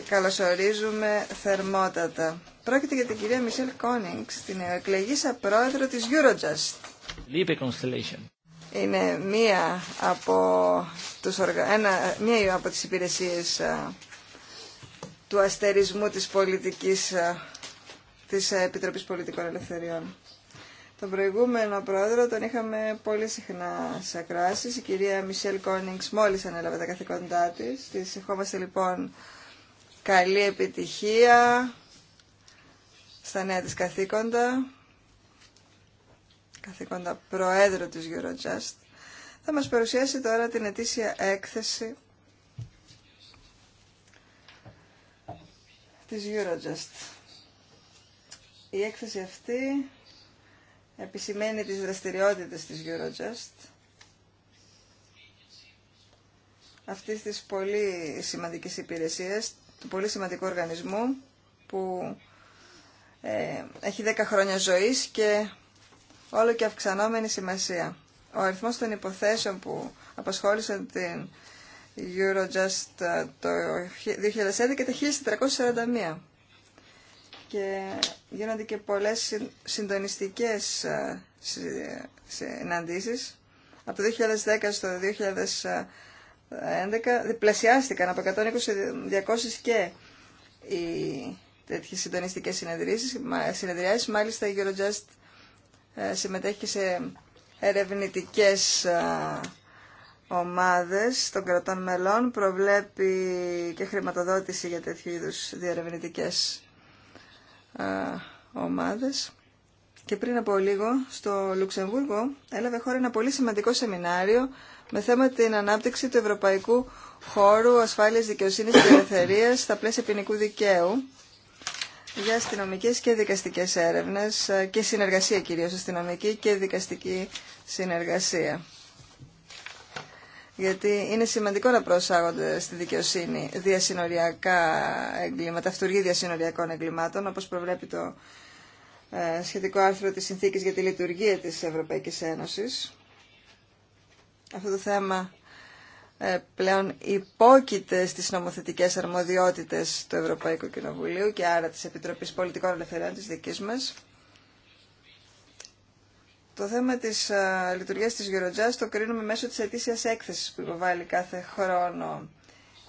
καλωσορίζουμε θερμότατα. Πρόκειται για την κυρία Μισελ Κόνιγκς, την εκλεγήσα πρόεδρο της Eurojust. Constellation. Είναι μία από, τους οργα... μία από τις υπηρεσίες ε, του αστερισμού της πολιτικής ε, της Επιτροπής Πολιτικών Ελευθεριών. Τον προηγούμενο πρόεδρο τον είχαμε πολύ συχνά σε ακράσεις. Η κυρία Μισελ Κόνιγκς μόλις ανέλαβε τα καθηκόντά της. Της ευχόμαστε λοιπόν καλή επιτυχία στα νέα της καθήκοντα, καθήκοντα Προέδρου της Eurojust. Θα μας παρουσιάσει τώρα την ετήσια έκθεση της Eurojust. Η έκθεση αυτή επισημαίνει τις δραστηριότητες της Eurojust, αυτής της πολύ σημαντικής υπηρεσίας, του πολύ σημαντικού οργανισμού που ε, έχει 10 χρόνια ζωής και όλο και αυξανόμενη σημασία. Ο αριθμός των υποθέσεων που απασχόλησαν την Eurojust ε, το 2011 ήταν 1441 και γίνονται και πολλές συντονιστικές ε, συναντήσεις. Από το 2010 στο 2011 διπλασιάστηκαν από 120 200 και οι τέτοιες συντονιστικές συνεδριάσεις. Μάλιστα η Eurojust ε, συμμετέχει σε ερευνητικές ε, ομάδες των κρατών μελών προβλέπει και χρηματοδότηση για τέτοιου είδους διερευνητικές ε, ομάδες. Και πριν από λίγο στο Λουξεμβούργο έλαβε χώρα ένα πολύ σημαντικό σεμινάριο με θέμα την ανάπτυξη του Ευρωπαϊκού Χώρου Ασφάλειας Δικαιοσύνης και ελευθερία στα πλαίσια ποινικού δικαίου για αστυνομικέ και δικαστικέ έρευνε ε, και συνεργασία κυρίω αστυνομική και δικαστική συνεργασία γιατί είναι σημαντικό να προσάγονται στη δικαιοσύνη διασυνοριακά εγκλήματα, αυτούργοι διασυνοριακών εγκλημάτων, όπως προβλέπει το ε, σχετικό άρθρο της Συνθήκης για τη Λειτουργία της Ευρωπαϊκής Ένωσης. Αυτό το θέμα ε, πλέον υπόκειται στις νομοθετικές αρμοδιότητες του Ευρωπαϊκού Κοινοβουλίου και άρα της Επιτροπής Πολιτικών Ελευθεριών της δικής μας. Το θέμα της λειτουργία τη της Eurojust το κρίνουμε μέσω της ετήσια έκθεση που υποβάλλει κάθε χρόνο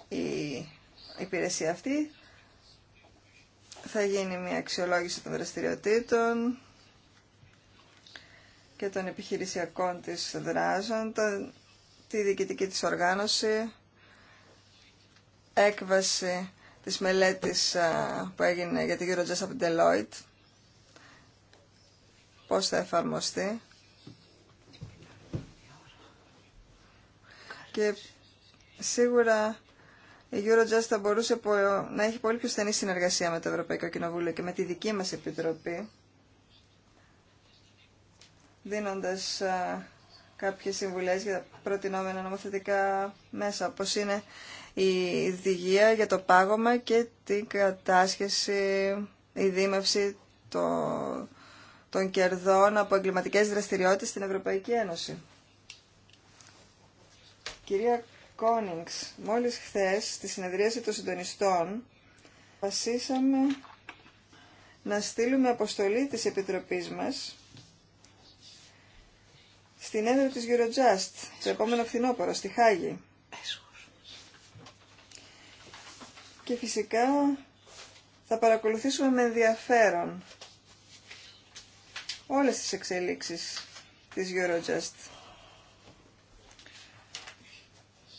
η υπηρεσία αυτή. Θα γίνει μια αξιολόγηση των δραστηριοτήτων και των επιχειρησιακών της δράσεων, τη διοικητική της οργάνωση, έκβαση της μελέτης που έγινε για τη Eurojust από την Deloitte πώς θα εφαρμοστεί και σίγουρα η Eurojust θα μπορούσε να έχει πολύ πιο στενή συνεργασία με το Ευρωπαϊκό Κοινοβούλιο και με τη δική μας Επιτροπή δίνοντας κάποιες συμβουλές για προτινόμενα νομοθετικά μέσα, όπως είναι η διγεία για το πάγωμα και την κατάσχεση, η δίμευση το, των κερδών από εγκληματικές δραστηριότητες στην Ευρωπαϊκή Ένωση. Κυρία Κόνιγκς, μόλις χθες στη συνεδρίαση των συντονιστών βασίσαμε να στείλουμε αποστολή της Επιτροπής μας στην έδρα της Eurojust, το επόμενο φθινόπωρο, στη Χάγη. Και φυσικά θα παρακολουθήσουμε με ενδιαφέρον όλες τις εξελίξεις της Eurojust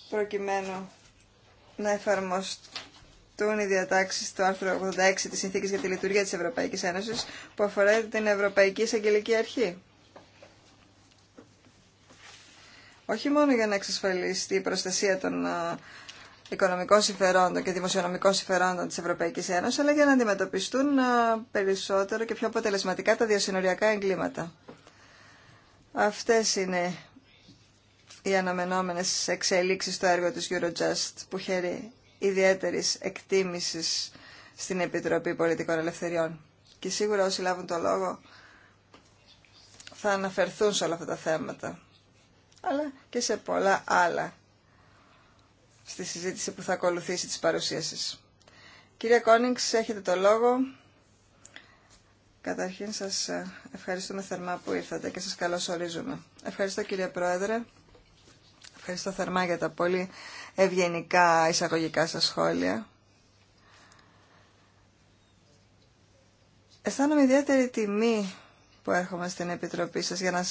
προκειμένου να εφαρμοστούν οι διατάξεις του άρθρου 86 της Συνθήκης για τη Λειτουργία της Ευρωπαϊκής Ένωσης που αφορά την Ευρωπαϊκή Εισαγγελική Αρχή. Όχι μόνο για να εξασφαλιστεί η προστασία των οικονομικών συμφερόντων και δημοσιονομικών συμφερόντων της Ευρωπαϊκής Ένωσης, αλλά για να αντιμετωπιστούν περισσότερο και πιο αποτελεσματικά τα διασυνοριακά εγκλήματα. Αυτές είναι οι αναμενόμενες εξελίξεις στο έργο της Eurojust που χαίρει ιδιαίτερης εκτίμησης στην Επιτροπή Πολιτικών Ελευθεριών. Και σίγουρα όσοι λάβουν το λόγο θα αναφερθούν σε όλα αυτά τα θέματα, αλλά και σε πολλά άλλα στη συζήτηση που θα ακολουθήσει τις παρουσίασεις. Κύριε Κόνιγκς, έχετε το λόγο. Καταρχήν σας ευχαριστούμε θερμά που ήρθατε και σας ορίζουμε. Ευχαριστώ κύριε Πρόεδρε. Ευχαριστώ θερμά για τα πολύ ευγενικά εισαγωγικά σας σχόλια. Αισθάνομαι ιδιαίτερη τιμή που έρχομαι στην Επιτροπή σας για να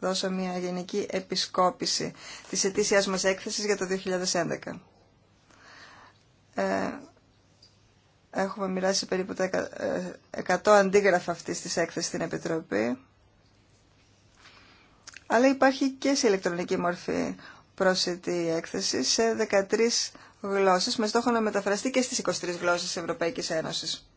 δώσω μια γενική επισκόπηση της ετήσιας μας έκθεσης για το 2011. Ε, έχουμε μοιράσει περίπου 100 ε, αντίγραφα αυτής της έκθεσης στην Επιτροπή, αλλά υπάρχει και σε ηλεκτρονική μορφή πρόσθετη έκθεση σε 13 γλώσσες, με στόχο να μεταφραστεί και στις 23 γλώσσες της Ευρωπαϊκής Ένωσης.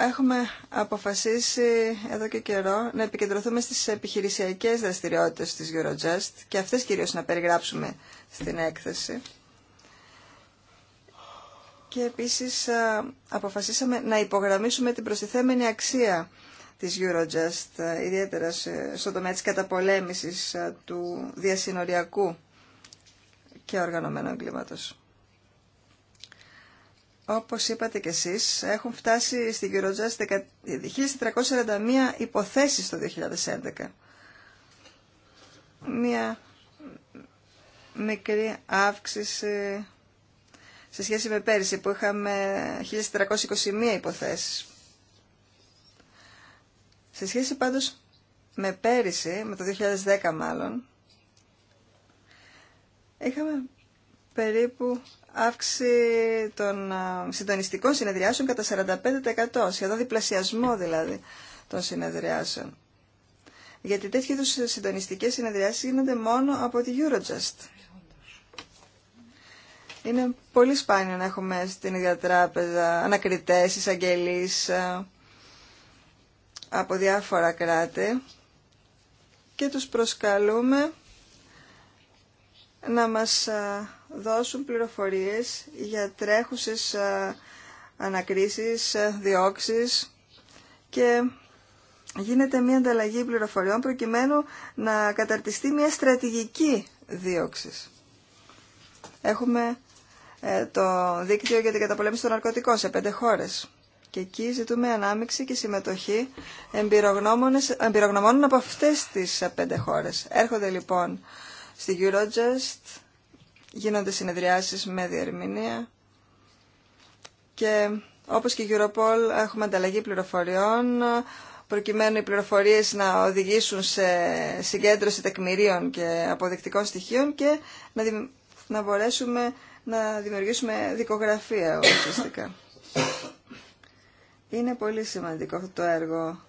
Έχουμε αποφασίσει εδώ και καιρό να επικεντρωθούμε στις επιχειρησιακές δραστηριότητες της Eurojust και αυτές κυρίως να περιγράψουμε στην έκθεση. Και επίσης αποφασίσαμε να υπογραμμίσουμε την προστιθέμενη αξία της Eurojust, ιδιαίτερα στον τομέα της καταπολέμησης του διασυνοριακού και οργανωμένου εγκλήματος όπως είπατε κι εσείς, έχουν φτάσει στην Eurojust 1441 υποθέσεις το 2011. Μία μικρή αύξηση σε σχέση με πέρυσι που είχαμε 1421 υποθέσεις. Σε σχέση πάντως με πέρυσι, με το 2010 μάλλον, είχαμε περίπου αύξηση των συντονιστικών συνεδριάσεων κατά 45%, σχεδόν διπλασιασμό δηλαδή των συνεδριάσεων. Γιατί τέτοιου είδου συντονιστικές συνεδριάσεις γίνονται μόνο από τη Eurojust. Είναι πολύ σπάνιο να έχουμε στην ίδια τράπεζα ανακριτές, εισαγγελείς από διάφορα κράτη και τους προσκαλούμε να μας δώσουν πληροφορίες για τρέχουσες ε, ανακρίσεις, ε, διώξεις και γίνεται μια ανταλλαγή πληροφοριών προκειμένου να καταρτιστεί μια στρατηγική δίωξης. Έχουμε ε, το δίκτυο για την καταπολέμηση των ναρκωτικών σε πέντε χώρες. Και εκεί ζητούμε ανάμειξη και συμμετοχή εμπειρογνωμόνων από αυτές τις πέντε χώρες. Έρχονται λοιπόν στη Eurojust, γίνονται συνεδριάσεις με διερμηνία και όπως και η Europol έχουμε ανταλλαγή πληροφοριών προκειμένου οι πληροφορίες να οδηγήσουν σε συγκέντρωση τεκμηρίων και αποδεικτικών στοιχείων και να, να μπορέσουμε να δημιουργήσουμε δικογραφία ουσιαστικά. Είναι πολύ σημαντικό αυτό το έργο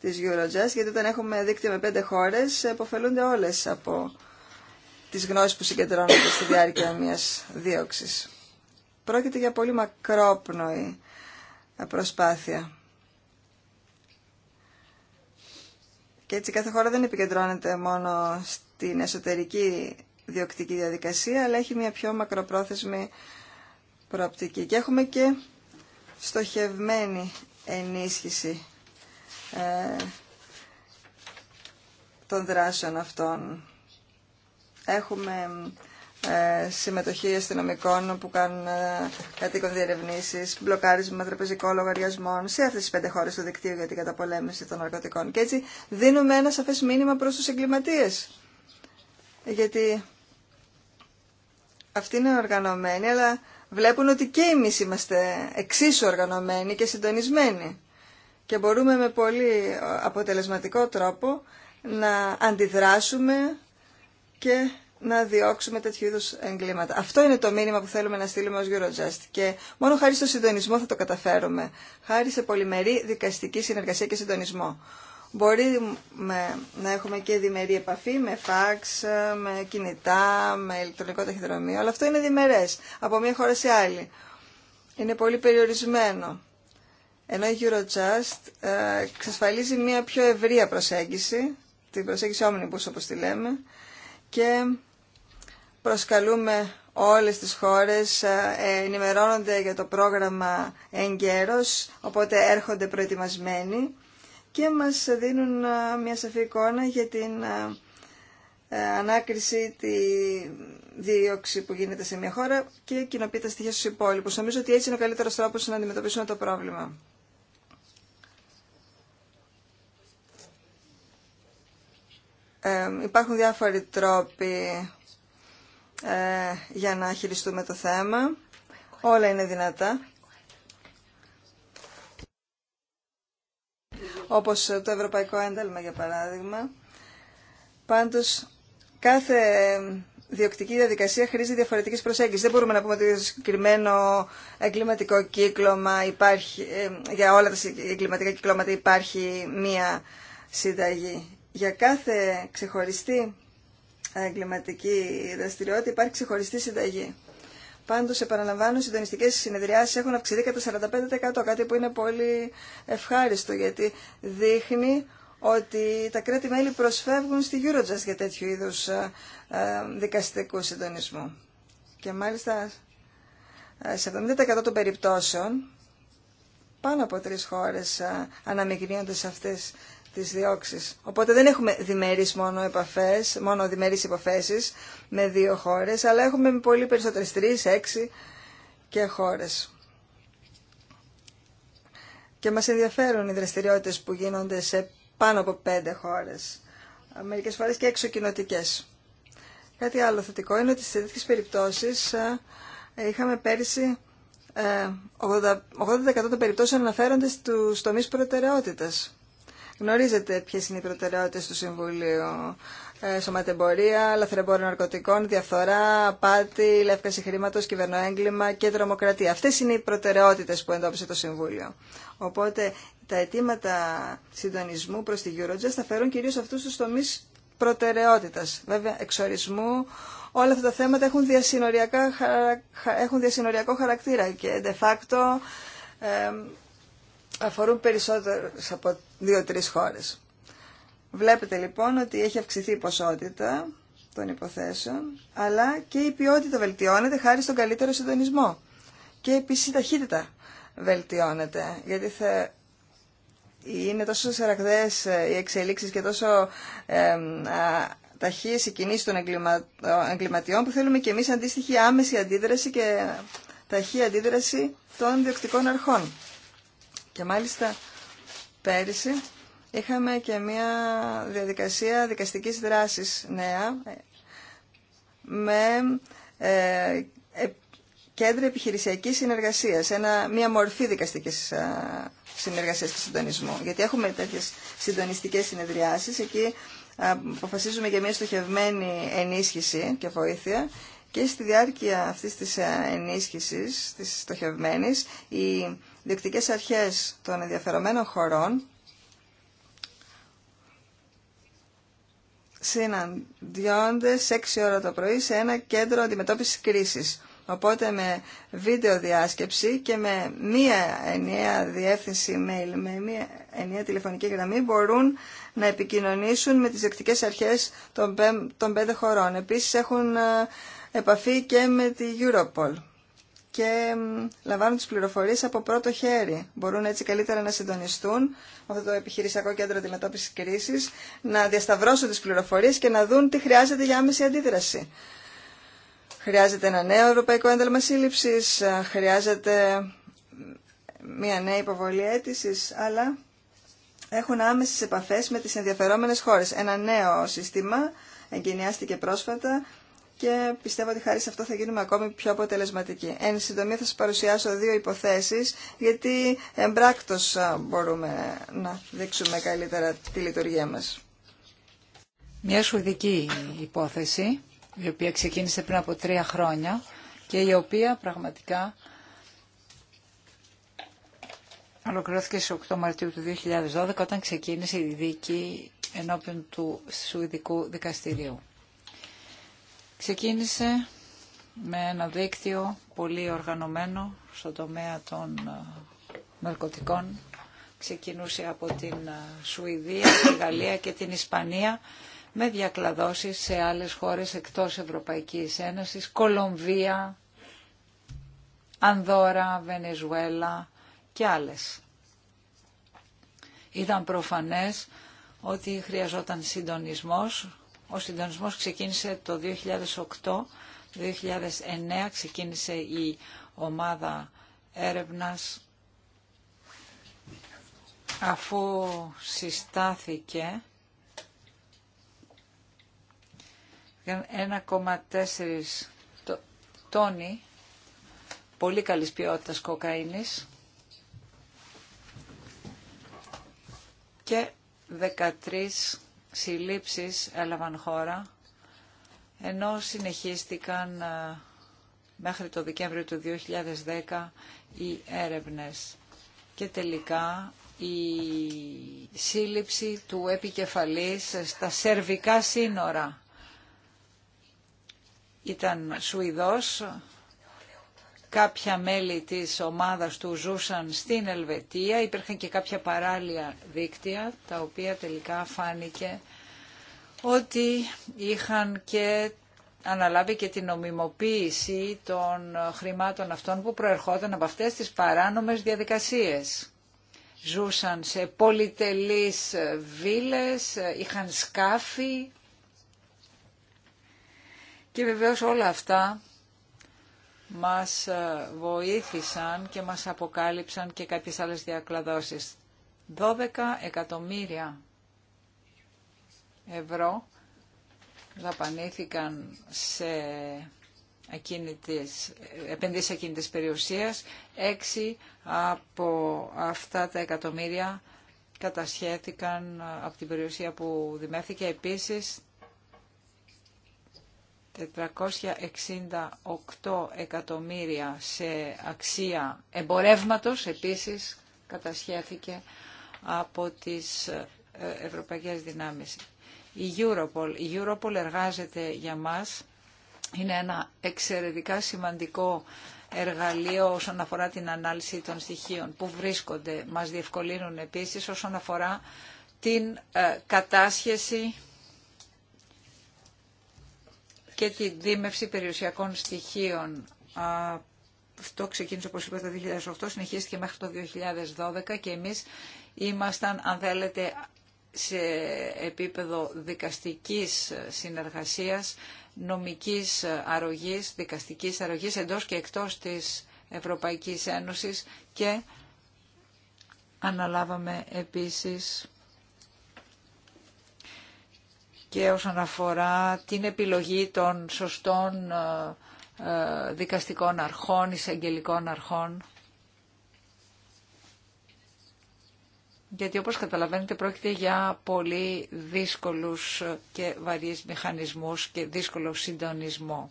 της Eurojust γιατί όταν έχουμε δίκτυο με πέντε χώρες αποφελούνται όλες από τις γνώσεις που συγκεντρώνονται στη διάρκεια μιας δίωξης. Πρόκειται για πολύ μακρόπνοη προσπάθεια. Και έτσι κάθε χώρα δεν επικεντρώνεται μόνο στην εσωτερική διοκτική διαδικασία, αλλά έχει μια πιο μακροπρόθεσμη προοπτική. Και έχουμε και στοχευμένη ενίσχυση ε, των δράσεων αυτών Έχουμε ε, συμμετοχή αστυνομικών που κάνουν ε, κατοίκον διερευνήσει, μπλοκάρισμα τραπεζικών λογαριασμών σε αυτέ τι πέντε χώρε του δικτύου για την καταπολέμηση των ναρκωτικών. Και έτσι δίνουμε ένα σαφέ μήνυμα προ του εγκληματίε. Γιατί αυτοί είναι οργανωμένοι, αλλά βλέπουν ότι και εμεί είμαστε εξίσου οργανωμένοι και συντονισμένοι. Και μπορούμε με πολύ αποτελεσματικό τρόπο να αντιδράσουμε και να διώξουμε τέτοιου είδου εγκλήματα. Αυτό είναι το μήνυμα που θέλουμε να στείλουμε ως Eurojust και μόνο χάρη στο συντονισμό θα το καταφέρουμε. Χάρη σε πολυμερή δικαστική συνεργασία και συντονισμό. Μπορούμε να έχουμε και διμερή επαφή με φαξ, με κινητά, με ηλεκτρονικό ταχυδρομείο, αλλά αυτό είναι διμερές από μία χώρα σε άλλη. Είναι πολύ περιορισμένο. Ενώ η Eurojust ε, εξασφαλίζει μία πιο ευρεία προσέγγιση, την προσέγγιση Omnibus όπως τη λέμε, και προσκαλούμε όλες τις χώρες ε, ενημερώνονται για το πρόγραμμα έγκαιρος, οπότε έρχονται προετοιμασμένοι και μας δίνουν ε, μια σαφή εικόνα για την ε, ανάκριση τη δίωξη που γίνεται σε μια χώρα και κοινοποιεί τα στοιχεία στους υπόλοιπους. Νομίζω ότι έτσι είναι ο καλύτερος τρόπος να αντιμετωπίσουμε το πρόβλημα. υπάρχουν διάφοροι τρόποι ε, για να χειριστούμε το θέμα. Όλα είναι δυνατά. Όπως το Ευρωπαϊκό Ένταλμα, για παράδειγμα. Πάντως, κάθε διοκτική διαδικασία χρήζει διαφορετικής προσέγγισης. Δεν μπορούμε να πούμε ότι το συγκεκριμένο εγκληματικό κύκλωμα υπάρχει, για όλα τα εγκληματικά κυκλώματα υπάρχει μία συνταγή για κάθε ξεχωριστή εγκληματική δραστηριότητα υπάρχει ξεχωριστή συνταγή. Πάντω, επαναλαμβάνω, οι συντονιστικέ συνεδριάσει έχουν αυξηθεί κατά 45%, κάτι που είναι πολύ ευχάριστο γιατί δείχνει ότι τα κράτη-μέλη προσφεύγουν στη Eurojust για τέτοιου είδου ε, ε, δικαστικού συντονισμού. Και μάλιστα ε, σε 70% των περιπτώσεων πάνω από τρει χώρε αναμειγνύονται σε αυτές τις διώξεις. Οπότε δεν έχουμε διμερείς μόνο επαφές, μόνο διμερείς υποφέσεις με δύο χώρες, αλλά έχουμε με πολύ περισσότερες τρεις, έξι και χώρες. Και μας ενδιαφέρουν οι δραστηριότητες που γίνονται σε πάνω από πέντε χώρες. Μερικές φορές και εξοκοινωτικές. Κάτι άλλο θετικό είναι ότι σε τέτοιες περιπτώσεις ε, είχαμε πέρυσι 80% ε, των περιπτώσεων αναφέρονται στους τομείς προτεραιότητας. Γνωρίζετε ποιε είναι οι προτεραιότητε του Συμβουλίου. Ε, σωματεμπορία, λαθρεμπόριο ναρκωτικών, διαφθορά, απάτη, λεύκαση χρήματο, κυβερνοέγκλημα και τρομοκρατία. Αυτέ είναι οι προτεραιότητε που εντόπισε το Συμβούλιο. Οπότε τα αιτήματα συντονισμού προ τη Eurojust θα φέρουν κυρίω αυτού του τομεί προτεραιότητα. Βέβαια, εξορισμού όλα αυτά τα θέματα έχουν, διασυνοριακά, έχουν διασυνοριακό χαρακτήρα και de facto. Ε, αφορούν περισσότερες από δύο-τρεις χώρες. Βλέπετε λοιπόν ότι έχει αυξηθεί η ποσότητα των υποθέσεων, αλλά και η ποιότητα βελτιώνεται χάρη στον καλύτερο συντονισμό. Και επίση η ταχύτητα βελτιώνεται, γιατί θα... είναι τόσο σαραγδαίες ε, οι εξελίξεις και τόσο ε, α, ταχύες οι κινήσεις των εγκληματιών που θέλουμε και εμείς αντίστοιχη άμεση αντίδραση και ταχύ αντίδραση των διοκτικών αρχών. Και μάλιστα πέρυσι είχαμε και μια διαδικασία δικαστικής δράσης νέα με ε, κέντρο επιχειρησιακής συνεργασίας, ένα, μια μορφή δικαστικής α, ε, συνεργασίας και συντονισμού. Γιατί έχουμε τέτοιες συντονιστικές συνεδριάσεις, εκεί ε, αποφασίζουμε για μια στοχευμένη ενίσχυση και βοήθεια και στη διάρκεια αυτής της ενίσχυσης, της στοχευμένης, η διεκτικές αρχές των ενδιαφερομένων χωρών συναντιόνται σε 6 ώρα το πρωί σε ένα κέντρο αντιμετώπισης κρίσης. Οπότε με βίντεο διάσκεψη και με μία ενιαία διεύθυνση mail με μία ενιαία τηλεφωνική γραμμή μπορούν να επικοινωνήσουν με τις δεκτικές αρχές των πέντε χωρών. Επίσης έχουν ε, επαφή και με τη Europol και λαμβάνουν τις πληροφορίες από πρώτο χέρι. Μπορούν έτσι καλύτερα να συντονιστούν με αυτό το επιχειρησιακό κέντρο αντιμετώπισης κρίσης, να διασταυρώσουν τις πληροφορίες και να δουν τι χρειάζεται για άμεση αντίδραση. Χρειάζεται ένα νέο ευρωπαϊκό ένταλμα σύλληψης, ε, χρειάζεται μια νέα υποβολή αίτησης, αλλά έχουν άμεσες επαφές με τις ενδιαφερόμενες χώρες. Ένα νέο σύστημα εγκαινιάστηκε πρόσφατα και πιστεύω ότι χάρη σε αυτό θα γίνουμε ακόμη πιο αποτελεσματικοί. Εν συντομία θα σας παρουσιάσω δύο υποθέσεις γιατί εμπράκτος μπορούμε να δείξουμε καλύτερα τη λειτουργία μας. Μια σουηδική υπόθεση η οποία ξεκίνησε πριν από τρία χρόνια και η οποία πραγματικά ολοκληρώθηκε στις 8 Μαρτίου του 2012 όταν ξεκίνησε η δίκη ενώπιον του Σουηδικού Δικαστηρίου. Ξεκίνησε με ένα δίκτυο πολύ οργανωμένο στον τομέα των ε, ναρκωτικών. Ξεκινούσε από την ε, Σουηδία, τη Γαλλία και την Ισπανία με διακλαδώσεις σε άλλες χώρες εκτός Ευρωπαϊκής Ένωσης, Κολομβία, Ανδόρα, Βενεζουέλα και άλλες. Ήταν προφανές ότι χρειαζόταν συντονισμός ο συντονισμός ξεκίνησε το 2008-2009, ξεκίνησε η ομάδα έρευνας αφού συστάθηκε 1,4 τόνοι πολύ καλής ποιότητας κοκαίνης και 13 συλλήψεις έλαβαν χώρα, ενώ συνεχίστηκαν ε, μέχρι το Δεκέμβριο του 2010 οι έρευνες. Και τελικά η σύλληψη του επικεφαλής στα σερβικά σύνορα. Ήταν Σουηδός, κάποια μέλη της ομάδας του ζούσαν στην Ελβετία. Υπήρχαν και κάποια παράλια δίκτυα, τα οποία τελικά φάνηκε ότι είχαν και αναλάβει και την νομιμοποίηση των χρημάτων αυτών που προερχόταν από αυτές τις παράνομες διαδικασίες. Ζούσαν σε πολυτελείς βίλες, είχαν σκάφη και βεβαίως όλα αυτά μας ε, βοήθησαν και μας αποκάλυψαν και κάποιες άλλες διακλαδώσεις. 12 εκατομμύρια ευρώ δαπανήθηκαν σε ακίνητες, επενδύσεις ακίνητης περιουσίας. Έξι από αυτά τα εκατομμύρια κατασχέθηκαν ε, από την περιουσία που δημεύθηκε. Επίσης, 468 εκατομμύρια σε αξία εμπορεύματος επίσης κατασχέθηκε από τις ε, ευρωπαϊκές δυνάμεις. Η Europol, η Europol εργάζεται για μας, είναι ένα εξαιρετικά σημαντικό εργαλείο όσον αφορά την ανάλυση των στοιχείων που βρίσκονται. Μας διευκολύνουν επίσης όσον αφορά την ε, κατάσχεση και την δίμευση περιουσιακών στοιχείων. Αυτό ξεκίνησε, όπως είπα, το 2008, συνεχίστηκε μέχρι το 2012 και εμείς ήμασταν, αν θέλετε, σε επίπεδο δικαστικής συνεργασίας, νομικής αρρωγής, δικαστικής αρρωγής εντός και εκτός της Ευρωπαϊκής Ένωσης και αναλάβαμε επίσης και όσον αφορά την επιλογή των σωστών ε, ε, δικαστικών αρχών, εισαγγελικών αρχών. Γιατί όπως καταλαβαίνετε πρόκειται για πολύ δύσκολους και βαρύς μηχανισμούς και δύσκολο συντονισμό.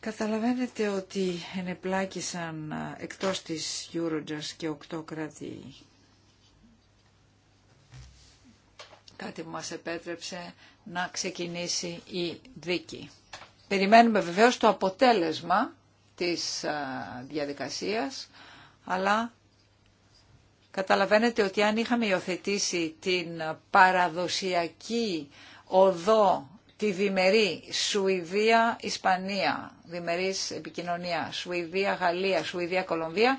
Καταλαβαίνετε ότι ενεπλάκησαν ε, εκτός της Eurojust και οκτώ κράτη κάτι που μας επέτρεψε να ξεκινήσει η δίκη. Περιμένουμε βεβαίως το αποτέλεσμα της διαδικασίας, αλλά καταλαβαίνετε ότι αν είχαμε υιοθετήσει την παραδοσιακή οδό τη διμερή Σουηδία-Ισπανία, διμερής επικοινωνία, Σουηδία-Γαλλία, Σουηδία-Κολομβία,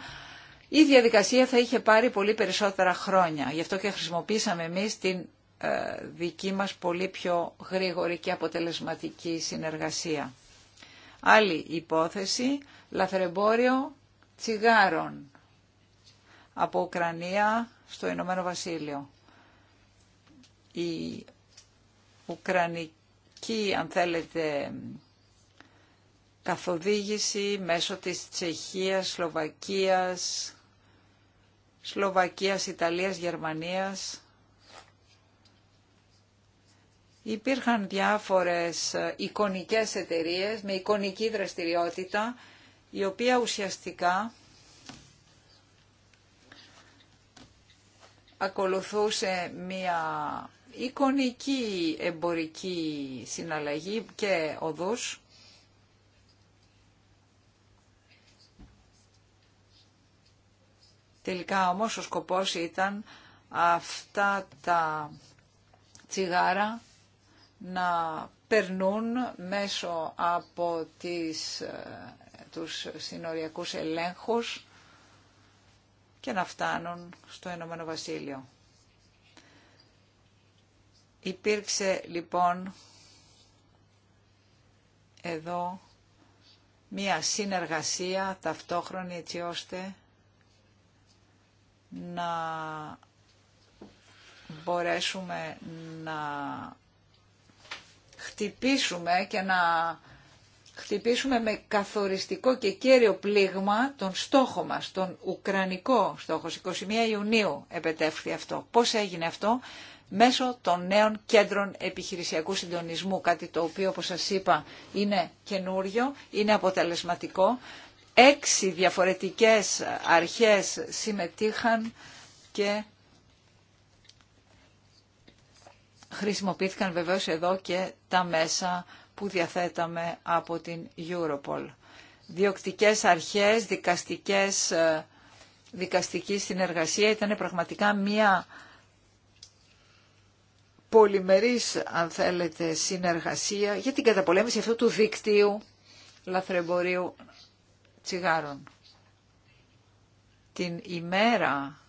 η διαδικασία θα είχε πάρει πολύ περισσότερα χρόνια. Γι' αυτό και χρησιμοποίησαμε εμείς την ε, δική μας πολύ πιο γρήγορη και αποτελεσματική συνεργασία. Άλλη υπόθεση, λαθρεμπόριο τσιγάρων από Ουκρανία στο Ηνωμένο Βασίλειο. Η ουκρανική, αν θέλετε, καθοδήγηση μέσω της Τσεχίας, Σλοβακίας, Σλοβακίας, Ιταλίας, Γερμανίας Υπήρχαν διάφορες ε, εικονικές εταιρείες με εικονική δραστηριότητα, η οποία ουσιαστικά ακολουθούσε μια εικονική εμπορική συναλλαγή και οδούς. Τελικά όμως ο σκοπός ήταν αυτά τα τσιγάρα να περνούν μέσω από τις, ε, τους συνοριακούς ελέγχους και να φτάνουν στο Ενωμένο Βασίλειο. Υπήρξε λοιπόν εδώ μία συνεργασία ταυτόχρονη έτσι ώστε να μπορέσουμε να χτυπήσουμε και να χτυπήσουμε με καθοριστικό και κέριο πλήγμα τον στόχο μας, τον Ουκρανικό στόχο. 21 Ιουνίου επετεύχθη αυτό. Πώς έγινε αυτό μέσω των νέων κέντρων επιχειρησιακού συντονισμού, κάτι το οποίο όπως σας είπα είναι καινούριο, είναι αποτελεσματικό. Έξι διαφορετικές αρχές συμμετείχαν και χρησιμοποιήθηκαν βεβαίως εδώ και τα μέσα που διαθέταμε από την Europol. Διοκτικές αρχές, δικαστικές, ε, δικαστική συνεργασία ήταν πραγματικά μία πολυμερής, αν θέλετε, συνεργασία για την καταπολέμηση αυτού του δικτύου λαθρεμπορίου τσιγάρων. Την ημέρα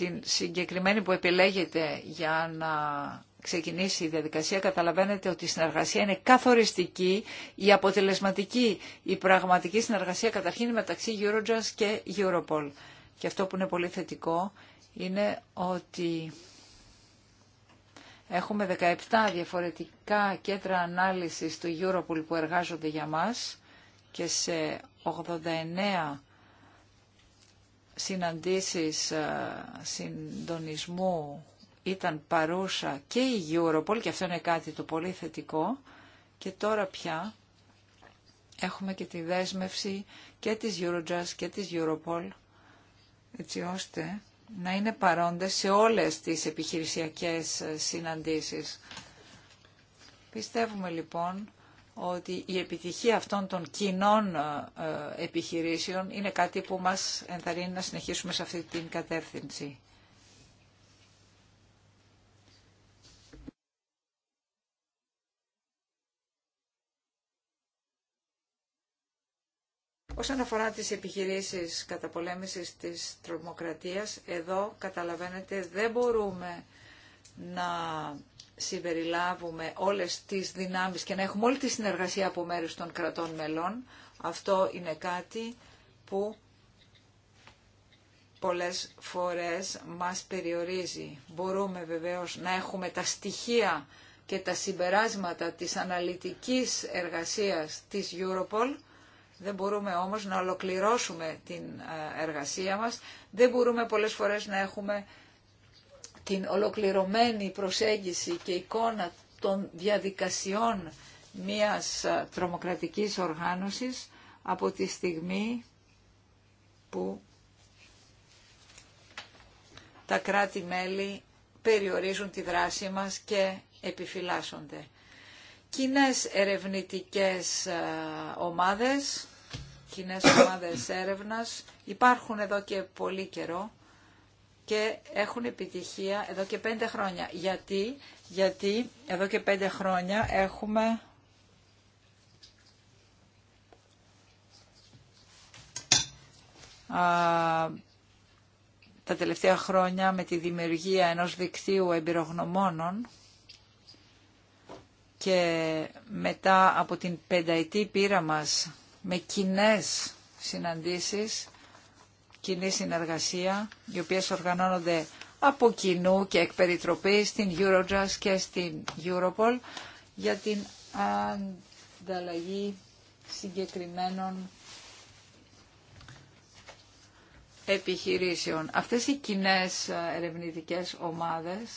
την συγκεκριμένη που επιλέγετε για να ξεκινήσει η διαδικασία, καταλαβαίνετε ότι η συνεργασία είναι καθοριστική, η αποτελεσματική, η πραγματική συνεργασία καταρχήν μεταξύ Eurojust και Europol. Και αυτό που είναι πολύ θετικό είναι ότι έχουμε 17 διαφορετικά κέντρα ανάλυσης του Europol που εργάζονται για μας και σε 89 συναντήσεις ε, συντονισμού ήταν παρούσα και η Europol και αυτό είναι κάτι το πολύ θετικό και τώρα πια έχουμε και τη δέσμευση και της Eurojust και της Europol έτσι ώστε να είναι παρόντες σε όλες τις επιχειρησιακές συναντήσεις. Πιστεύουμε λοιπόν ότι η επιτυχία αυτών των κοινών ε, ε, επιχειρήσεων είναι κάτι που μας ενθαρρύνει να συνεχίσουμε σε αυτή την κατεύθυνση. Όσον αφορά τις επιχειρήσεις καταπολέμησης της τρομοκρατίας, εδώ καταλαβαίνετε δεν μπορούμε να συμπεριλάβουμε όλες τις δυνάμεις και να έχουμε όλη τη συνεργασία από μέρους των κρατών μελών, αυτό είναι κάτι που πολλές φορές μας περιορίζει. Μπορούμε βεβαίως να έχουμε τα στοιχεία και τα συμπεράσματα της αναλυτικής εργασίας της Europol, δεν μπορούμε όμως να ολοκληρώσουμε την ε, εργασία μας, δεν μπορούμε πολλές φορές να έχουμε την ολοκληρωμένη προσέγγιση και εικόνα των διαδικασιών μιας τρομοκρατικής οργάνωσης από τη στιγμή που τα κράτη-μέλη περιορίζουν τη δράση μας και επιφυλάσσονται. Κοινέ ερευνητικές ε, ομάδες, κοινέ ομάδες έρευνας υπάρχουν εδώ και πολύ καιρό και έχουν επιτυχία εδώ και πέντε χρόνια. Γιατί, γιατί εδώ και πέντε χρόνια έχουμε τα τελευταία χρόνια με τη δημιουργία ενός δικτύου εμπειρογνωμόνων και μετά από την πενταετή πείρα μας με κοινέ συναντήσεις κοινή συνεργασία, οι οποίες οργανώνονται από κοινού και εκ στην Eurojust και στην Europol για την ανταλλαγή συγκεκριμένων επιχειρήσεων. Αυτές οι κοινέ ε, ερευνητικές ομάδες,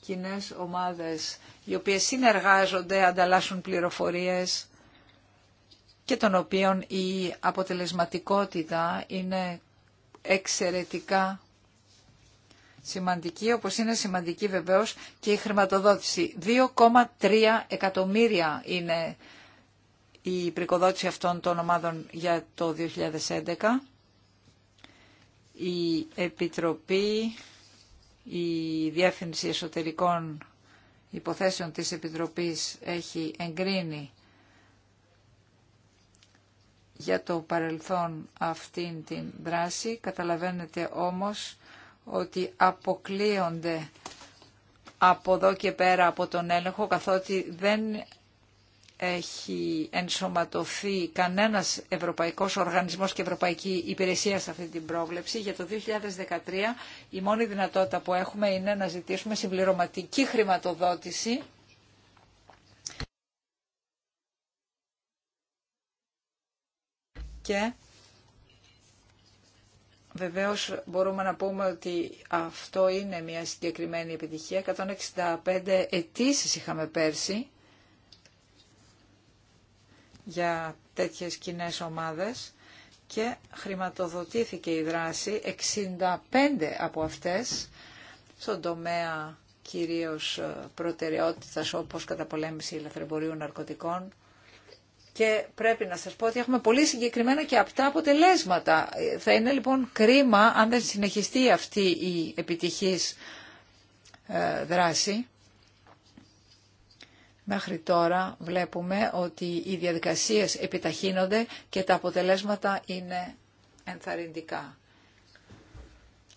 κοινέ ομάδες οι οποίες συνεργάζονται, ανταλλάσσουν πληροφορίες, και των οποίων η αποτελεσματικότητα είναι εξαιρετικά σημαντική, όπως είναι σημαντική βεβαίως και η χρηματοδότηση. 2,3 εκατομμύρια είναι η πρικοδότηση αυτών των ομάδων για το 2011. Η Επιτροπή, η Διεύθυνση Εσωτερικών Υποθέσεων της Επιτροπής έχει εγκρίνει για το παρελθόν αυτήν την δράση. Καταλαβαίνετε όμως ότι αποκλείονται από εδώ και πέρα από τον έλεγχο καθότι δεν έχει ενσωματωθεί κανένας ευρωπαϊκός οργανισμός και ευρωπαϊκή υπηρεσία σε αυτή την πρόβλεψη. Για το 2013 η μόνη δυνατότητα που έχουμε είναι να ζητήσουμε συμπληρωματική χρηματοδότηση και βεβαίως μπορούμε να πούμε ότι αυτό είναι μια συγκεκριμένη επιτυχία. 165 αιτήσει είχαμε πέρσι για τέτοιες κοινέ ομάδες και χρηματοδοτήθηκε η δράση 65 από αυτές στον τομέα κυρίως προτεραιότητας όπως καταπολέμηση λαθρεμπορίου ναρκωτικών και πρέπει να σας πω ότι έχουμε πολύ συγκεκριμένα και απτά αποτελέσματα. Θα είναι λοιπόν κρίμα αν δεν συνεχιστεί αυτή η επιτυχής ε, δράση. Μέχρι τώρα βλέπουμε ότι οι διαδικασίες επιταχύνονται και τα αποτελέσματα είναι ενθαρρυντικά.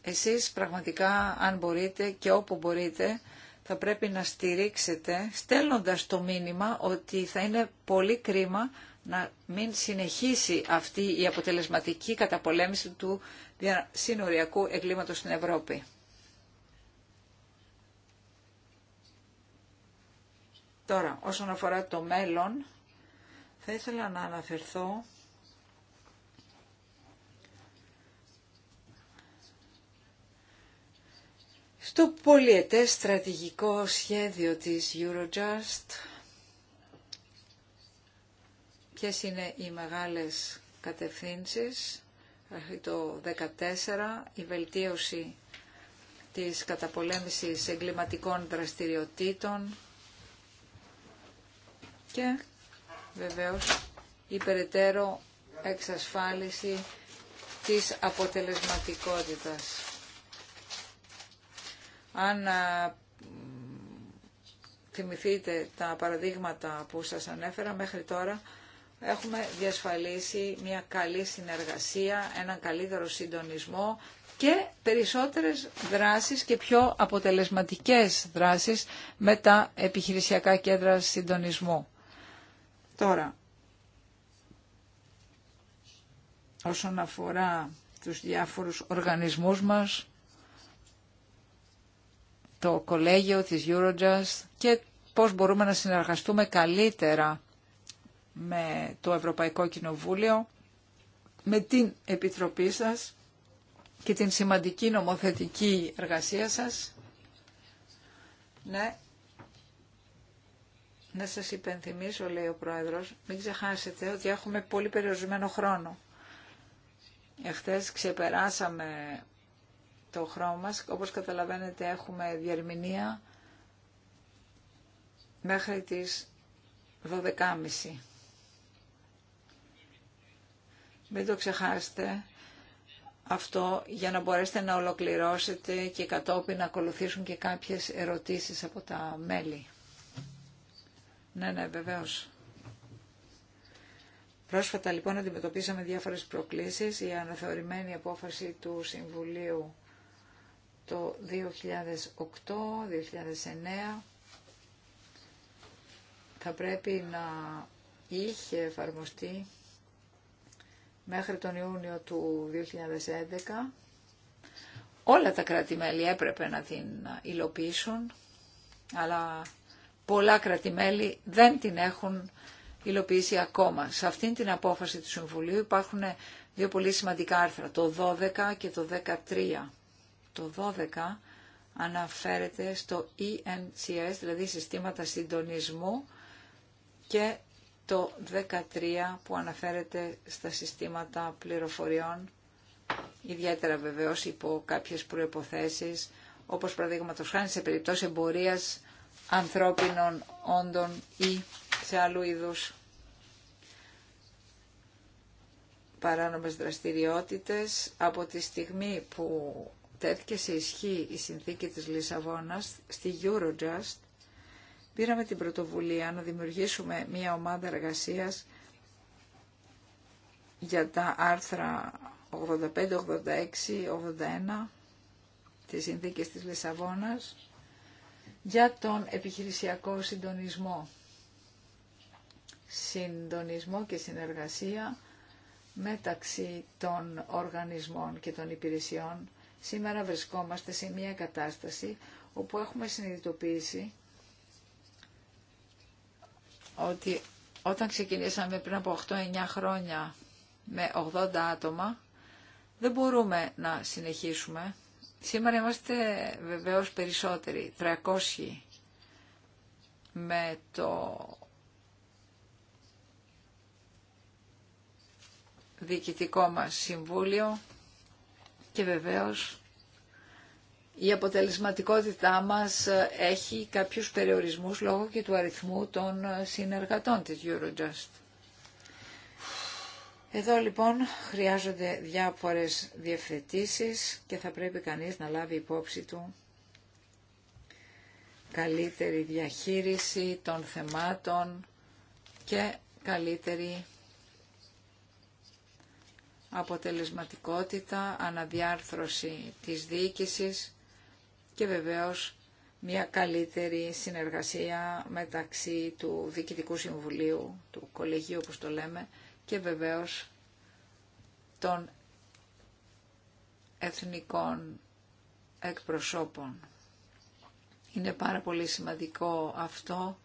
Εσείς πραγματικά αν μπορείτε και όπου μπορείτε θα πρέπει να στηρίξετε στέλνοντας το μήνυμα ότι θα είναι πολύ κρίμα να μην συνεχίσει αυτή η αποτελεσματική καταπολέμηση του συνοριακού εγκλήματος στην Ευρώπη. Τώρα, όσον αφορά το μέλλον, θα ήθελα να αναφερθώ Στο πολιετές στρατηγικό σχέδιο της Eurojust, ποιες είναι οι μεγάλες κατευθύνσεις, το 2014, η βελτίωση της καταπολέμησης εγκληματικών δραστηριοτήτων και βεβαίως η περαιτέρω εξασφάλιση της αποτελεσματικότητας. Αν θυμηθείτε τα παραδείγματα που σας ανέφερα μέχρι τώρα, έχουμε διασφαλίσει μια καλή συνεργασία, έναν καλύτερο συντονισμό και περισσότερες δράσεις και πιο αποτελεσματικές δράσεις με τα επιχειρησιακά κέντρα συντονισμού. Τώρα, όσον αφορά τους διάφορους οργανισμούς μας, το κολέγιο της Eurojust και πώς μπορούμε να συνεργαστούμε καλύτερα με το Ευρωπαϊκό Κοινοβούλιο, με την Επιτροπή σας και την σημαντική νομοθετική εργασία σας. Ναι, να σας υπενθυμίσω, λέει ο Πρόεδρος, μην ξεχάσετε ότι έχουμε πολύ περιορισμένο χρόνο. Εχθές ξεπεράσαμε το μας, Όπως καταλαβαίνετε έχουμε διερμηνία μέχρι τις 12.30. Μην το ξεχάσετε αυτό για να μπορέσετε να ολοκληρώσετε και κατόπιν να ακολουθήσουν και κάποιες ερωτήσεις από τα μέλη. Ναι, ναι, βεβαίως. Πρόσφατα λοιπόν αντιμετωπίσαμε διάφορες προκλήσεις. Η αναθεωρημένη απόφαση του Συμβουλίου το 2008-2009 θα πρέπει να είχε εφαρμοστεί μέχρι τον Ιούνιο του 2011. Όλα τα κρατημέλη έπρεπε να την υλοποιήσουν, αλλά κρατημέλη δεν την έχουν υλοποιήσει ακόμα. Σε αυτήν την απόφαση του Συμβουλίου υπάρχουν δύο πολύ σημαντικά άρθρα, το 12 και το 13 το 12 αναφέρεται στο ENCS, δηλαδή συστήματα συντονισμού και το 13 που αναφέρεται στα συστήματα πληροφοριών, ιδιαίτερα βεβαίως υπό κάποιες προϋποθέσεις, όπως παραδείγματος χάνει σε περιπτώσει εμπορίας ανθρώπινων όντων ή σε άλλου είδους παράνομες δραστηριότητες από τη στιγμή που τέθηκε σε ισχύ η συνθήκη της Λισαβόνας στη Eurojust, πήραμε την πρωτοβουλία να δημιουργήσουμε μια ομάδα εργασίας για τα άρθρα 85, 86, 81 της συνθήκης της Λισαβόνας για τον επιχειρησιακό συντονισμό. Συντονισμό και συνεργασία μεταξύ των οργανισμών και των υπηρεσιών Σήμερα βρισκόμαστε σε μια κατάσταση όπου έχουμε συνειδητοποιήσει ότι όταν ξεκινήσαμε πριν από 8-9 χρόνια με 80 άτομα, δεν μπορούμε να συνεχίσουμε. Σήμερα είμαστε βεβαίως περισσότεροι, 300 με το διοικητικό μας συμβούλιο, και βεβαίως η αποτελεσματικότητά μας ε, έχει κάποιους περιορισμούς λόγω και του αριθμού των ε, συνεργατών της Eurojust. Εδώ λοιπόν χρειάζονται διάφορες διευθετήσεις και θα πρέπει κανείς να λάβει υπόψη του καλύτερη διαχείριση των θεμάτων και καλύτερη αποτελεσματικότητα, αναδιάρθρωση της διοίκησης και βεβαίως μια καλύτερη συνεργασία μεταξύ του Διοικητικού Συμβουλίου, του Κολεγίου όπως το λέμε και βεβαίως των εθνικών εκπροσώπων. Είναι πάρα πολύ σημαντικό αυτό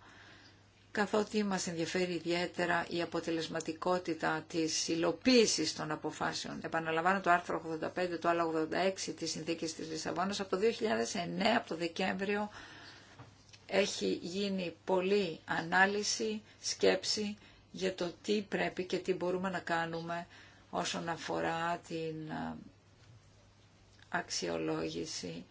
καθότι μας ενδιαφέρει ιδιαίτερα η αποτελεσματικότητα της υλοποίησης των αποφάσεων. Επαναλαμβάνω το άρθρο 85, το άλλο 86 της Συνθήκης της Λισαβόνας. Από 2009, από το Δεκέμβριο, έχει γίνει πολλή ανάλυση, σκέψη για το τι πρέπει και τι μπορούμε να κάνουμε όσον αφορά την ε, αξιολόγηση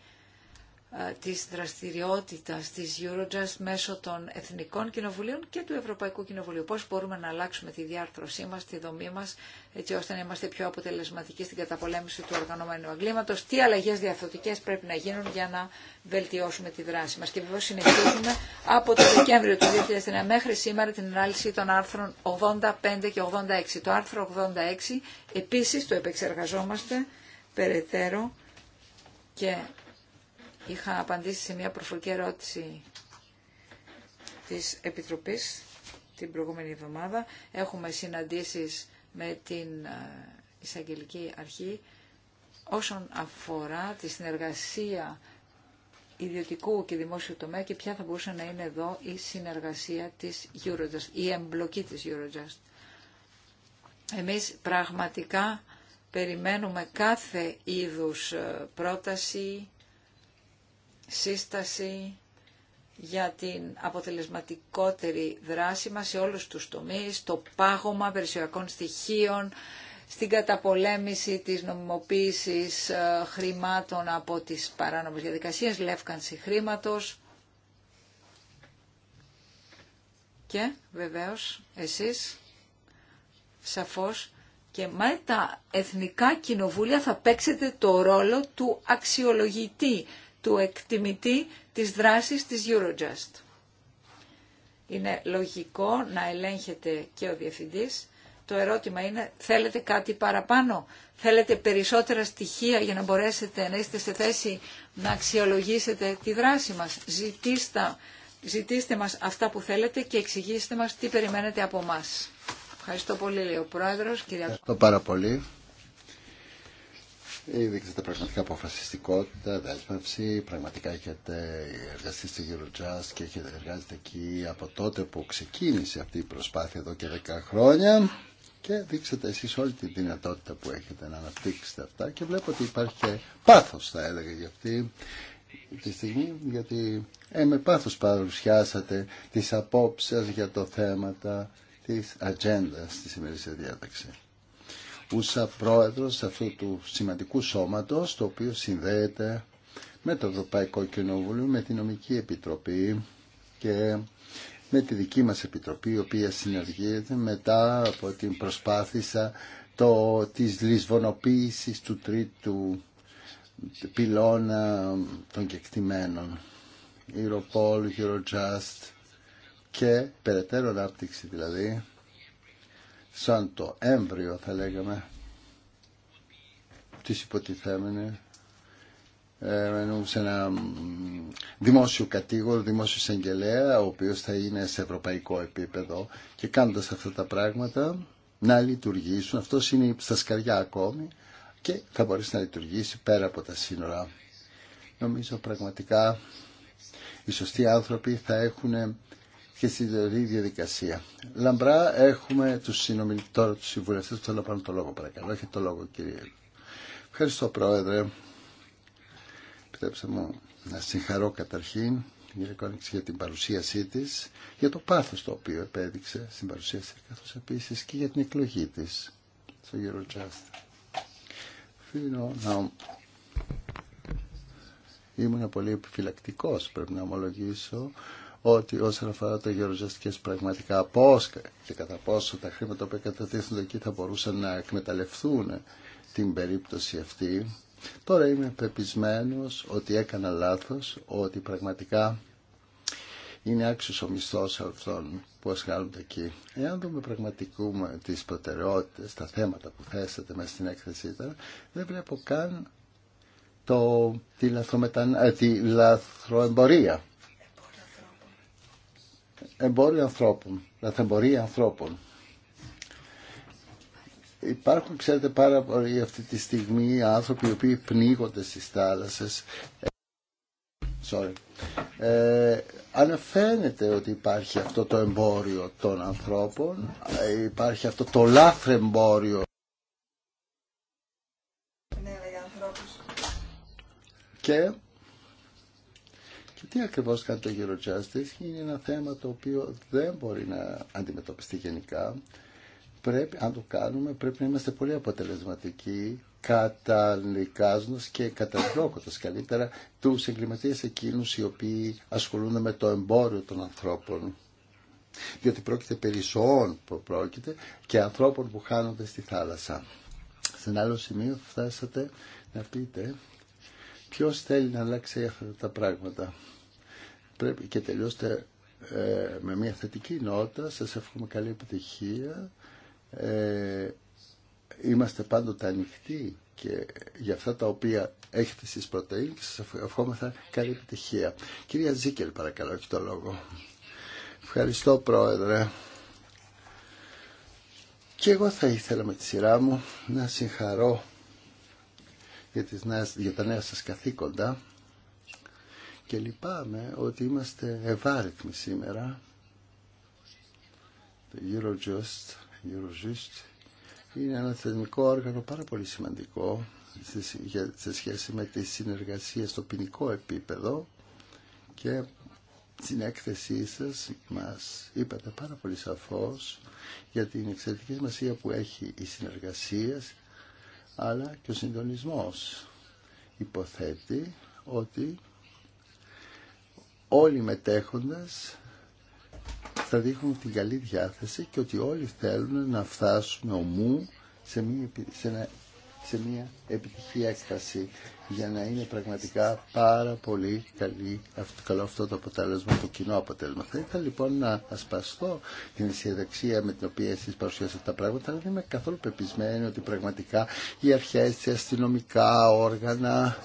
ε, της δραστηριότητας της Eurojust μέσω των Εθνικών Κοινοβουλίων και του Ευρωπαϊκού Κοινοβουλίου. Πώς μπορούμε να αλλάξουμε τη διάρθρωσή μας, τη δομή μας, έτσι ώστε να είμαστε πιο αποτελεσματικοί στην καταπολέμηση του οργανωμένου εγκλήματος. Τι αλλαγές διαθωτικές πρέπει να γίνουν για να βελτιώσουμε τη δράση μας. Και βεβαίως συνεχίζουμε από το Δεκέμβριο του 2009 μέχρι σήμερα την ανάλυση των άρθρων 85 και 86. Το άρθρο 86 επίσης το επεξεργαζόμαστε περαιτέρω και Είχα απαντήσει σε μια προφορική ερώτηση της Επιτροπής την προηγούμενη εβδομάδα. Έχουμε συναντήσεις με την ε, Εισαγγελική Αρχή όσον αφορά τη συνεργασία ιδιωτικού και δημόσιου τομέα και ποια θα μπορούσε να είναι εδώ η συνεργασία της Eurojust, η εμπλοκή της Eurojust. Εμείς πραγματικά περιμένουμε κάθε είδους ε, πρόταση σύσταση για την αποτελεσματικότερη δράση μας σε όλους τους τομείς, το πάγωμα περισσοιακών στοιχείων, στην καταπολέμηση της νομιμοποίησης ε, χρημάτων από τις παράνομες διαδικασίες, λεύκανση χρήματος και βεβαίως εσείς σαφώς και με τα εθνικά κοινοβούλια θα παίξετε το ρόλο του αξιολογητή του εκτιμητή της δράσης της Eurojust. Είναι λογικό να ελέγχεται και ο διευθυντής. Το ερώτημα είναι, θέλετε κάτι παραπάνω, θέλετε περισσότερα στοιχεία για να μπορέσετε να είστε σε θέση να αξιολογήσετε τη δράση μας. Ζητήστε, ζητήστε μας αυτά που θέλετε και εξηγήστε μας τι περιμένετε από μας. Ευχαριστώ πολύ, λέει ο Πρόεδρος. Ευχαριστώ πάρα πολύ. Δείξατε πραγματικά αποφασιστικότητα, δέσμευση. Πραγματικά έχετε εργαστεί στη Eurojust και έχετε εργάζεται εκεί από τότε που ξεκίνησε αυτή η προσπάθεια εδώ και 10 χρόνια. Και δείξατε εσείς όλη τη δυνατότητα που έχετε να αναπτύξετε αυτά. Και βλέπω ότι υπάρχει και πάθος, θα έλεγα, για αυτή τη στιγμή, γιατί ε, με πάθος παρουσιάσατε τις απόψεις για το θέμα της ατζέντα τη σημερινής διάταξη. Ούσα πρόεδρος αυτού του σημαντικού σώματος το οποίο συνδέεται με το Ευρωπαϊκό Κοινοβούλιο, με την Νομική Επιτροπή και με τη δική μας Επιτροπή η οποία συνεργείται μετά από την προσπάθησα το, της λησβονοποίησης του τρίτου πυλώνα των κεκτημένων. Europol, Eurojust και περαιτέρω ανάπτυξη δηλαδή σαν το έμβριο θα λέγαμε της υποτιθέμενη ε, σε ένα δημόσιο κατήγορο, δημόσιο εισαγγελέα, ο οποίος θα είναι σε ευρωπαϊκό επίπεδο και κάνοντας αυτά τα πράγματα να λειτουργήσουν. Αυτό είναι στα σκαριά ακόμη και θα μπορέσει να λειτουργήσει πέρα από τα σύνορα. Νομίζω πραγματικά οι σωστοί άνθρωποι θα έχουν και στη διαδικασία. διαδικασία. Λαμπρά έχουμε τους συνομιλητές, του συμβουλευτέ, που θέλουν να πάρουν το λόγο παρακαλώ. Έχετε το λόγο κύριε. Ευχαριστώ πρόεδρε. Επιτρέψτε μου να συγχαρώ καταρχήν την κυρία Κόνιξη για την παρουσίασή τη για το πάθο το οποίο επέδειξε στην παρουσίαση, καθώ επίση και για την εκλογή τη στο Eurojust. να ήμουν πολύ επιφυλακτικό πρέπει να ομολογήσω ότι όσον αφορά τα γεωργιαστικέ πραγματικά πώ και κατά πόσο τα χρήματα που κατατίθενται εκεί θα μπορούσαν να εκμεταλλευτούν την περίπτωση αυτή. Τώρα είμαι πεπισμένο ότι έκανα λάθο, ότι πραγματικά είναι άξιο ο μισθό αυτών που ασχολούνται εκεί. Εάν δούμε πραγματικούμε τι προτεραιότητε, τα θέματα που θέσατε μέσα στην έκθεσή τώρα, δεν βλέπω καν το, τη, λαθρομεταν... Ε, τη λαθροεμπορία εμπόριο ανθρώπων, λαθεμπορία ανθρώπων. Υπάρχουν, ξέρετε, πάρα πολλοί αυτή τη στιγμή άνθρωποι οι οποίοι πνίγονται στις θάλασσες. Sorry. Ε, ότι υπάρχει αυτό το εμπόριο των ανθρώπων, ε, υπάρχει αυτό το λάθρεμπόριο. Ναι, Και τι ακριβώς κάνει το Justice είναι ένα θέμα το οποίο δεν μπορεί να αντιμετωπιστεί γενικά. Πρέπει, αν το κάνουμε, πρέπει να είμαστε πολύ αποτελεσματικοί καταλικάζοντας και καταδιώκοντας καλύτερα τους εγκληματίες εκείνου, οι οποίοι ασχολούνται με το εμπόριο των ανθρώπων. Διότι πρόκειται περί ζωών που πρόκειται και ανθρώπων που χάνονται στη θάλασσα. Σε ένα άλλο σημείο φτάσατε να πείτε ποιος θέλει να αλλάξει αυτά τα πράγματα πρέπει και τελειώστε ε, με μια θετική νότα. Σας εύχομαι καλή επιτυχία. Ε, είμαστε πάντοτε ανοιχτοί και για αυτά τα οποία έχετε στις πρωτεΐνες και σας ευχόμεθα καλή επιτυχία. Κυρία Ζίκελ παρακαλώ, έχει το λόγο. Ευχαριστώ Πρόεδρε. Και εγώ θα ήθελα με τη σειρά μου να συγχαρώ για, τις νέες, για τα νέα σας καθήκοντα και λυπάμαι ότι είμαστε ευάρυθμοι σήμερα. Το Eurojust, Eurojust είναι ένα θεσμικό όργανο πάρα πολύ σημαντικό σε σχέση με τη συνεργασία στο ποινικό επίπεδο και στην έκθεσή σας μας είπατε πάρα πολύ σαφώς για την εξαιρετική σημασία που έχει η συνεργασία αλλά και ο συντονισμός υποθέτει ότι όλοι μετέχοντας θα δείχνουν την καλή διάθεση και ότι όλοι θέλουν να φτάσουν ομού σε μια, σε μια επιτυχία έκταση για να είναι πραγματικά πάρα πολύ καλή, καλό αυτό το αποτέλεσμα, το κοινό αποτέλεσμα. Θα ήθελα λοιπόν να ασπαστώ την αισιοδεξία με την οποία εσείς παρουσιάσατε τα πράγματα, αλλά δεν είμαι καθόλου πεπισμένη ότι πραγματικά οι αρχές, οι αστυνομικά όργανα,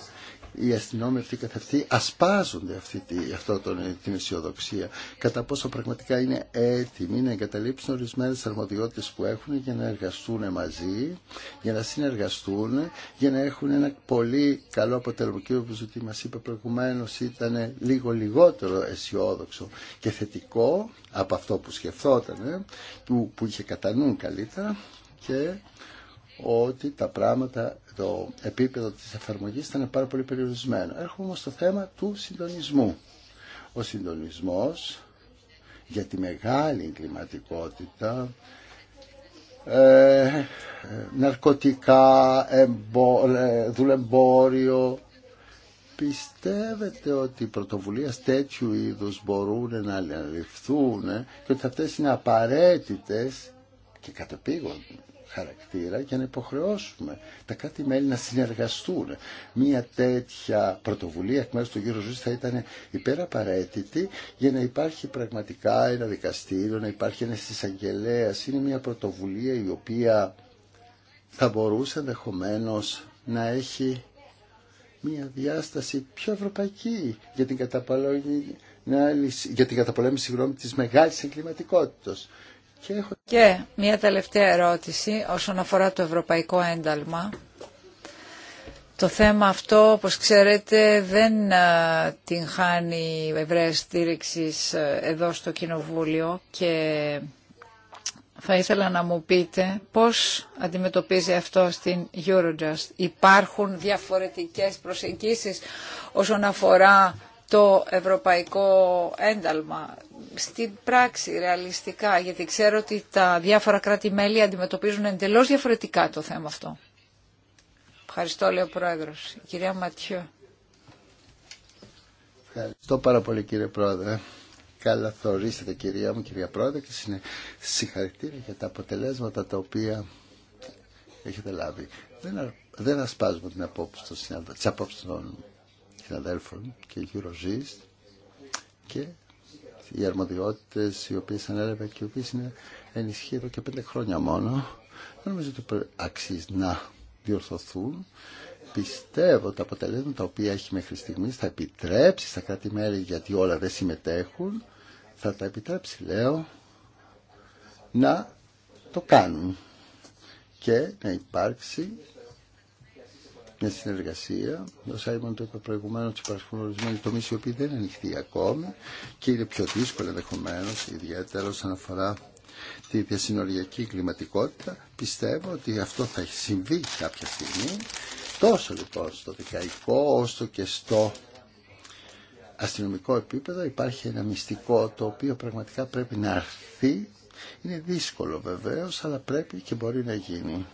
οι αστυνόμοι αυτοί καθ' ασπάζονται αυτή, αυτό τον, την αισιοδοξία. Κατά πόσο πραγματικά είναι έτοιμοι να εγκαταλείψουν ορισμένε αρμοδιότητες που έχουν για να εργαστούν μαζί, για να συνεργαστούν, για να έχουν ένα πολύ καλό αποτέλεσμα. Ο όπως Βουζουτή μα είπε προηγουμένω ήταν λίγο λιγότερο αισιόδοξο και θετικό από αυτό που σκεφτόταν, που, ε, που είχε κατά νου καλύτερα και ότι τα πράγματα, το επίπεδο της εφαρμογής ήταν πάρα πολύ περιορισμένο. Έρχομαι όμως στο θέμα του συντονισμού. Ο συντονισμός για τη μεγάλη εγκληματικότητα, ε, ναρκωτικά, ε, δουλεμπόριο. Πιστεύετε ότι οι πρωτοβουλίε τέτοιου είδους μπορούν να ληφθούν και ότι αυτές είναι απαραίτητες και κατεπήγον χαρακτήρα για να υποχρεώσουμε τα κάτι μελη να συνεργαστούν. Μία τέτοια πρωτοβουλία εκ μέρου του Eurojust θα ήταν υπεραπαραίτητη για να υπάρχει πραγματικά ένα δικαστήριο, να υπάρχει ένα εισαγγελέα. Είναι μια πρωτοβουλία η οποία θα μπορούσε ενδεχομένω να έχει μια διάσταση πιο ευρωπαϊκή για την καταπολέμηση, για την καταπολέμηση της μεγάλης και μια τελευταία ερώτηση όσον αφορά το ευρωπαϊκό ένταλμα. Το θέμα αυτό, όπως ξέρετε, δεν ε, την χάνει ευρέας στήριξη ε, εδώ στο Κοινοβούλιο και θα ήθελα να μου πείτε πώς αντιμετωπίζει αυτό στην Eurojust. Υπάρχουν διαφορετικές προσεγγίσεις όσον αφορά το ευρωπαϊκό ένταλμα στην πράξη ρεαλιστικά, γιατί ξέρω ότι τα διάφορα κράτη-μέλη αντιμετωπίζουν εντελώς διαφορετικά το θέμα αυτό. Ευχαριστώ, λέει ο Πρόεδρος. κυρία Ματιό. Ευχαριστώ πάρα πολύ κύριε Πρόεδρε. Καλά θορίσατε κυρία μου, κυρία Πρόεδρε και συγχαρητήρια για τα αποτελέσματα τα οποία έχετε λάβει. Δεν, ασπάζουμε την απόψη των συναδέλφων και Eurogist και οι αρμοδιότητες οι οποίες ανέλαβε και οι οποίες είναι ενισχύει εδώ και πέντε χρόνια μόνο δεν νομίζω ότι αξίζει να διορθωθούν πιστεύω τα αποτελέσματα τα οποία έχει μέχρι στιγμή θα επιτρέψει στα κρατη μέρη γιατί όλα δεν συμμετέχουν θα τα επιτρέψει λέω να το κάνουν και να υπάρξει μια συνεργασία. Ο Σάιμον το είπε προηγουμένω ότι υπάρχουν ορισμένοι τομεί οι οποίοι δεν είναι ανοιχτοί ακόμη και είναι πιο δύσκολο ενδεχομένω, ιδιαίτερα όσον αφορά τη διασυνοριακή κλιματικότητα. Πιστεύω ότι αυτό θα συμβεί κάποια στιγμή, τόσο λοιπόν στο δικαϊκό όσο και στο αστυνομικό επίπεδο υπάρχει ένα μυστικό το οποίο πραγματικά πρέπει να αρθεί. Είναι δύσκολο βεβαίως, αλλά πρέπει και μπορεί να γίνει.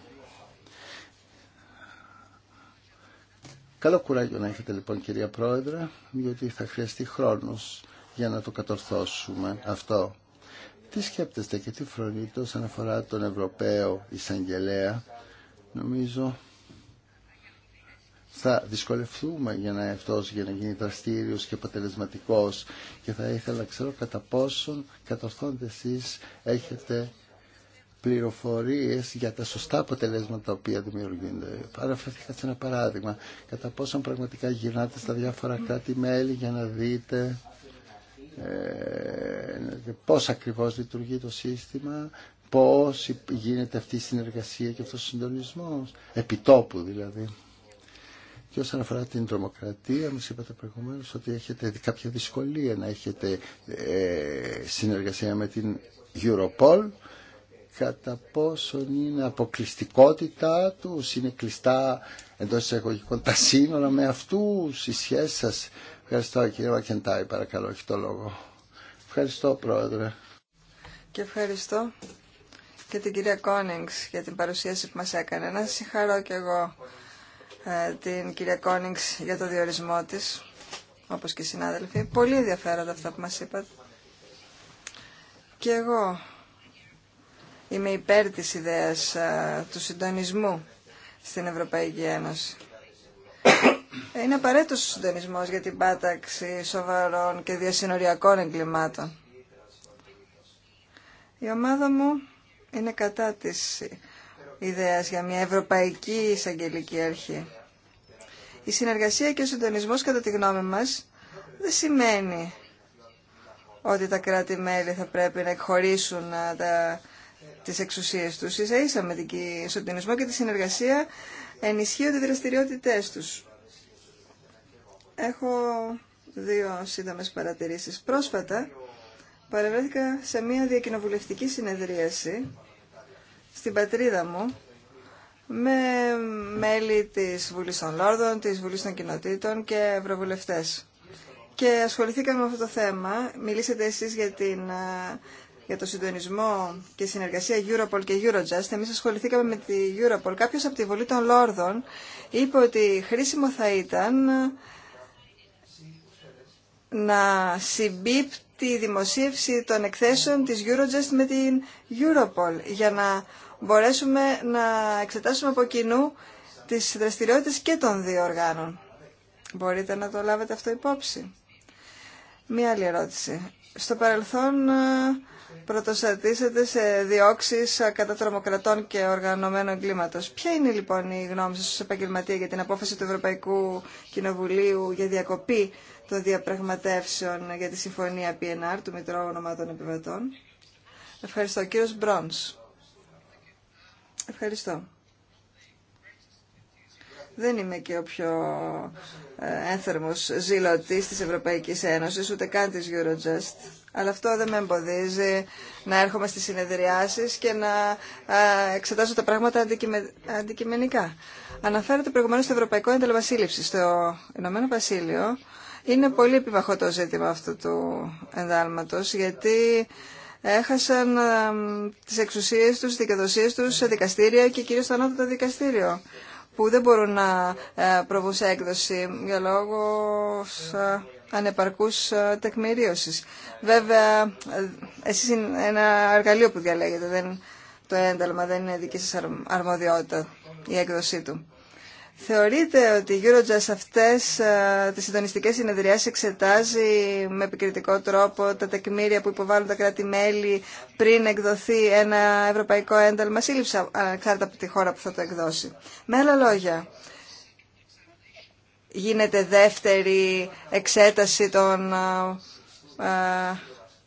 Καλό κουράγιο να έχετε λοιπόν κυρία Πρόεδρε, διότι θα χρειαστεί χρόνος για να το κατορθώσουμε αυτό. Τι σκέπτεστε και τι φρονείτε όσον αφορά τον Ευρωπαίο εισαγγελέα. Νομίζω θα δυσκολευτούμε για να αυτό για να γίνει δραστήριος και αποτελεσματικός και θα ήθελα να ξέρω κατά πόσον κατορθώντε εσείς έχετε πληροφορίες για τα σωστά αποτελέσματα τα οποία δημιουργούνται. Παραφερθήκα σε ένα παράδειγμα. Κατά πόσο πραγματικά γυρνάτε στα διάφορα κράτη-μέλη για να δείτε ε, πώς ακριβώς λειτουργεί το σύστημα, πώς γίνεται αυτή η συνεργασία και αυτός ο συντονισμός, επιτόπου δηλαδή. Και όσον αφορά την τρομοκρατία, μας είπατε προηγουμένω ότι έχετε κάποια δυσκολία να έχετε ε, συνεργασία με την Europol κατά πόσον είναι αποκλειστικότητά του, είναι κλειστά εντό εισαγωγικών τα σύνορα με αυτού, οι σχέσει σα. Ευχαριστώ κύριε Βακεντάη, παρακαλώ, έχει το λόγο. Ευχαριστώ πρόεδρε. Και ευχαριστώ και την κυρία Κόνιγκς για την παρουσίαση που μας έκανε. Να συγχαρώ και εγώ ε, την κυρία Κόνιγκς για το διορισμό της, όπως και οι συνάδελφοι. Πολύ ενδιαφέροντα αυτά που μας είπατε. Και εγώ είμαι υπέρ της ιδέας του συντονισμού στην Ευρωπαϊκή Ένωση. Είναι απαραίτητο ο συντονισμό για την πάταξη σοβαρών και διασυνοριακών εγκλημάτων. Η ομάδα μου είναι κατά της ιδέας για μια ευρωπαϊκή εισαγγελική αρχή. Η συνεργασία και ο συντονισμός κατά τη γνώμη μας δεν σημαίνει ότι τα κράτη-μέλη θα πρέπει να εκχωρήσουν τα τις εξουσίες τους. Ίσα ίσα με την ισοτιμισμό και τη συνεργασία ενισχύονται οι δραστηριότητές τους. Έχω δύο σύντομες παρατηρήσεις. Πρόσφατα παρευρέθηκα σε μια διακοινοβουλευτική συνεδρίαση στην πατρίδα μου με μέλη της Βουλής των Λόρδων, της Βουλής των Κοινοτήτων και ευρωβουλευτές. Και ασχοληθήκαμε με αυτό το θέμα. Μιλήσατε εσείς για την για το συντονισμό και συνεργασία Europol και Eurojust, εμείς ασχοληθήκαμε με τη Europol. Κάποιος από τη Βολή των Λόρδων είπε ότι χρήσιμο θα ήταν να συμπίπτει η δημοσίευση των εκθέσεων της Eurojust με την Europol για να μπορέσουμε να εξετάσουμε από κοινού τις δραστηριότητες και των δύο οργάνων. Μπορείτε να το λάβετε αυτό υπόψη. Μία άλλη ερώτηση. Στο παρελθόν πρωτοστατήσετε σε διώξει κατά τρομοκρατών και οργανωμένων κλίματος. Ποια είναι λοιπόν η γνώμη σα ω επαγγελματία για την απόφαση του Ευρωπαϊκού Κοινοβουλίου για διακοπή των διαπραγματεύσεων για τη Συμφωνία PNR του Μητρώου Ονομάτων Επιβατών. Ευχαριστώ. Κύριος Μπρόνς. Ευχαριστώ. Δεν είμαι και ο πιο ε, ένθερμος ζηλωτής της Ευρωπαϊκής Ένωσης, ούτε καν της Eurojust. Αλλά αυτό δεν με εμποδίζει να έρχομαι στις συνεδριάσεις και να ε, εξετάζω τα πράγματα αντικειμενικά. Αναφέρεται προηγουμένως στο Ευρωπαϊκό Ένταλμα Στο Ηνωμένο Βασίλειο είναι πολύ επιβαχό το ζήτημα αυτού του ενδάλματος, γιατί έχασαν ε, τις εξουσίες τους, τις δικαιοδοσίες τους σε δικαστήρια και κυρίως στο ανώτατο δικαστήριο που δεν μπορούν να ε, προβούν σε έκδοση για λόγους ε, ανεπαρκούς ε, τεκμηρίωσης. Βέβαια, εσείς είναι ένα εργαλείο που διαλέγετε, δεν, το ένταλμα δεν είναι δική σας αρμοδιότητα η έκδοσή του. Θεωρείτε ότι η Eurojust αυτές τι ε, τις συντονιστικές συνεδριάσεις εξετάζει με επικριτικό τρόπο τα τεκμήρια που υποβάλλουν τα κράτη-μέλη πριν εκδοθεί ένα ευρωπαϊκό ένταλμα σύλληψη ανεξάρτητα από τη χώρα που θα το εκδώσει. Με άλλα λόγια, γίνεται δεύτερη εξέταση των ε, ε,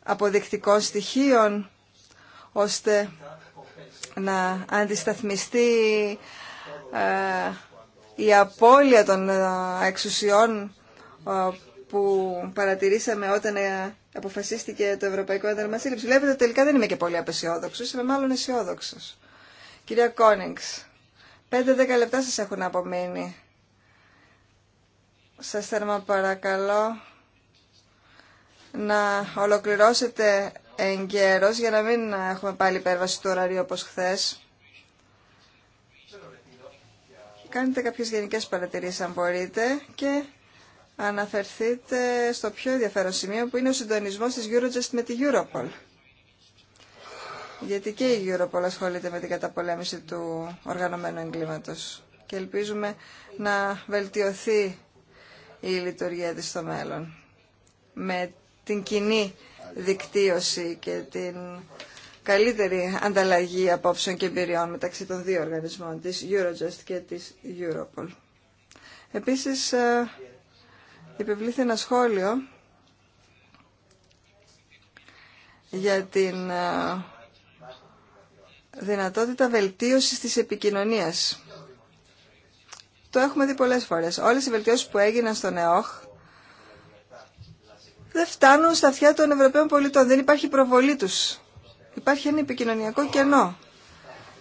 αποδεικτικών στοιχείων ώστε να αντισταθμιστεί η απώλεια των ε, εξουσιών ε, που παρατηρήσαμε όταν ε, αποφασίστηκε το Ευρωπαϊκό Ένταλμα Σύλληψη. Βλέπετε τελικά δεν είμαι και πολυ απεσιοδοξος απεσιόδοξο, είμαι μάλλον αισιόδοξο. Κυρία Κόνιγκς, 5-10 λεπτά σας έχουν απομείνει. Σας θέλω, παρακαλώ να ολοκληρώσετε εγκαίρως για να μην έχουμε πάλι υπέρβαση του ωραρίου όπως χθες κάνετε κάποιες γενικές παρατηρήσεις αν μπορείτε και αναφερθείτε στο πιο ενδιαφέρον σημείο που είναι ο συντονισμός της Eurojust με τη Europol. Γιατί και η Europol ασχολείται με την καταπολέμηση του οργανωμένου εγκλήματος και ελπίζουμε να βελτιωθεί η λειτουργία της στο μέλλον με την κοινή δικτύωση και την καλύτερη ανταλλαγή απόψεων και εμπειριών μεταξύ των δύο οργανισμών, της Eurojust και της Europol. Επίσης, ε, υπευλήθη ένα σχόλιο για την ε, δυνατότητα βελτίωσης της επικοινωνίας. Το έχουμε δει πολλές φορές. Όλες οι βελτιώσεις που έγιναν στον ΕΟΧ δεν φτάνουν στα αυτιά των Ευρωπαίων πολιτών. Δεν υπάρχει προβολή τους υπάρχει ένα επικοινωνιακό κενό.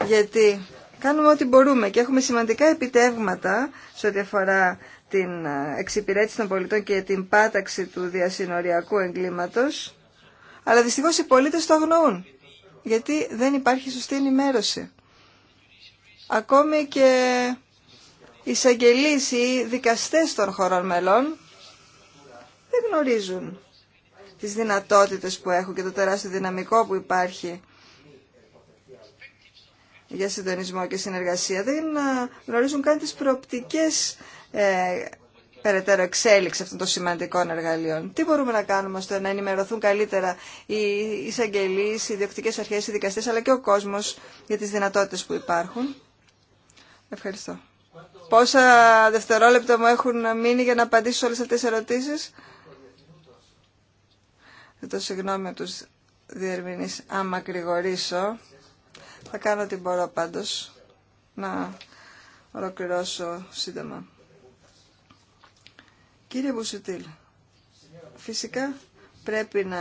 Γιατί κάνουμε ό,τι μπορούμε και έχουμε σημαντικά επιτεύγματα σε ό,τι αφορά την ε, εξυπηρέτηση των πολιτών και την πάταξη του διασυνοριακού εγκλήματος, αλλά δυστυχώς οι πολίτες το αγνοούν, γιατί δεν υπάρχει σωστή ενημέρωση. Ακόμη και οι εισαγγελείς ή δικαστές των χωρών μελών δεν γνωρίζουν τις δυνατότητες που έχουν και το τεράστιο δυναμικό που υπάρχει για συντονισμό και συνεργασία. Δεν ε, γνωρίζουν καν τις προοπτικές ε, περαιτέρω εξέλιξη αυτών των σημαντικών εργαλείων. Τι μπορούμε να κάνουμε ώστε να ενημερωθούν καλύτερα οι εισαγγελείς, οι διοκτικές αρχές, οι δικαστές, αλλά και ο κόσμος για τις δυνατότητες που υπάρχουν. Ευχαριστώ. Πόσα δευτερόλεπτα μου έχουν μείνει για να απαντήσω όλες αυτές τις ερωτήσεις το συγγνώμη από τους διερμηνείς άμα κρηγορήσω. Θα κάνω ό,τι μπορώ πάντως να ολοκληρώσω σύντομα. Κύριε Μπουσουτήλ, φυσικά πρέπει να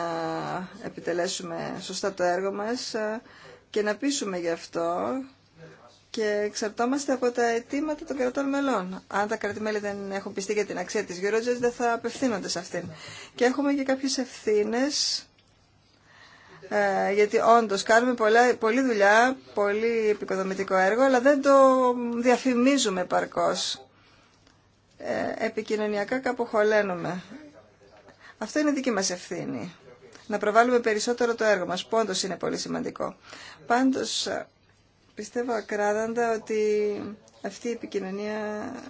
επιτελέσουμε σωστά το έργο μας και να πείσουμε γι' αυτό και εξαρτώμαστε από τα αιτήματα των κρατών μελών. Αν τα κρατημέλη δεν έχουν πιστεί για την αξία της Eurojust, δεν θα απευθύνονται σε αυτήν. Και έχουμε και κάποιες ευθύνε. Ε, γιατί όντως κάνουμε πολλά, πολλή δουλειά, πολύ επικοδομητικό έργο, αλλά δεν το διαφημίζουμε παρκώς. Ε, επικοινωνιακά κάπου χωλένουμε. Αυτό είναι δική μας ευθύνη. Να προβάλλουμε περισσότερο το έργο μας, που όντως είναι πολύ σημαντικό. Πάντως, Πιστεύω ακράδαντα ότι αυτή η επικοινωνία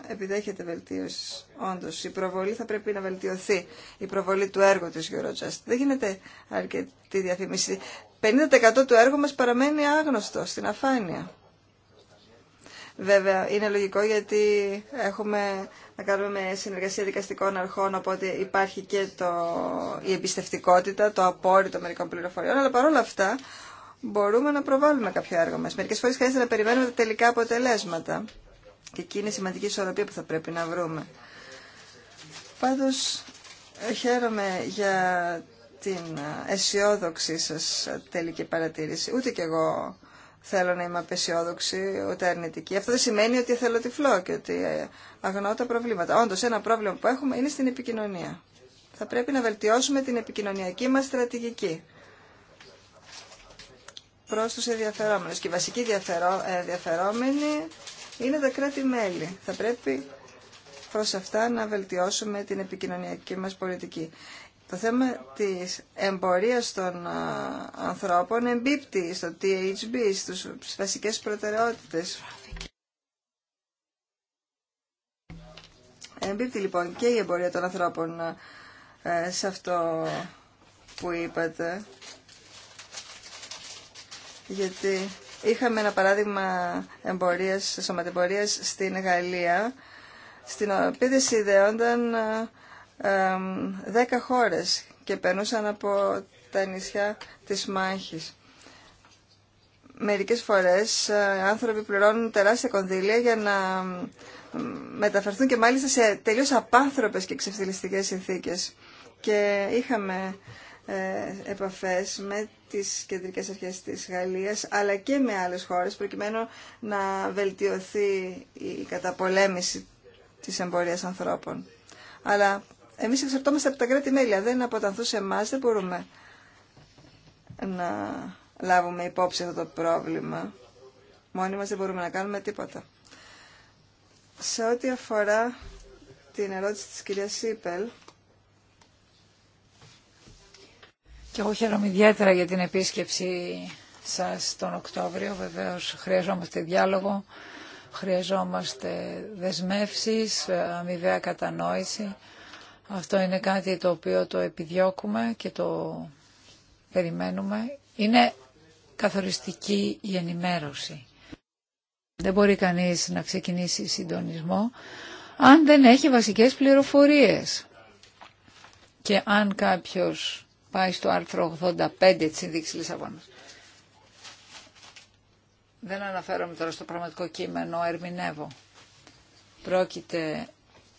επιδέχεται βελτίωση. Όντω, η προβολή θα πρέπει να βελτιωθεί. Η προβολή του έργου τη Eurojust. Δεν γίνεται αρκετή διαφήμιση. 50% του έργου μα παραμένει άγνωστο, στην αφάνεια. Βέβαια, είναι λογικό γιατί έχουμε να κάνουμε συνεργασία δικαστικών αρχών, οπότε υπάρχει και το, η εμπιστευτικότητα, το απόρριτο μερικών πληροφοριών, αλλά παρόλα αυτά μπορούμε να προβάλλουμε κάποια έργο μα. Μερικές φορές χρειάζεται να περιμένουμε τα τελικά αποτελέσματα και εκεί είναι η σημαντική ισορροπία που θα πρέπει να βρούμε. Πάντω, χαίρομαι για την αισιόδοξη σα τελική παρατήρηση. Ούτε κι εγώ θέλω να είμαι απεσιόδοξη, ούτε αρνητική. Αυτό δεν σημαίνει ότι θέλω τυφλό και ότι αγνοώ τα προβλήματα. Όντω ένα πρόβλημα που έχουμε είναι στην επικοινωνία. Θα πρέπει να βελτιώσουμε την επικοινωνιακή μας στρατηγική προς τους ενδιαφερόμενους. Και οι βασικοί ενδιαφερόμενοι είναι τα κράτη-μέλη. Θα πρέπει προς αυτά να βελτιώσουμε την επικοινωνιακή μας πολιτική. Το θέμα της εμπορίας των ανθρώπων εμπίπτει στο THB, στις βασικές προτεραιότητες. Εμπίπτει λοιπόν και η εμπορία των ανθρώπων σε αυτό που είπατε γιατί είχαμε ένα παράδειγμα εμπορίας, σωματεμπορίας στην Γαλλία, στην οποία συνδέονταν 10 ε, χώρες και περνούσαν από τα νησιά της Μάχης. Μερικές φορές ε, άνθρωποι πληρώνουν τεράστια κονδύλια για να μεταφερθούν και μάλιστα σε τελείως απάνθρωπες και ξεφτυλιστικές συνθήκες. Και είχαμε ε, επαφές με της κεντρικές αρχές της Γαλλίας αλλά και με άλλες χώρες προκειμένου να βελτιωθεί η καταπολέμηση της εμπορίας ανθρώπων. Αλλά εμείς εξαρτώμαστε από τα κράτη-μέλη. Δεν αποτανθούν σε εμά, δεν μπορούμε να λάβουμε υπόψη αυτό το πρόβλημα. Μόνοι μας δεν μπορούμε να κάνουμε τίποτα. Σε ό,τι αφορά την ερώτηση της κυρίας Σίπελ, Και εγώ χαίρομαι ιδιαίτερα για την επίσκεψη σας τον Οκτώβριο. Βεβαίως χρειαζόμαστε διάλογο, χρειαζόμαστε δεσμεύσεις, αμοιβαία κατανόηση. Αυτό είναι κάτι το οποίο το επιδιώκουμε και το περιμένουμε. Είναι καθοριστική η ενημέρωση. Δεν μπορεί κανείς να ξεκινήσει συντονισμό αν δεν έχει βασικές πληροφορίες. Και αν κάποιος πάει στο άρθρο 85 της συνδέξη Λισαβόνας. Δεν αναφέρομαι τώρα στο πραγματικό κείμενο, ερμηνεύω. Πρόκειται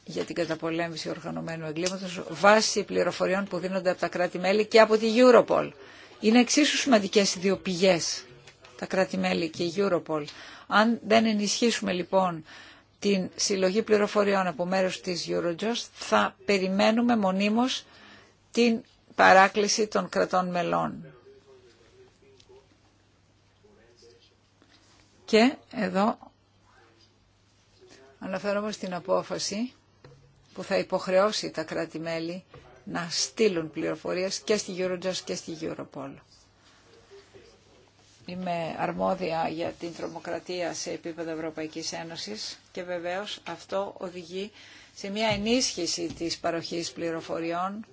για την καταπολέμηση οργανωμένου εγκλήματος βάσει πληροφοριών που δίνονται από τα κράτη-μέλη και από τη Europol. Είναι εξίσου σημαντικές οι δύο πηγές, τα κράτη-μέλη και η Europol. Αν δεν ενισχύσουμε λοιπόν την συλλογή πληροφοριών από μέρους της Eurojust, θα περιμένουμε μονίμως την παράκληση των κρατών μελών. Και εδώ αναφέρομαι στην απόφαση που θα υποχρεώσει τα κράτη-μέλη να στείλουν πληροφορίες και στη Eurojust και στη Europol. Είμαι αρμόδια για την τρομοκρατία σε επίπεδο Ευρωπαϊκής Ένωσης και βεβαίως αυτό οδηγεί σε μια ενίσχυση της παροχής πληροφοριών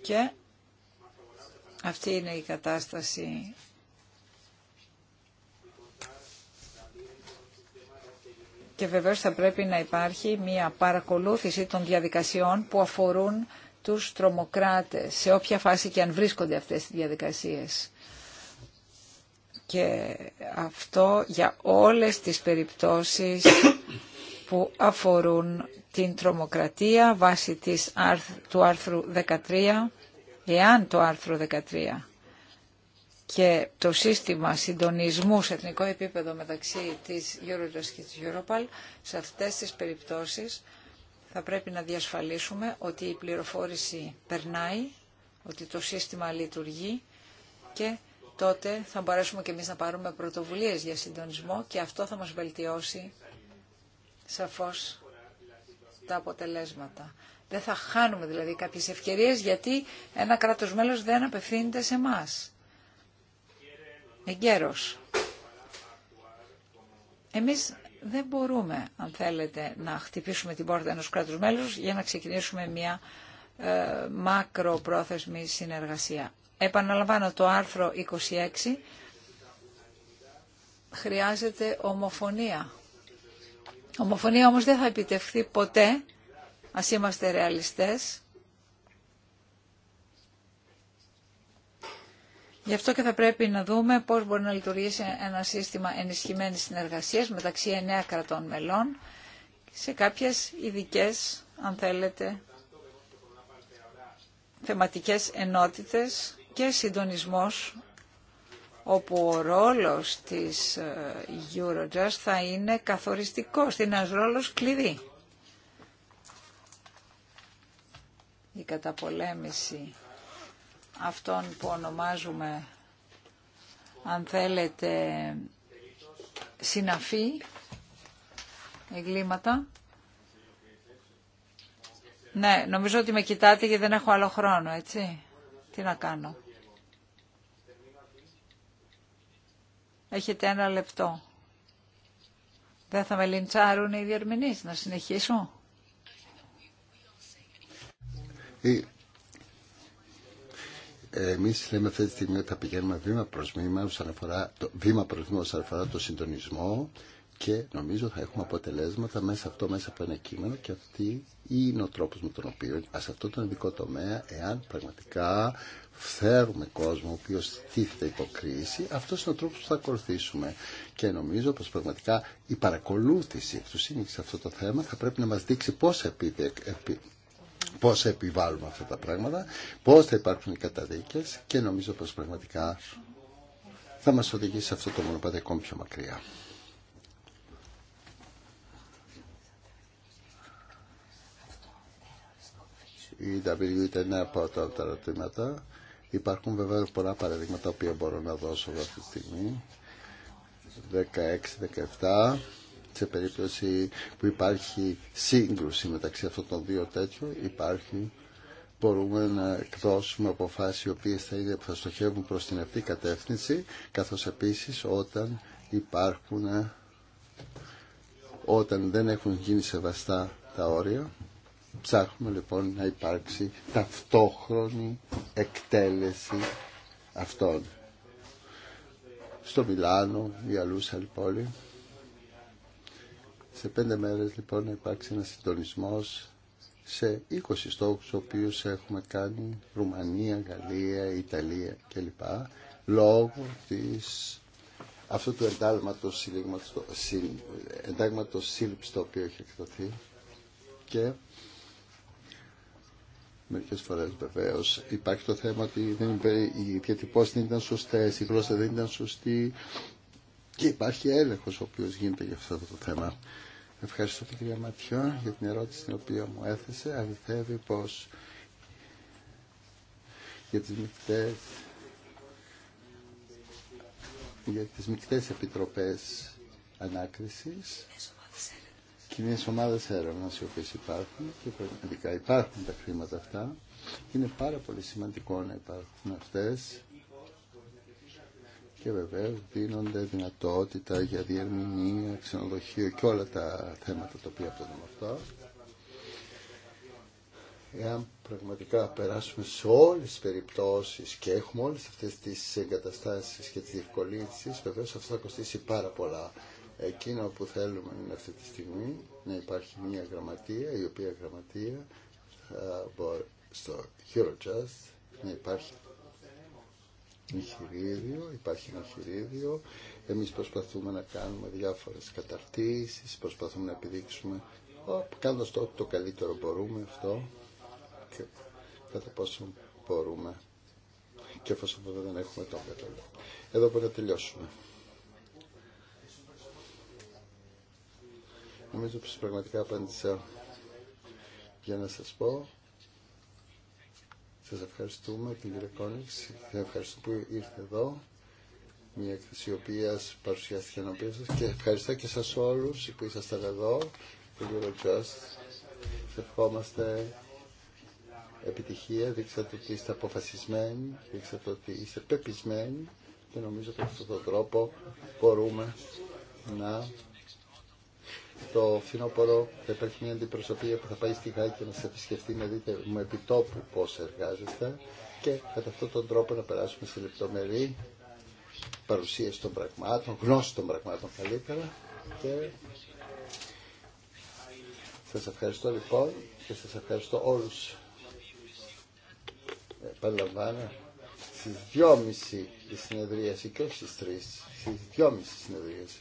και αυτή είναι η κατάσταση και βεβαίως θα πρέπει να υπάρχει μια παρακολούθηση των διαδικασιών που αφορούν τους τρομοκράτες, σε όποια φάση και αν βρίσκονται αυτές οι διαδικασίες. Και αυτό για όλες τις περιπτώσεις που αφορούν την τρομοκρατία βάσει της, του άρθρου 13, εάν το άρθρο 13 και το σύστημα συντονισμού σε εθνικό επίπεδο μεταξύ της Eurojust και της Europal, σε αυτές τις περιπτώσεις θα πρέπει να διασφαλίσουμε ότι η πληροφόρηση περνάει, ότι το σύστημα λειτουργεί και τότε θα μπορέσουμε και εμείς να πάρουμε πρωτοβουλίες για συντονισμό και αυτό θα μας βελτιώσει σαφώς τα αποτελέσματα. Δεν θα χάνουμε δηλαδή κάποιες ευκαιρίες γιατί ένα κράτος μέλος δεν απευθύνεται σε εμά. Εγκαίρος. Εμείς δεν μπορούμε, αν θέλετε, να χτυπήσουμε την πόρτα ενός κράτους μέλους για να ξεκινήσουμε μια ε, μακροπρόθεσμη συνεργασία. Επαναλαμβάνω το άρθρο 26. Χρειάζεται ομοφωνία Ομοφωνία όμως δεν θα επιτευχθεί ποτέ, ας είμαστε ρεαλιστές. Γι' αυτό και θα πρέπει να δούμε πώς μπορεί να λειτουργήσει ένα σύστημα ενισχυμένης συνεργασίας μεταξύ εννέα κρατών μελών σε κάποιες ειδικέ, αν θέλετε, θεματικές ενότητες και συντονισμός όπου ο ρόλος της ε, Eurojust θα είναι καθοριστικός, είναι ένας ρόλος κλειδί. Η καταπολέμηση αυτών που ονομάζουμε, αν θέλετε, συναφή εγκλήματα. Ναι, νομίζω ότι με κοιτάτε γιατί δεν έχω άλλο χρόνο, έτσι. Τι να κάνω. Έχετε ένα λεπτό. Δεν θα με λιντσάρουν οι διερμηνείς. Να συνεχίσω. Ε, εμείς λέμε αυτή τη στιγμή ότι θα πηγαίνουμε βήμα προς βήμα όσον αφορά το, βήμα προς αφορά το συντονισμό και νομίζω θα έχουμε αποτελέσματα μέσα αυτό, μέσα από ένα κείμενο και αυτή είναι ο τρόπος με τον οποίο σε αυτό τον ειδικό τομέα, εάν πραγματικά φέρουμε κόσμο ο οποίος τίθεται υποκρίση, αυτός είναι ο τρόπος που θα ακολουθήσουμε. Και νομίζω πως πραγματικά η παρακολούθηση εκ του σε αυτό το θέμα θα πρέπει να μας δείξει πώς επίδε, επί, πώς επιβάλλουμε αυτά τα πράγματα, πώς θα υπάρχουν οι καταδίκες και νομίζω πως επιβαλλουμε αυτα τα πραγματα πως θα υπαρχουν οι καταδικες και νομιζω πως πραγματικα θα μας οδηγήσει σε αυτό το μονοπάτι ακόμη πιο μακριά. Η W ήταν ένα από τα ερωτήματα Υπάρχουν βέβαια πολλά παραδείγματα τα οποία μπορώ να δώσω αυτή τη στιγμή. 16-17 σε περίπτωση που υπάρχει σύγκρουση μεταξύ αυτών των δύο τέτοιων υπάρχει μπορούμε να εκδώσουμε αποφάσεις οι οποίες θα, στοχεύουν προς την αυτή κατεύθυνση καθώς επίσης όταν υπάρχουν όταν δεν έχουν γίνει σεβαστά τα όρια Ψάχνουμε λοιπόν να υπάρξει ταυτόχρονη εκτέλεση αυτών. Στο Μιλάνο ή αλλού σε Σε πέντε μέρες λοιπόν να υπάρξει ένα συντονισμός σε 20 στόχους, οποίους έχουμε κάνει Ρουμανία, Γαλλία, Ιταλία κλπ. Λόγω της αυτού του εντάγματος σύλληψης το οποίο έχει εκδοθεί και Μερικές φορέ βεβαίω. υπάρχει το θέμα ότι δεν, οι διατυπώσει δεν ήταν σωστέ, η γλώσσα δεν ήταν σωστή και υπάρχει έλεγχος ο οποίο γίνεται για αυτό το θέμα. Ευχαριστώ την κυρία Ματιό για την ερώτηση την οποία μου έθεσε. Αληθεύει πως για τις μικτές για τις επιτροπές ανάκρισης κοινέ ομάδε έρευνα οι οποίε υπάρχουν και πραγματικά υπάρχουν τα χρήματα αυτά. Είναι πάρα πολύ σημαντικό να υπάρχουν αυτέ και βεβαίω δίνονται δυνατότητα για διερμηνία, ξενοδοχείο και όλα τα θέματα τα οποία αποδομούν αυτό. Εάν πραγματικά περάσουμε σε όλες τις περιπτώσεις και έχουμε όλε αυτέ τι εγκαταστάσει και τι διευκολύνσει, βεβαίω αυτό θα κοστίσει πάρα πολλά Εκείνο που θέλουμε είναι αυτή τη στιγμή να υπάρχει μια γραμματεία η οποία γραμματεία θα μπορεί στο Eurojust να υπάρχει εγχειρίδιο, υπάρχει ένα Εμείς προσπαθούμε να κάνουμε διάφορες καταρτήσεις, προσπαθούμε να επιδείξουμε κάνοντας το το καλύτερο μπορούμε αυτό και κατά πόσο μπορούμε και εφόσον δεν έχουμε τον Εδώ μπορεί να τελειώσουμε. Νομίζω πως πραγματικά απάντησα για να σας πω. Σας ευχαριστούμε την κυρία Κόνιξ, ευχαριστώ που ήρθε εδώ μια εκθέση η οποία παρουσιάστηκε ενώπιον και ευχαριστώ και σα όλου που ήσασταν εδώ, το Σα ευχόμαστε επιτυχία, δείξατε ότι είστε αποφασισμένοι, δείξατε ότι είστε πεπισμένοι και νομίζω ότι αυτόν τον τρόπο μπορούμε να το φθινόπωρο θα υπάρχει μια αντιπροσωπεία που θα πάει στη και να σα επισκεφτεί να δείτε με επιτόπου πώ εργάζεστε και κατά αυτόν τον τρόπο να περάσουμε στη λεπτομερή παρουσίαση των πραγμάτων, γνώση των πραγμάτων καλύτερα και σας ευχαριστώ λοιπόν και σας ευχαριστώ όλους. Ε, παραλαμβάνω στις δυόμιση η συνεδρίαση και όχι στις τρεις, στις δυόμιση συνεδρίαση.